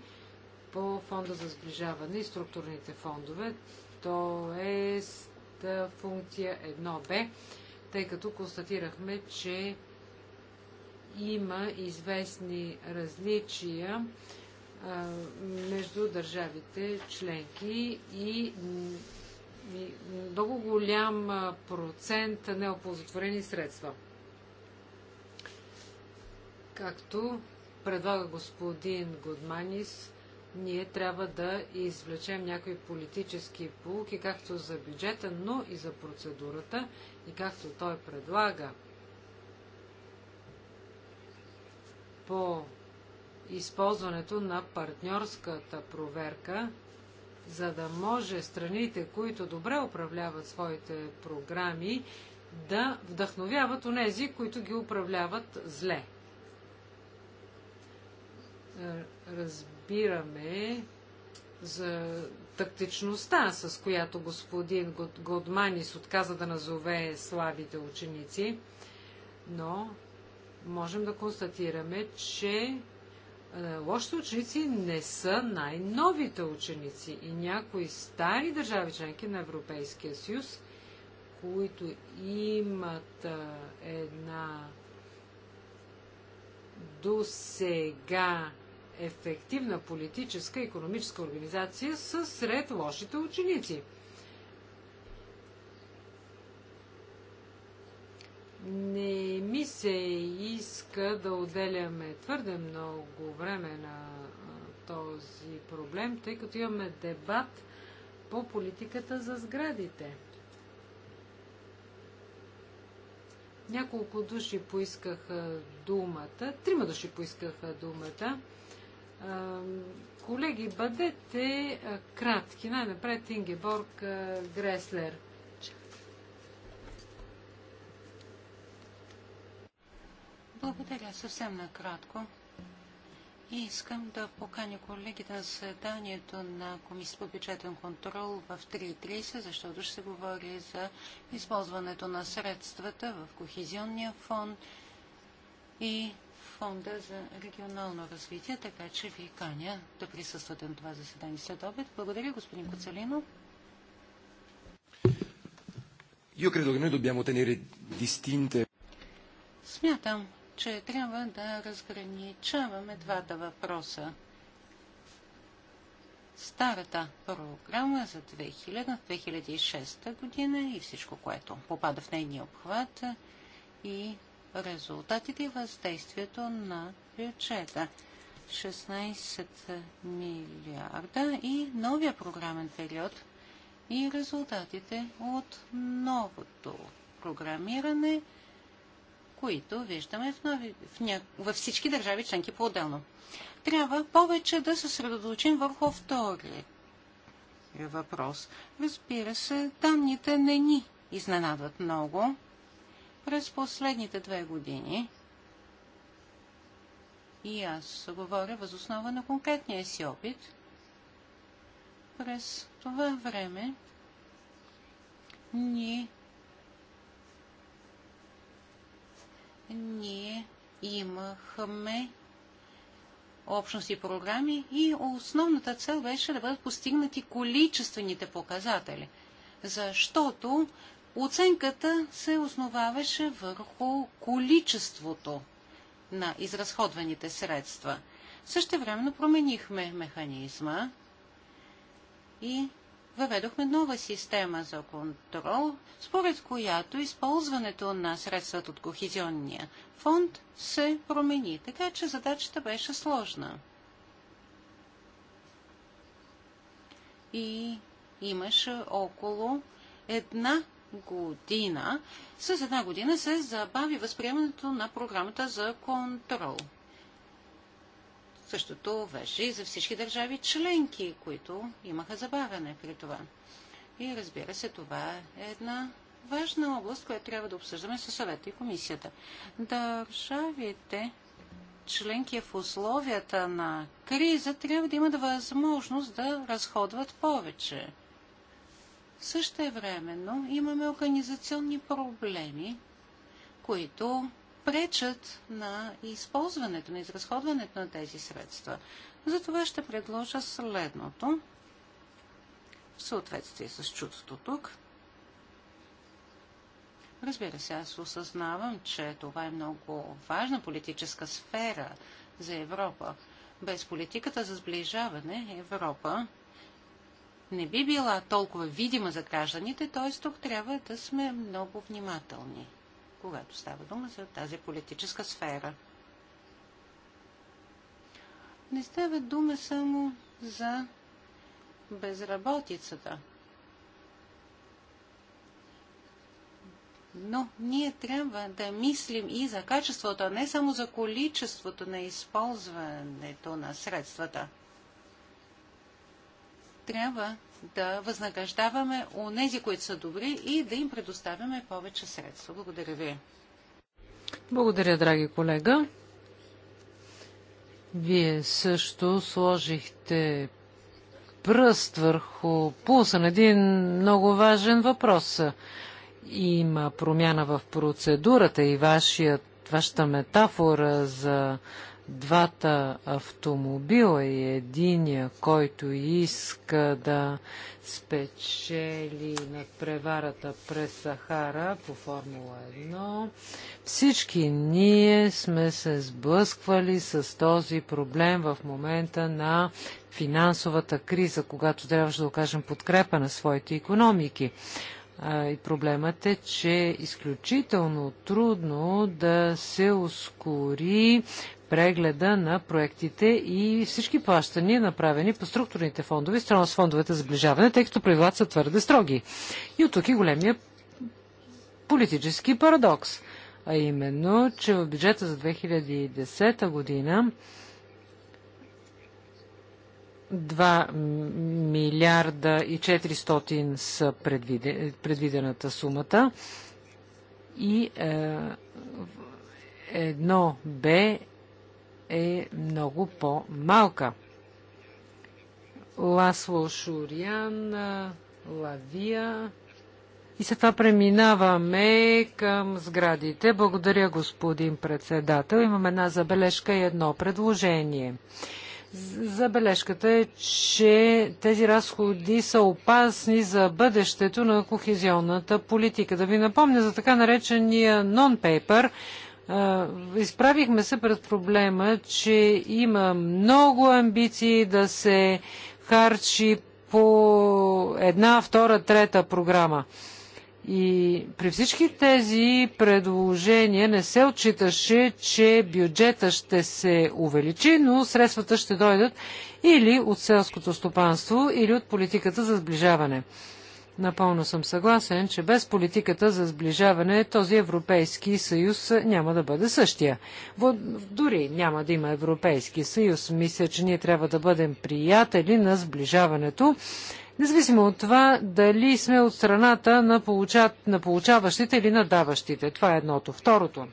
по фонда за сближаване и структурните фондове. То е функция 1Б, тъй като констатирахме, че има известни различия между държавите членки и много голям процент неоползотворени средства. Както предлага господин Гудманис, ние трябва да извлечем някои политически полуки, както за бюджета, но и за процедурата, и както той предлага по използването на партньорската проверка, за да може страните, които добре управляват своите програми, да вдъхновяват онези, които ги управляват зле. Е, разбираме за тактичността, с която господин Годманис отказа да назове слабите ученици, но можем да констатираме, че е, лошите ученици не са най-новите ученици и някои стари държави членки на Европейския съюз, които имат е, една до сега ефективна политическа и економическа организация, са сред лошите ученици. Не ми се иска да отделяме твърде много време на този проблем, тъй като имаме дебат по политиката за сградите. Няколко души поискаха думата, трима души поискаха думата. Колеги, бъдете кратки. Най-напред Ингеборг Греслер – Благодаря. Съвсем накратко. И искам да поканя колегите на заседанието на Комисията по бюджетен контрол в 3.30, защото ще се говори за използването на средствата в Кохизионния фонд и фонда за регионално развитие, така че ви каня да присъствате на това заседание след обед. Благодаря, господин Коцелино. Io credo che noi dobbiamo tenere distinte. Смятам, че трябва да разграничаваме двата въпроса. Старата програма за 2000-2006 година и всичко, което попада в нейния обхват и резултатите и въздействието на бюджета. 16 милиарда и новия програмен период и резултатите от новото програмиране – които виждаме в, нови, в ня... във всички държави членки по-отделно. Трябва повече да се съсредоточим върху втория въпрос. Разбира се, данните не ни изненадват много. През последните две години и аз говоря възоснова на конкретния си опит. През това време ние ние имахме общности програми и основната цел беше да бъдат постигнати количествените показатели, защото оценката се основаваше върху количеството на изразходваните средства. Също времено променихме механизма и въведохме нова система за контрол, според която използването на средствата от Кохизионния фонд се промени, така че задачата беше сложна. И имаше около една година. С една година се забави възприемането на програмата за контрол. Същото беше и за всички държави членки, които имаха забавяне при това. И разбира се, това е една важна област, която трябва да обсъждаме със съвета и комисията. Държавите членки в условията на криза трябва да имат възможност да разходват повече. Също времено имаме организационни проблеми, които пречат на използването, на изразходването на тези средства. Затова ще предложа следното в съответствие с чувството тук. Разбира се, аз осъзнавам, че това е много важна политическа сфера за Европа. Без политиката за сближаване Европа не би била толкова видима за гражданите, т.е. тук трябва да сме много внимателни когато става дума за тази политическа сфера. Не става дума само за безработицата. Но ние трябва да мислим и за качеството, а не само за количеството на използването на средствата. Трябва да възнаграждаваме у нези, които са добри и да им предоставяме повече средства. Благодаря ви. Благодаря, драги колега. Вие също сложихте пръст върху пулса на един много важен въпрос. Има промяна в процедурата и вашият, вашата метафора за двата автомобила и единия, който иска да спечели над преварата през Сахара по Формула 1. Всички ние сме се сблъсквали с този проблем в момента на финансовата криза, когато трябваше да окажем подкрепа на своите економики. И проблемът е, че е изключително трудно да се ускори прегледа на проектите и всички плащания, направени по структурните фондове, страна с фондовете за сближаване, тъй като правилата са твърде строги. И от тук и е големия политически парадокс, а именно, че в бюджета за 2010 година 2 милиарда и 400 са предвидената сумата и е, едно Б е много по-малка. Ласло Шурян, Лавия. И след това преминаваме към сградите. Благодаря, господин председател. Имам една забележка и едно предложение. Забележката е, че тези разходи са опасни за бъдещето на кохезионната политика. Да ви напомня за така наречения нон-пейпер, изправихме се пред проблема, че има много амбиции да се харчи по една, втора, трета програма. И при всички тези предложения не се отчиташе, че бюджета ще се увеличи, но средствата ще дойдат или от селското стопанство, или от политиката за сближаване. Напълно съм съгласен, че без политиката за сближаване този Европейски съюз няма да бъде същия. Дори няма да има Европейски съюз. Мисля, че ние трябва да бъдем приятели на сближаването, независимо от това дали сме от страната на, получа... на получаващите или на даващите. Това е едното. Второто.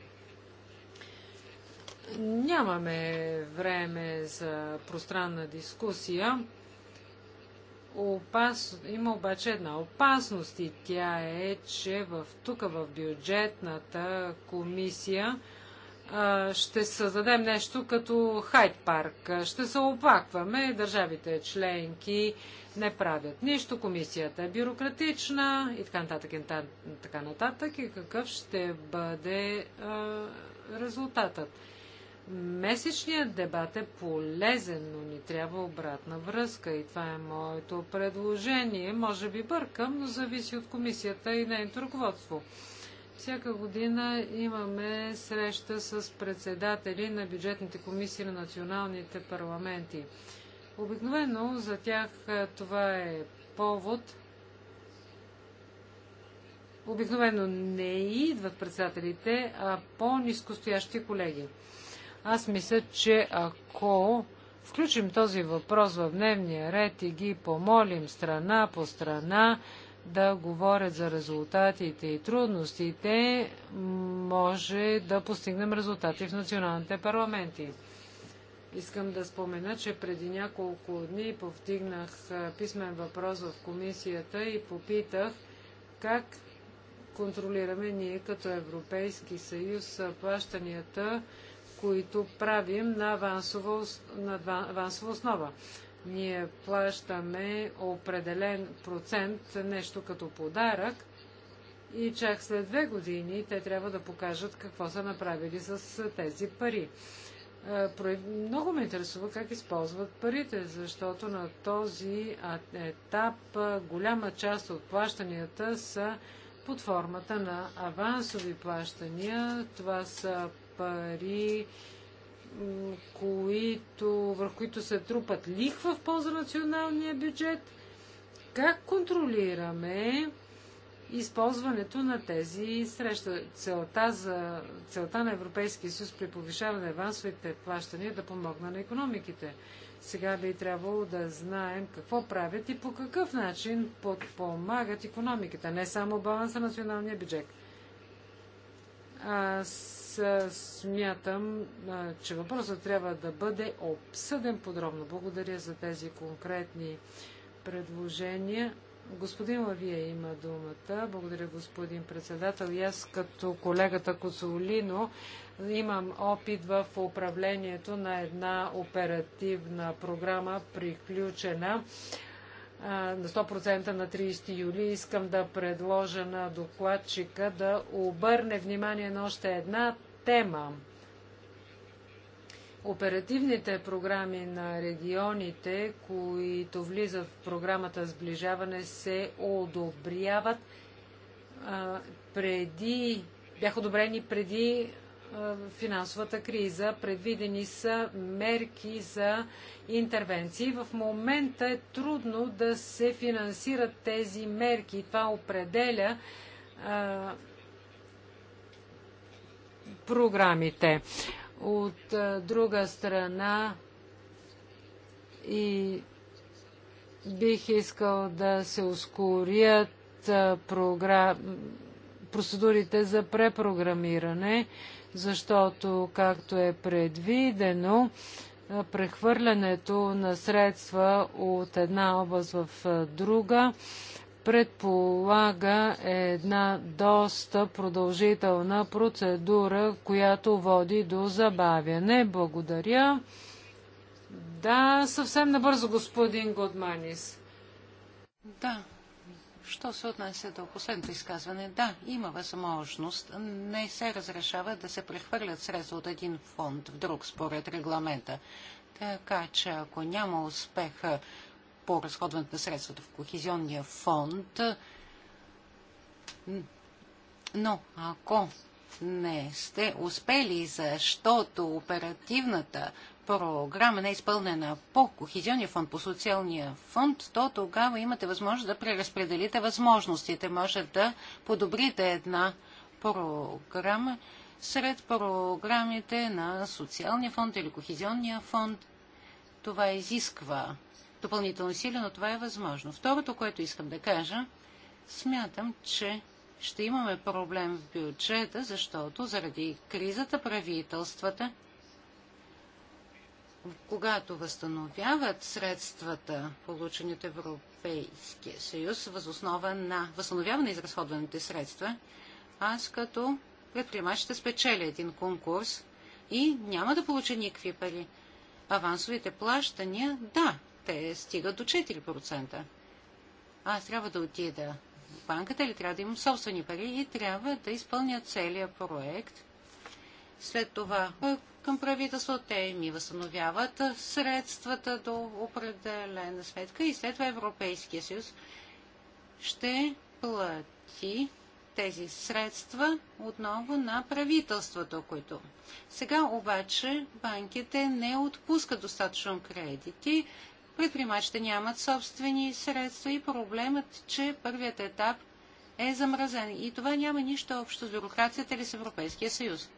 Нямаме време за пространна дискусия. Опас... Има обаче една опасност и тя е, че в... тук в бюджетната комисия а, ще създадем нещо като Хайд парк. Ще се оплакваме, държавите членки не правят нищо, комисията е бюрократична и така нататък, и така нататък. И какъв ще бъде а, резултатът? Месечният дебат е полезен, но ни трябва обратна връзка и това е моето предложение. Може би бъркам, но зависи от комисията и нейното ръководство. Всяка година имаме среща с председатели на бюджетните комисии на националните парламенти. Обикновено за тях това е повод. Обикновено не идват председателите, а по-низкостоящи колеги. Аз мисля, че ако включим този въпрос в дневния ред и ги помолим страна по страна да говорят за резултатите и трудностите, може да постигнем резултати в националните парламенти. Искам да спомена, че преди няколко дни повдигнах писмен въпрос в комисията и попитах как контролираме ние като Европейски съюз плащанията които правим на авансова, на авансова основа. Ние плащаме определен процент, нещо като подарък, и чак след две години те трябва да покажат какво са направили с тези пари. Е, много ме интересува как използват парите, защото на този етап е, голяма част от плащанията са под формата на авансови плащания. Това са пари, които, върху които се трупат лихва в полза на националния бюджет. Как контролираме използването на тези среща? Целта, за, целта на Европейския съюз при повишаване на авансовите плащания е да помогна на економиките. Сега би трябвало да знаем какво правят и по какъв начин подпомагат економиката, не само баланса на националния бюджет. Аз смятам, че въпросът трябва да бъде обсъден подробно. Благодаря за тези конкретни предложения. Господин Лавия има думата. Благодаря, господин председател. И аз като колегата Коцолино имам опит в управлението на една оперативна програма, приключена на 100% на 30 юли. Искам да предложа на докладчика да обърне внимание на още една тема. Оперативните програми на регионите, които влизат в програмата сближаване, се одобряват преди, бяха одобрени преди финансовата криза. Предвидени са мерки за интервенции. В момента е трудно да се финансират тези мерки. Това определя а, програмите. От друга страна и бих искал да се ускорят процедурите за препрограмиране, защото, както е предвидено, прехвърлянето на средства от една област в друга предполага една доста продължителна процедура, която води до забавяне. Благодаря. Да, съвсем набързо, господин Годманис. Да. Що се отнася до последното изказване, да, има възможност. Не се разрешава да се прехвърлят средства от един фонд в друг според регламента. Така че ако няма успех по разходването на средствата в Кохизионния фонд. Но ако не сте успели, защото оперативната програма не е изпълнена по Кохизионния фонд, по социалния фонд, то тогава имате възможност да преразпределите възможностите. Може да подобрите една програма сред програмите на социалния фонд или Кохизионния фонд. Това изисква допълнителни сили, но това е възможно. Второто, което искам да кажа, смятам, че ще имаме проблем в бюджета, защото заради кризата правителствата, когато възстановяват средствата, получени от Европейския съюз, възоснова на възстановяване изразходваните средства, аз като предприемач ще спечеля един конкурс и няма да получа никакви пари. Авансовите плащания, да, те стигат до 4%. Аз трябва да отида в банката или трябва да имам собствени пари и трябва да изпълня целият проект. След това към правителство те ми възстановяват средствата до определена сметка и след това Европейския съюз ще плати тези средства отново на правителството, които. Сега обаче банките не отпускат достатъчно кредити предприемачите нямат собствени средства и проблемът, че първият етап е замразен. И това няма нищо общо с бюрокрацията или с Европейския съюз.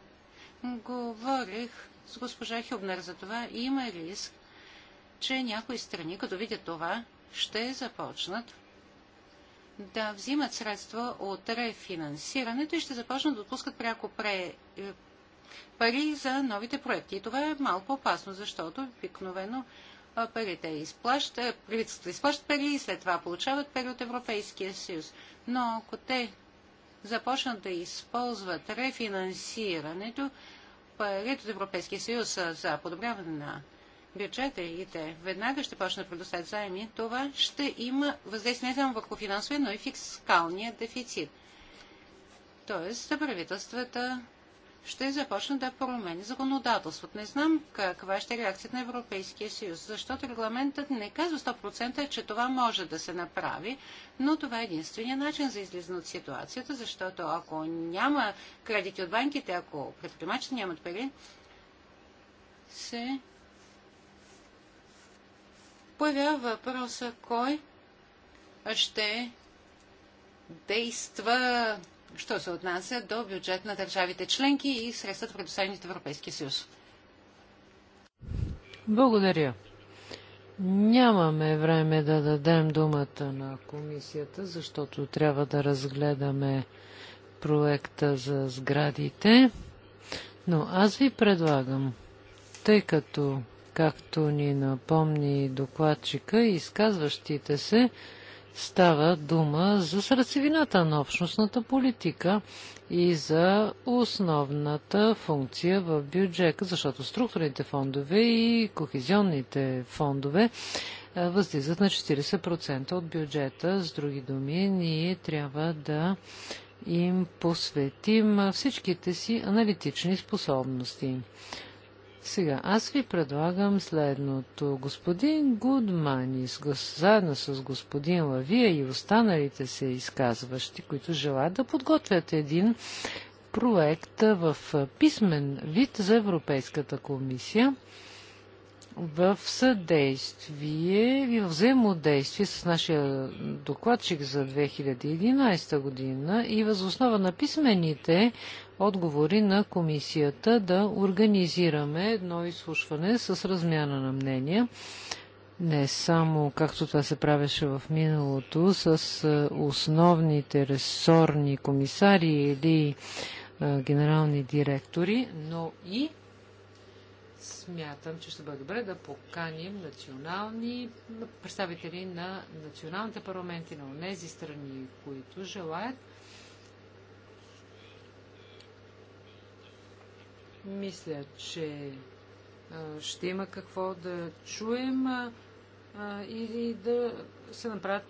Говорих с госпожа Хюбнер за това. Има риск, че някои страни, като видят това, ще започнат да взимат средства от рефинансирането и ще започнат да отпускат пряко пре... Е, пари за новите проекти. И това е малко опасно, защото обикновено парите изплащат, правителството изплащат пари и след това получават пари от Европейския съюз. Но ако те започнат да използват рефинансирането, парите от Европейския съюз за подобряване на бюджета и те веднага ще почнат да предоставят заеми, това ще има въздействие не само върху финансовия, но и фискалния дефицит. Тоест, правителствата ще започне да промени законодателството. Не знам каква ще е реакцията на Европейския съюз, защото регламентът не казва 100%, че това може да се направи, но това е единствения начин за излизане от ситуацията, защото ако няма кредити от банките, ако предприемачите нямат пари, се появява въпроса кой ще действа що се отнася до бюджет на държавите членки и средствата предоставени от Европейския съюз. Благодаря. Нямаме време да дадем думата на комисията, защото трябва да разгледаме проекта за сградите. Но аз ви предлагам, тъй като, както ни напомни докладчика, изказващите се Става дума за сърцевината на общностната политика и за основната функция в бюджета, защото структурните фондове и кохезионните фондове възлизат на 40% от бюджета. С други думи, ние трябва да им посветим всичките си аналитични способности. Сега, аз ви предлагам следното. Господин Гудманис, заедно с господин Лавия и останалите се изказващи, които желаят да подготвят един проект в писмен вид за Европейската комисия в съдействие и в взаимодействие с нашия докладчик за 2011 година и възоснова на писмените отговори на комисията да организираме едно изслушване с размяна на мнения. Не само както това се правеше в миналото с е, основните ресорни комисари или е, генерални директори, но и смятам, че ще бъде добре да поканим национални представители на националните парламенти на тези страни, които желаят Мисля, че ще има какво да чуем или да се направят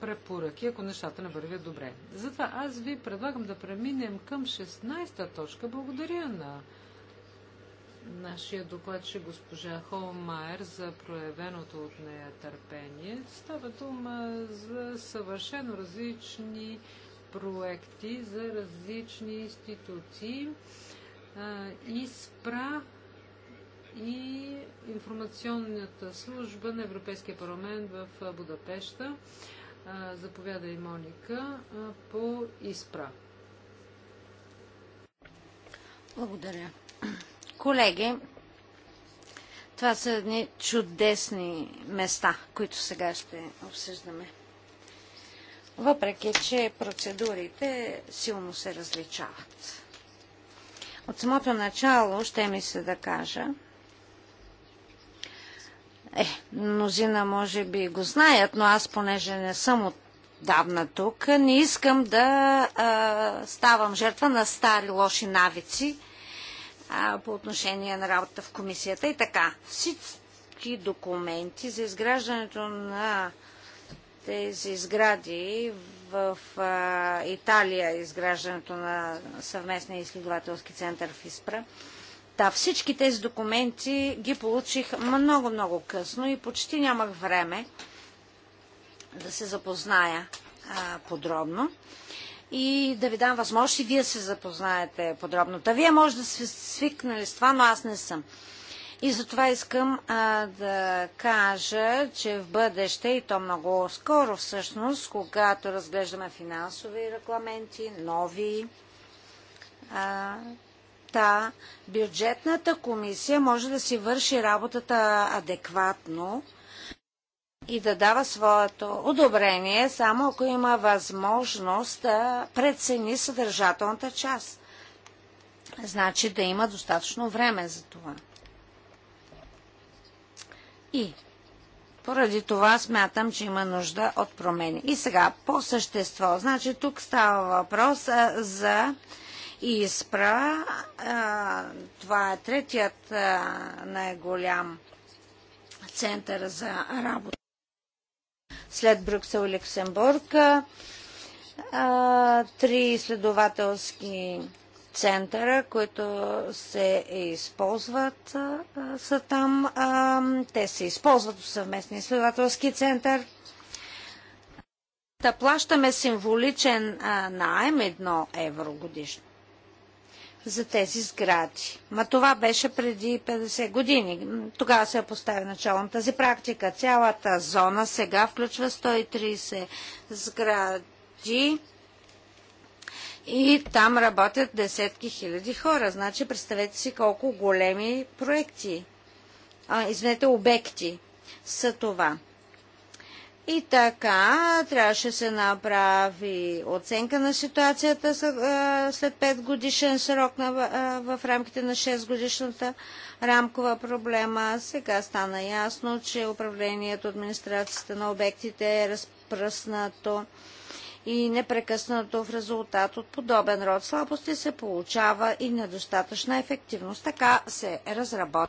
препоръки, ако нещата не вървят добре. Затова аз ви предлагам да преминем към 16-та точка. Благодаря на нашия докладчик госпожа Холмайер за проявеното от нея търпение. Става дума за съвършено различни проекти, за различни институции и спра и информационната служба на Европейския парламент в Будапешта. Заповяда и Моника по ИСПРА. Благодаря. Колеги, това са едни чудесни места, които сега ще обсъждаме. Въпреки, че процедурите силно се различават. От самото начало ще ми се да кажа, е, мнозина може би го знаят, но аз понеже не съм отдавна тук, не искам да а, ставам жертва на стари лоши навици а, по отношение на работата в комисията и така. Всички документи за изграждането на тези сгради в а, Италия изграждането на съвместния изследователски център в Испра. Та всички тези документи ги получих много-много късно и почти нямах време да се запозная а, подробно и да ви дам възможност и вие се запознаете подробно. Та вие може да сте свикнали с това, но аз не съм. И затова искам а, да кажа, че в бъдеще, и то много скоро всъщност, когато разглеждаме финансови регламенти, нови, а, та бюджетната комисия може да си върши работата адекватно и да дава своето одобрение, само ако има възможност да прецени съдържателната част. Значи да има достатъчно време за това. И поради това смятам, че има нужда от промени. И сега, по същество. Значи тук става въпрос а, за изпра. А, това е третият най-голям център за работа. След Брюксел и Люксембург, а, три изследователски центъра, които се използват са там. Те се използват в съвместния изследователски център. Да плащаме символичен найем едно евро годишно за тези сгради. Ма това беше преди 50 години. Тогава се е постави начало на тази практика. Цялата зона сега включва 130 сгради и там работят десетки хиляди хора. Значи представете си колко големи проекти, а, извинете, обекти са това. И така трябваше се направи оценка на ситуацията след 5 годишен срок на, в рамките на 6 годишната рамкова проблема. Сега стана ясно, че управлението, администрацията на обектите е разпръснато и непрекъснато в резултат от подобен род слабости се получава и недостатъчна ефективност. Така се разработва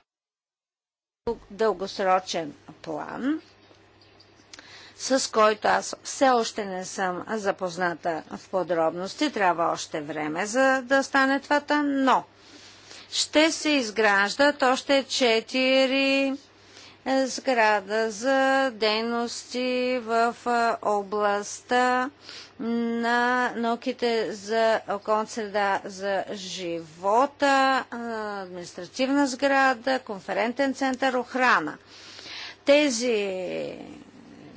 дългосрочен план, с който аз все още не съм запозната в подробности. Трябва още време за да стане това, но ще се изграждат още четири е, сграда за дейности в е, областта на науките за околната среда за живота, е, административна сграда, конферентен център, охрана. Тези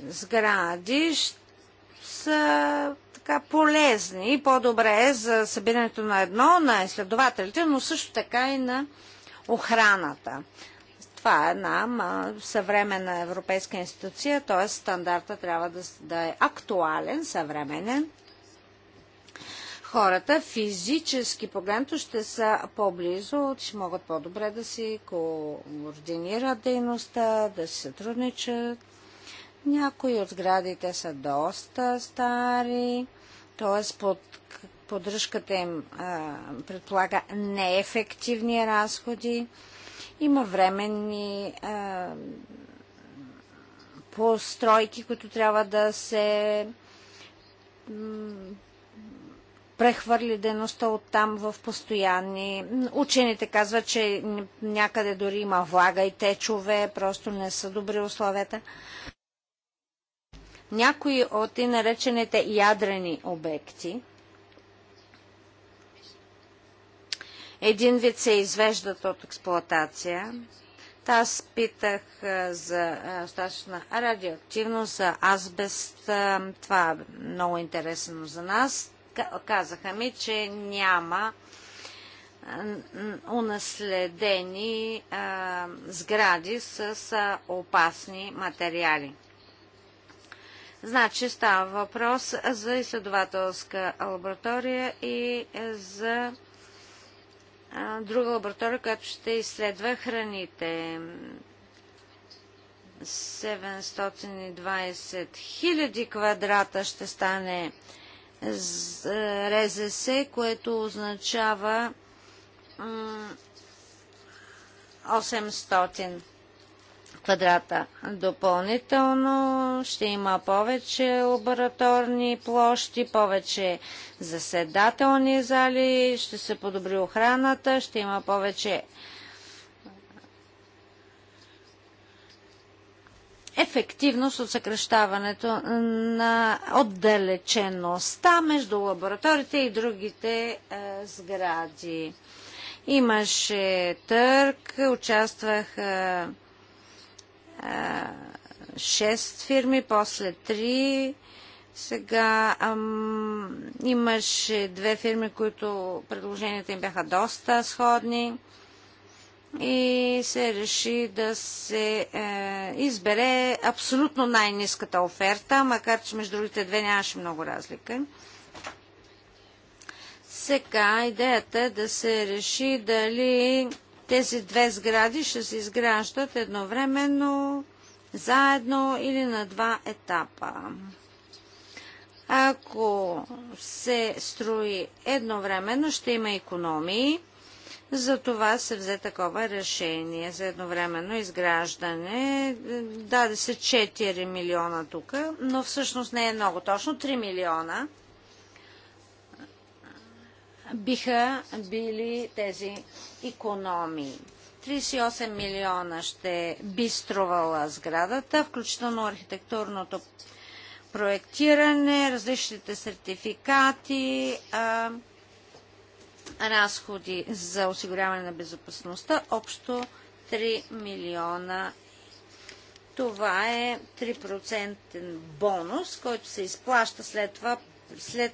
сгради са така полезни и по-добре за събирането на едно на изследователите, но също така и на охраната. Това е една съвременна европейска институция, т.е. стандарта трябва да, да е актуален, съвременен. Хората физически погледнато ще са по-близо, ще могат по-добре да си координират дейността, да си сътрудничат. Някои от сградите са доста стари, т.е. под поддръжката им а, предполага неефективни разходи. Има временни а, е, постройки, които трябва да се прехвърли дейността от там в постоянни. Учените казват, че някъде дори има влага и течове, просто не са добри условията. Някои от и наречените ядрени обекти един вид се извеждат от експлоатация. Аз питах за остатъчна радиоактивност, за азбест. Това е много интересно за нас. Казаха ми, че няма унаследени сгради с опасни материали. Значи става въпрос за изследователска лаборатория и е, за друга лаборатория, която ще изследва храните. 720 000 квадрата ще стане е, РЗС, което означава 800 квадрата. Допълнително ще има повече лабораторни площи, повече заседателни зали, ще се подобри охраната, ще има повече ефективност от съкръщаването на отдалечеността между лабораторите и другите е, сгради. Имаше търк, участваха е, Шест фирми, после 3. Сега ам, имаше две фирми, които предложенията им бяха доста сходни и се реши да се е, избере абсолютно най-низката оферта, макар че между другите две нямаше много разлика. Сега идеята е да се реши дали тези две сгради ще се изграждат едновременно, заедно или на два етапа. Ако се строи едновременно, ще има економии. За това се взе такова решение за едновременно изграждане. Даде се 4 милиона тук, но всъщност не е много точно, 3 милиона – биха били тези економии. 38 милиона ще би струвала сградата, включително архитектурното проектиране, различните сертификати, а, разходи за осигуряване на безопасността, общо 3 милиона. Това е 3% бонус, който се изплаща след това, след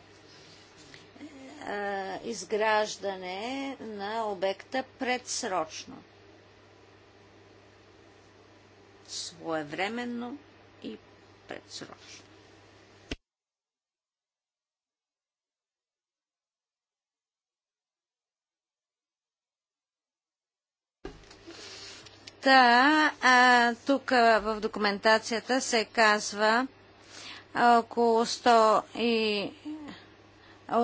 изграждане на обекта предсрочно, своевременно и предсрочно. Та, да, тук в документацията се казва около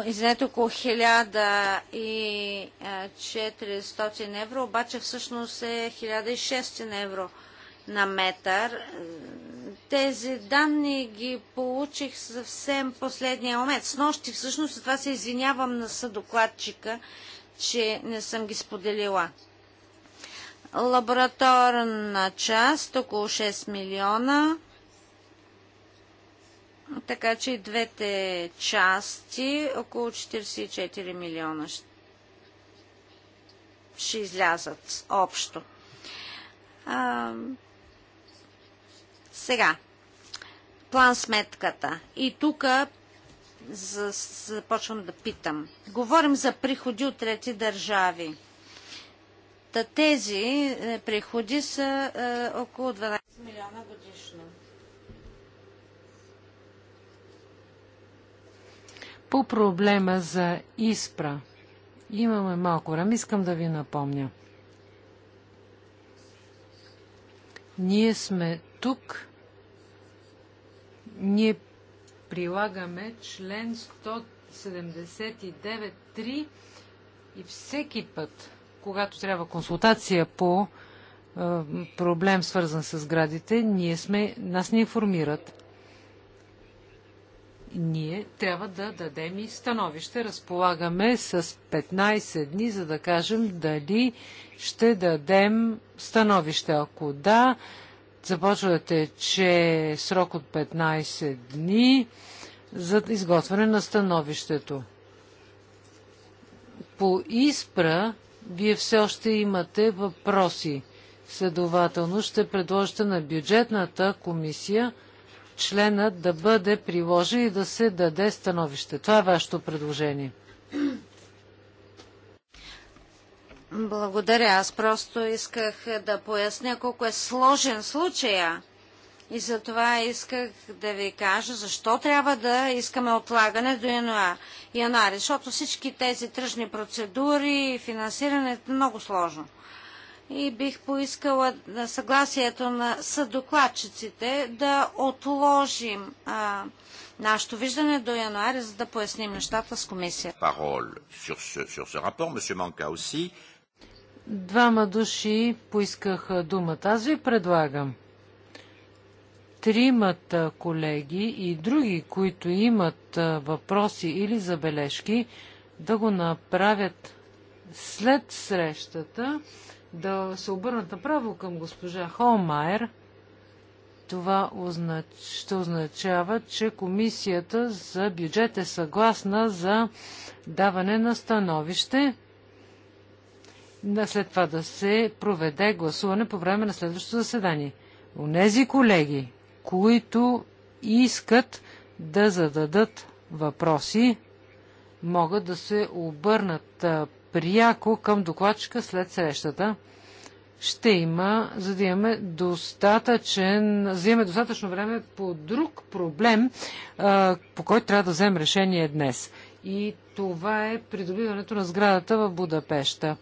изнето около 1400 е, евро, обаче всъщност е 1600 евро на метър. Тези данни ги получих съвсем последния момент. С нощи всъщност, това се извинявам на съдокладчика, че не съм ги споделила. Лабораторна част около 6 милиона. Така че и двете части, около 44 милиона ще излязат общо. А, сега, план сметката. И тук започвам да питам. Говорим за приходи от трети държави. Та тези е, приходи са е, около 12 милиона годишно. По проблема за ИСПРА имаме малко време. Искам да ви напомня. Ние сме тук. Ние прилагаме член 179.3 и всеки път, когато трябва консултация по проблем, свързан с градите, ние сме, нас не информират ние трябва да дадем и становище. Разполагаме с 15 дни, за да кажем дали ще дадем становище. Ако да, започвате, че е срок от 15 дни за изготвяне на становището. По изпра вие все още имате въпроси. Следователно ще предложите на бюджетната комисия членът да бъде приложен и да се даде становище. Това е вашето предложение. Благодаря. Аз просто исках да поясня колко е сложен случая. И за това исках да ви кажа защо трябва да искаме отлагане до януари. Защото всички тези тръжни процедури и финансирането е много сложно и бих поискала съгласието на съдокладчиците да отложим а, нашето виждане до януари, за да поясним нещата с комисия. Двама души поискаха думата. Аз ви предлагам тримата колеги и други, които имат въпроси или забележки, да го направят след срещата да се обърнат направо към госпожа Холмайер, това ще означава, че комисията за бюджет е съгласна за даване на становище. След това да се проведе гласуване по време на следващото заседание. Онези колеги, които искат да зададат въпроси, могат да се обърнат пряко към докладчика след срещата. Ще има, за да имаме, достатъчен, за да имаме достатъчно време по друг проблем, по който трябва да вземем решение днес. И това е придобиването на сградата в Будапешта.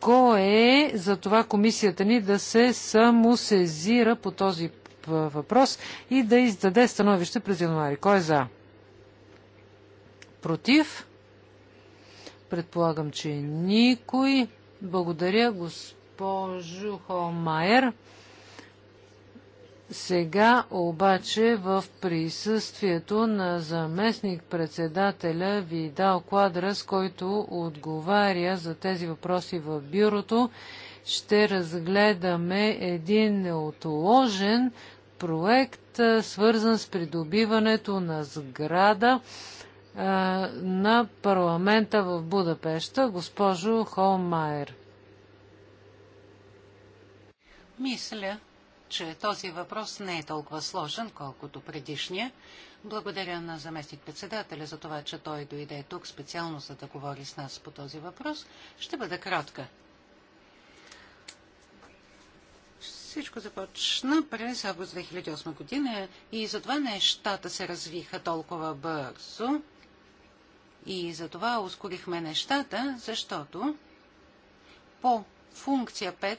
Кой е за това комисията ни да се самосезира по този въпрос и да издаде становище през януари? Кой е за? Против? Предполагам, че никой. Благодаря, госпожо Холмайер. Сега обаче в присъствието на заместник председателя Видал Квадрас, който отговаря за тези въпроси в бюрото, ще разгледаме един неотложен проект, свързан с придобиването на сграда на парламента в Будапешта, госпожо Холмайер. Мисля, че този въпрос не е толкова сложен, колкото предишния. Благодаря на заместник-председателя за това, че той дойде тук специално за да говори с нас по този въпрос. Ще бъда кратка. Всичко започна през август 2008 година и затова нещата се развиха толкова бързо. И за това ускорихме нещата, защото по функция 5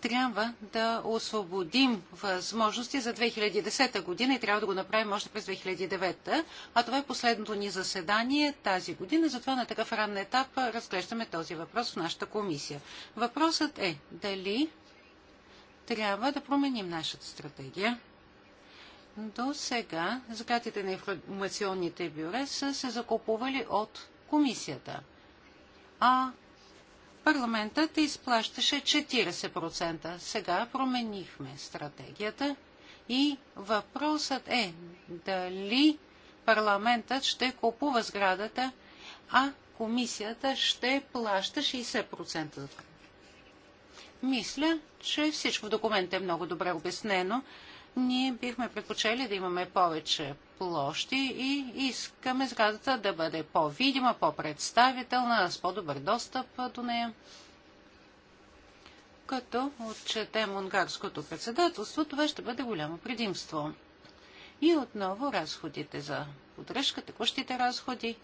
трябва да освободим възможности за 2010 година и трябва да го направим още през 2009. А това е последното ни заседание тази година, затова на такъв ранен етап разглеждаме този въпрос в нашата комисия. Въпросът е дали трябва да променим нашата стратегия до сега сградите на информационните бюре са се закупували от комисията, а парламентът изплащаше 40%. Сега променихме стратегията и въпросът е дали парламентът ще купува сградата, а комисията ще плаща 60%. Мисля, че всичко в документа е много добре обяснено ние бихме предпочели да имаме повече площи и искаме сградата да бъде по-видима, по-представителна, с по-добър достъп до нея. Като отчетем унгарското председателство, това ще бъде голямо предимство. И отново разходите за поддръжка, текущите разходи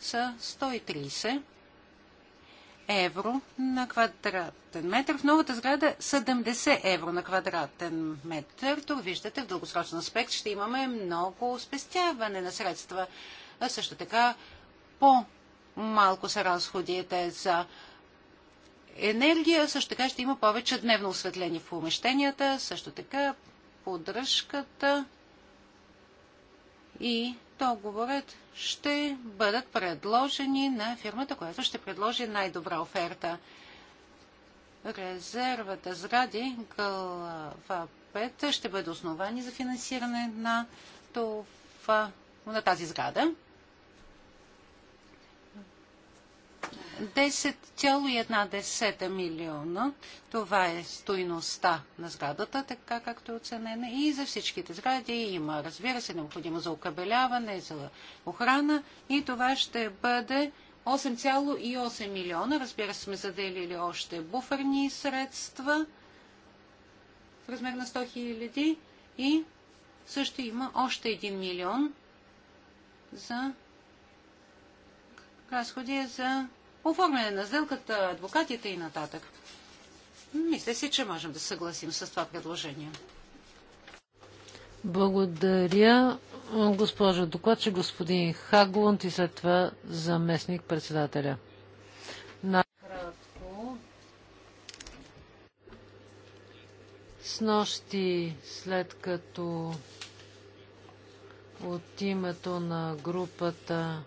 са 130 евро на квадратен метър. В новата сграда 70 е евро на квадратен метър. Тук виждате, в дългосрочен аспект ще имаме много спестяване на средства. А също така по-малко са разходите за енергия. Също така ще има повече дневно осветление в помещенията. Също така поддръжката и договорът ще бъдат предложени на фирмата, която ще предложи най-добра оферта. Резервата сгради глава 5 ще бъде основани за финансиране на, това, на тази сграда. 10,1 милиона. Това е стоиността на сградата, така както е оценена. И за всичките сгради има, разбира се, необходимо за окабеляване, за охрана. И това ще бъде 8,8 милиона. Разбира се, сме заделили още буферни средства в размер на 100 хиляди. И също има още 1 милион за разходи за оформяне на сделката, адвокатите и нататък. Мисля си, че можем да съгласим с това предложение. Благодаря, госпожо докладче, господин Хаглунд и след това заместник председателя. Накратко. С нощи, след като от името на групата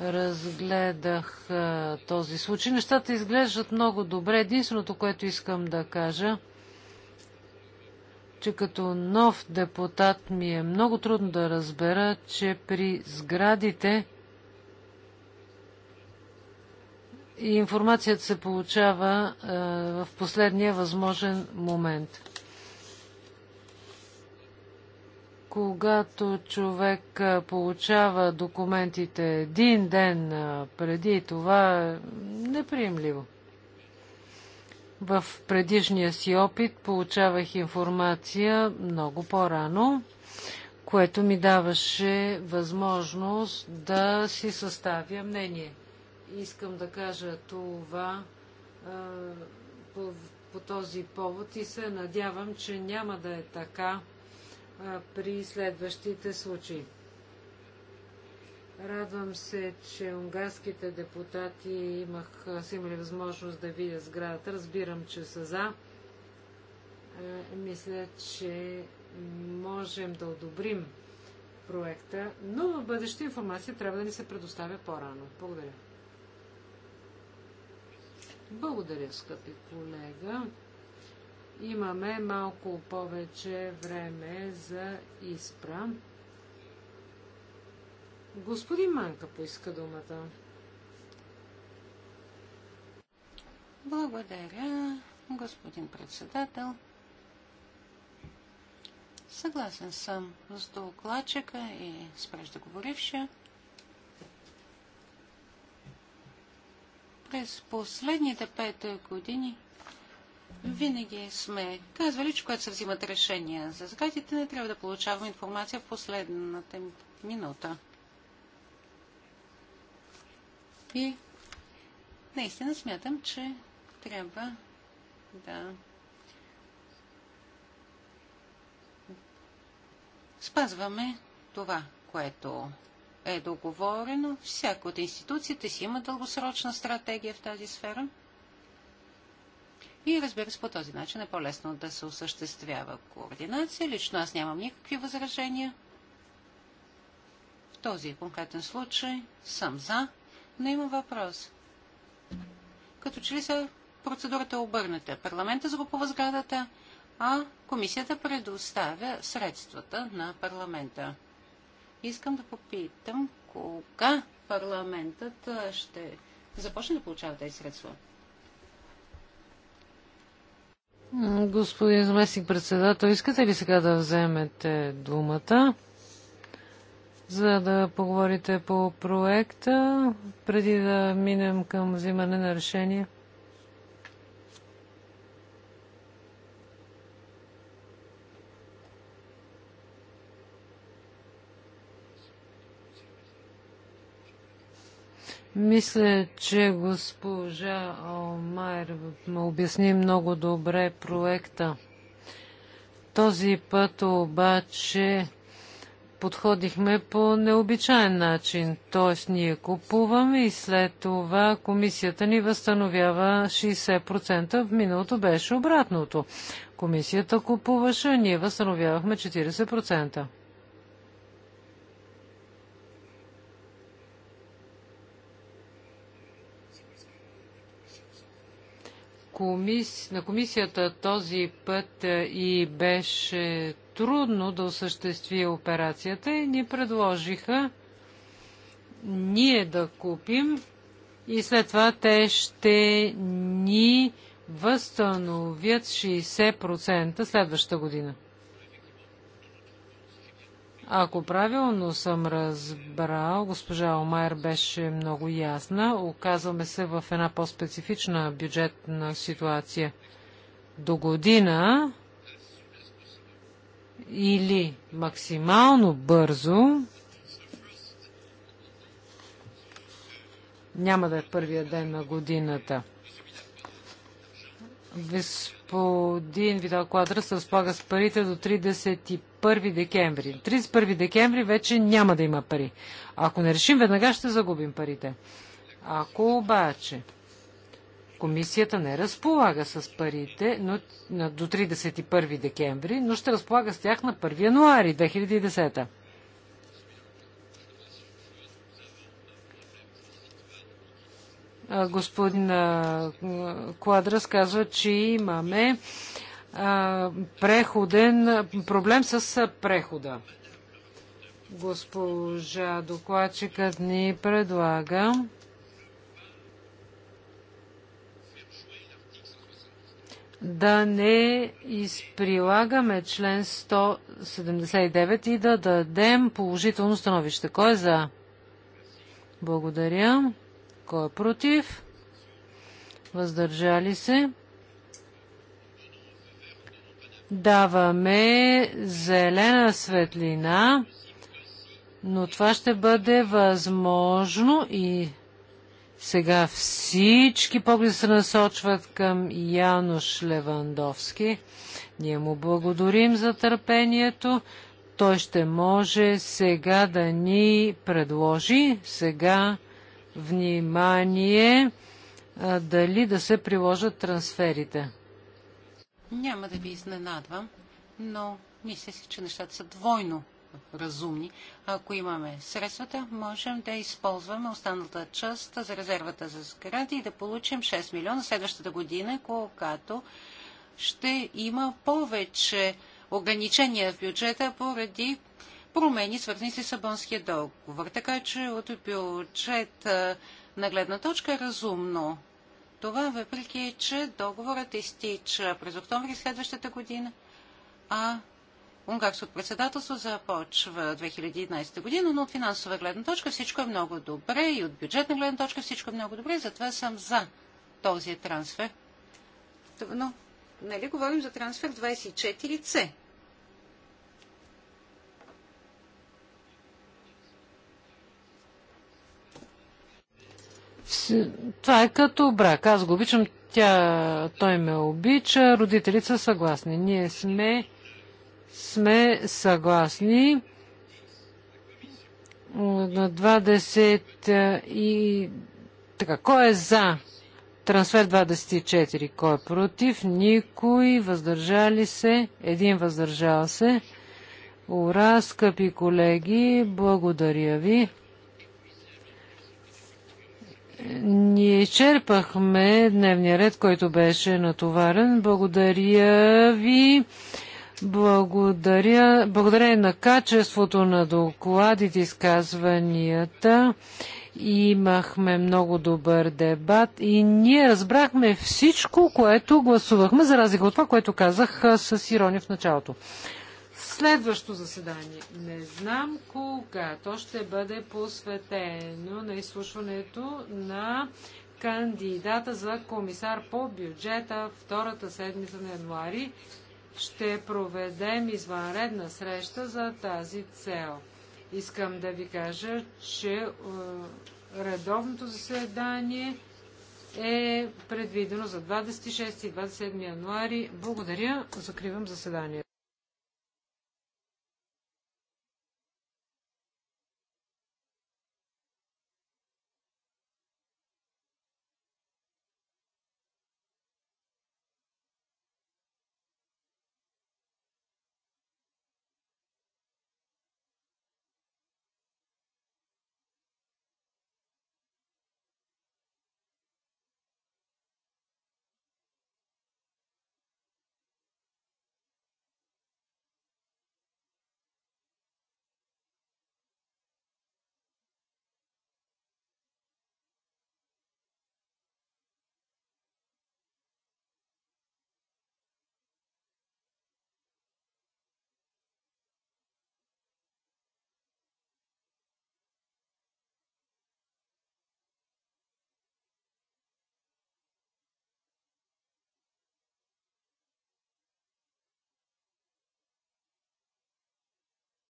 разгледах а, този случай. Нещата изглеждат много добре. Единственото, което искам да кажа, че като нов депутат ми е много трудно да разбера, че при сградите информацията се получава а, в последния възможен момент. когато човек получава документите един ден преди това, е неприемливо. В предишния си опит получавах информация много по-рано, което ми даваше възможност да си съставя мнение. Искам да кажа това по, по този повод и се надявам, че няма да е така при следващите случаи. Радвам се, че унгарските депутати имах, са имали възможност да видят сградата. Разбирам, че са за. Мисля, че можем да одобрим проекта, но в бъдеща информация трябва да ни се предоставя по-рано. Благодаря. Благодаря, скъпи колега. Имаме малко повече време за изпра. Господин Манка поиска думата. Благодаря, господин председател. Съгласен съм с докладчика и с преждеговорившия. През последните пет години винаги сме казвали, че когато се взимат решения за сградите, не трябва да получаваме информация в последната минута. И наистина смятам, че трябва да спазваме това, което е договорено. Всяка от институциите си има дългосрочна стратегия в тази сфера – и разбира се, по този начин е по-лесно да се осъществява координация. Лично аз нямам никакви възражения. В този конкретен случай съм за, но има въпрос. Като че ли са процедурата обърнете. обърната. Парламента закупува сградата, а комисията предоставя средствата на парламента. Искам да попитам кога парламентът ще започне да получава тези средства. Господин заместник председател, искате ли сега да вземете думата, за да поговорите по проекта, преди да минем към взимане на решение? Мисля, че госпожа Омайер ме обясни много добре проекта. Този път обаче подходихме по необичайен начин. Т.е. ние купуваме и след това комисията ни възстановява 60%. В миналото беше обратното. Комисията купуваше, а ние възстановявахме 40%. комис... на комисията този път е, и беше трудно да осъществи операцията и ни предложиха ние да купим и след това те ще ни възстановят 60% следващата година. Ако правилно съм разбрал, госпожа Омайер беше много ясна. Оказваме се в една по-специфична бюджетна ситуация. До година или максимално бързо, няма да е първия ден на годината. Господин Видал Квадра разполага с парите до 31 31 декември. 31 декември вече няма да има пари. Ако не решим, веднага ще загубим парите. Ако обаче комисията не разполага с парите но, до 31 декември, но ще разполага с тях на 1 януари 2010. господин Квадрас казва, че имаме преходен проблем с прехода. Госпожа докладчикът ни предлага да не изприлагаме член 179 и да дадем положително становище. Кой е за? Благодаря. Кой е против? Въздържали се? даваме зелена светлина, но това ще бъде възможно и сега всички погледи се насочват към Януш Левандовски. Ние му благодарим за търпението. Той ще може сега да ни предложи, сега внимание, дали да се приложат трансферите. Няма да ви изненадвам, но мисля си, че нещата са двойно разумни. Ако имаме средствата, можем да използваме останалата част за резервата за сгради и да получим 6 милиона следващата година, когато ще има повече ограничения в бюджета поради промени, свързани с Лисабонския договор. Така че от бюджет на гледна точка е разумно това въпреки, че договорът изтича през октомври следващата година, а унгарското председателство започва 2011 година, но от финансова гледна точка всичко е много добре и от бюджетна гледна точка всичко е много добре, затова съм за този трансфер. Но, нали говорим за трансфер 24C? Това е като брак. Аз го обичам, тя, той ме обича, родителите са съгласни. Ние сме, сме съгласни. На 20 и така, кой е за трансфер 24? Кой е против? Никой. Въздържали се? Един въздържал се. Ура, скъпи колеги, благодаря ви. Ние изчерпахме дневния ред, който беше натоварен. Благодаря ви. Благодаря, благодаря на качеството на докладите, изказванията. Имахме много добър дебат и ние разбрахме всичко, което гласувахме, за разлика от това, което казах с ирония в началото следващо заседание. Не знам кога. То ще бъде посветено на изслушването на кандидата за комисар по бюджета втората седмица на януари. Ще проведем извънредна среща за тази цел. Искам да ви кажа, че е, редовното заседание е предвидено за 26 и 27 януари. Благодаря. Закривам заседанието.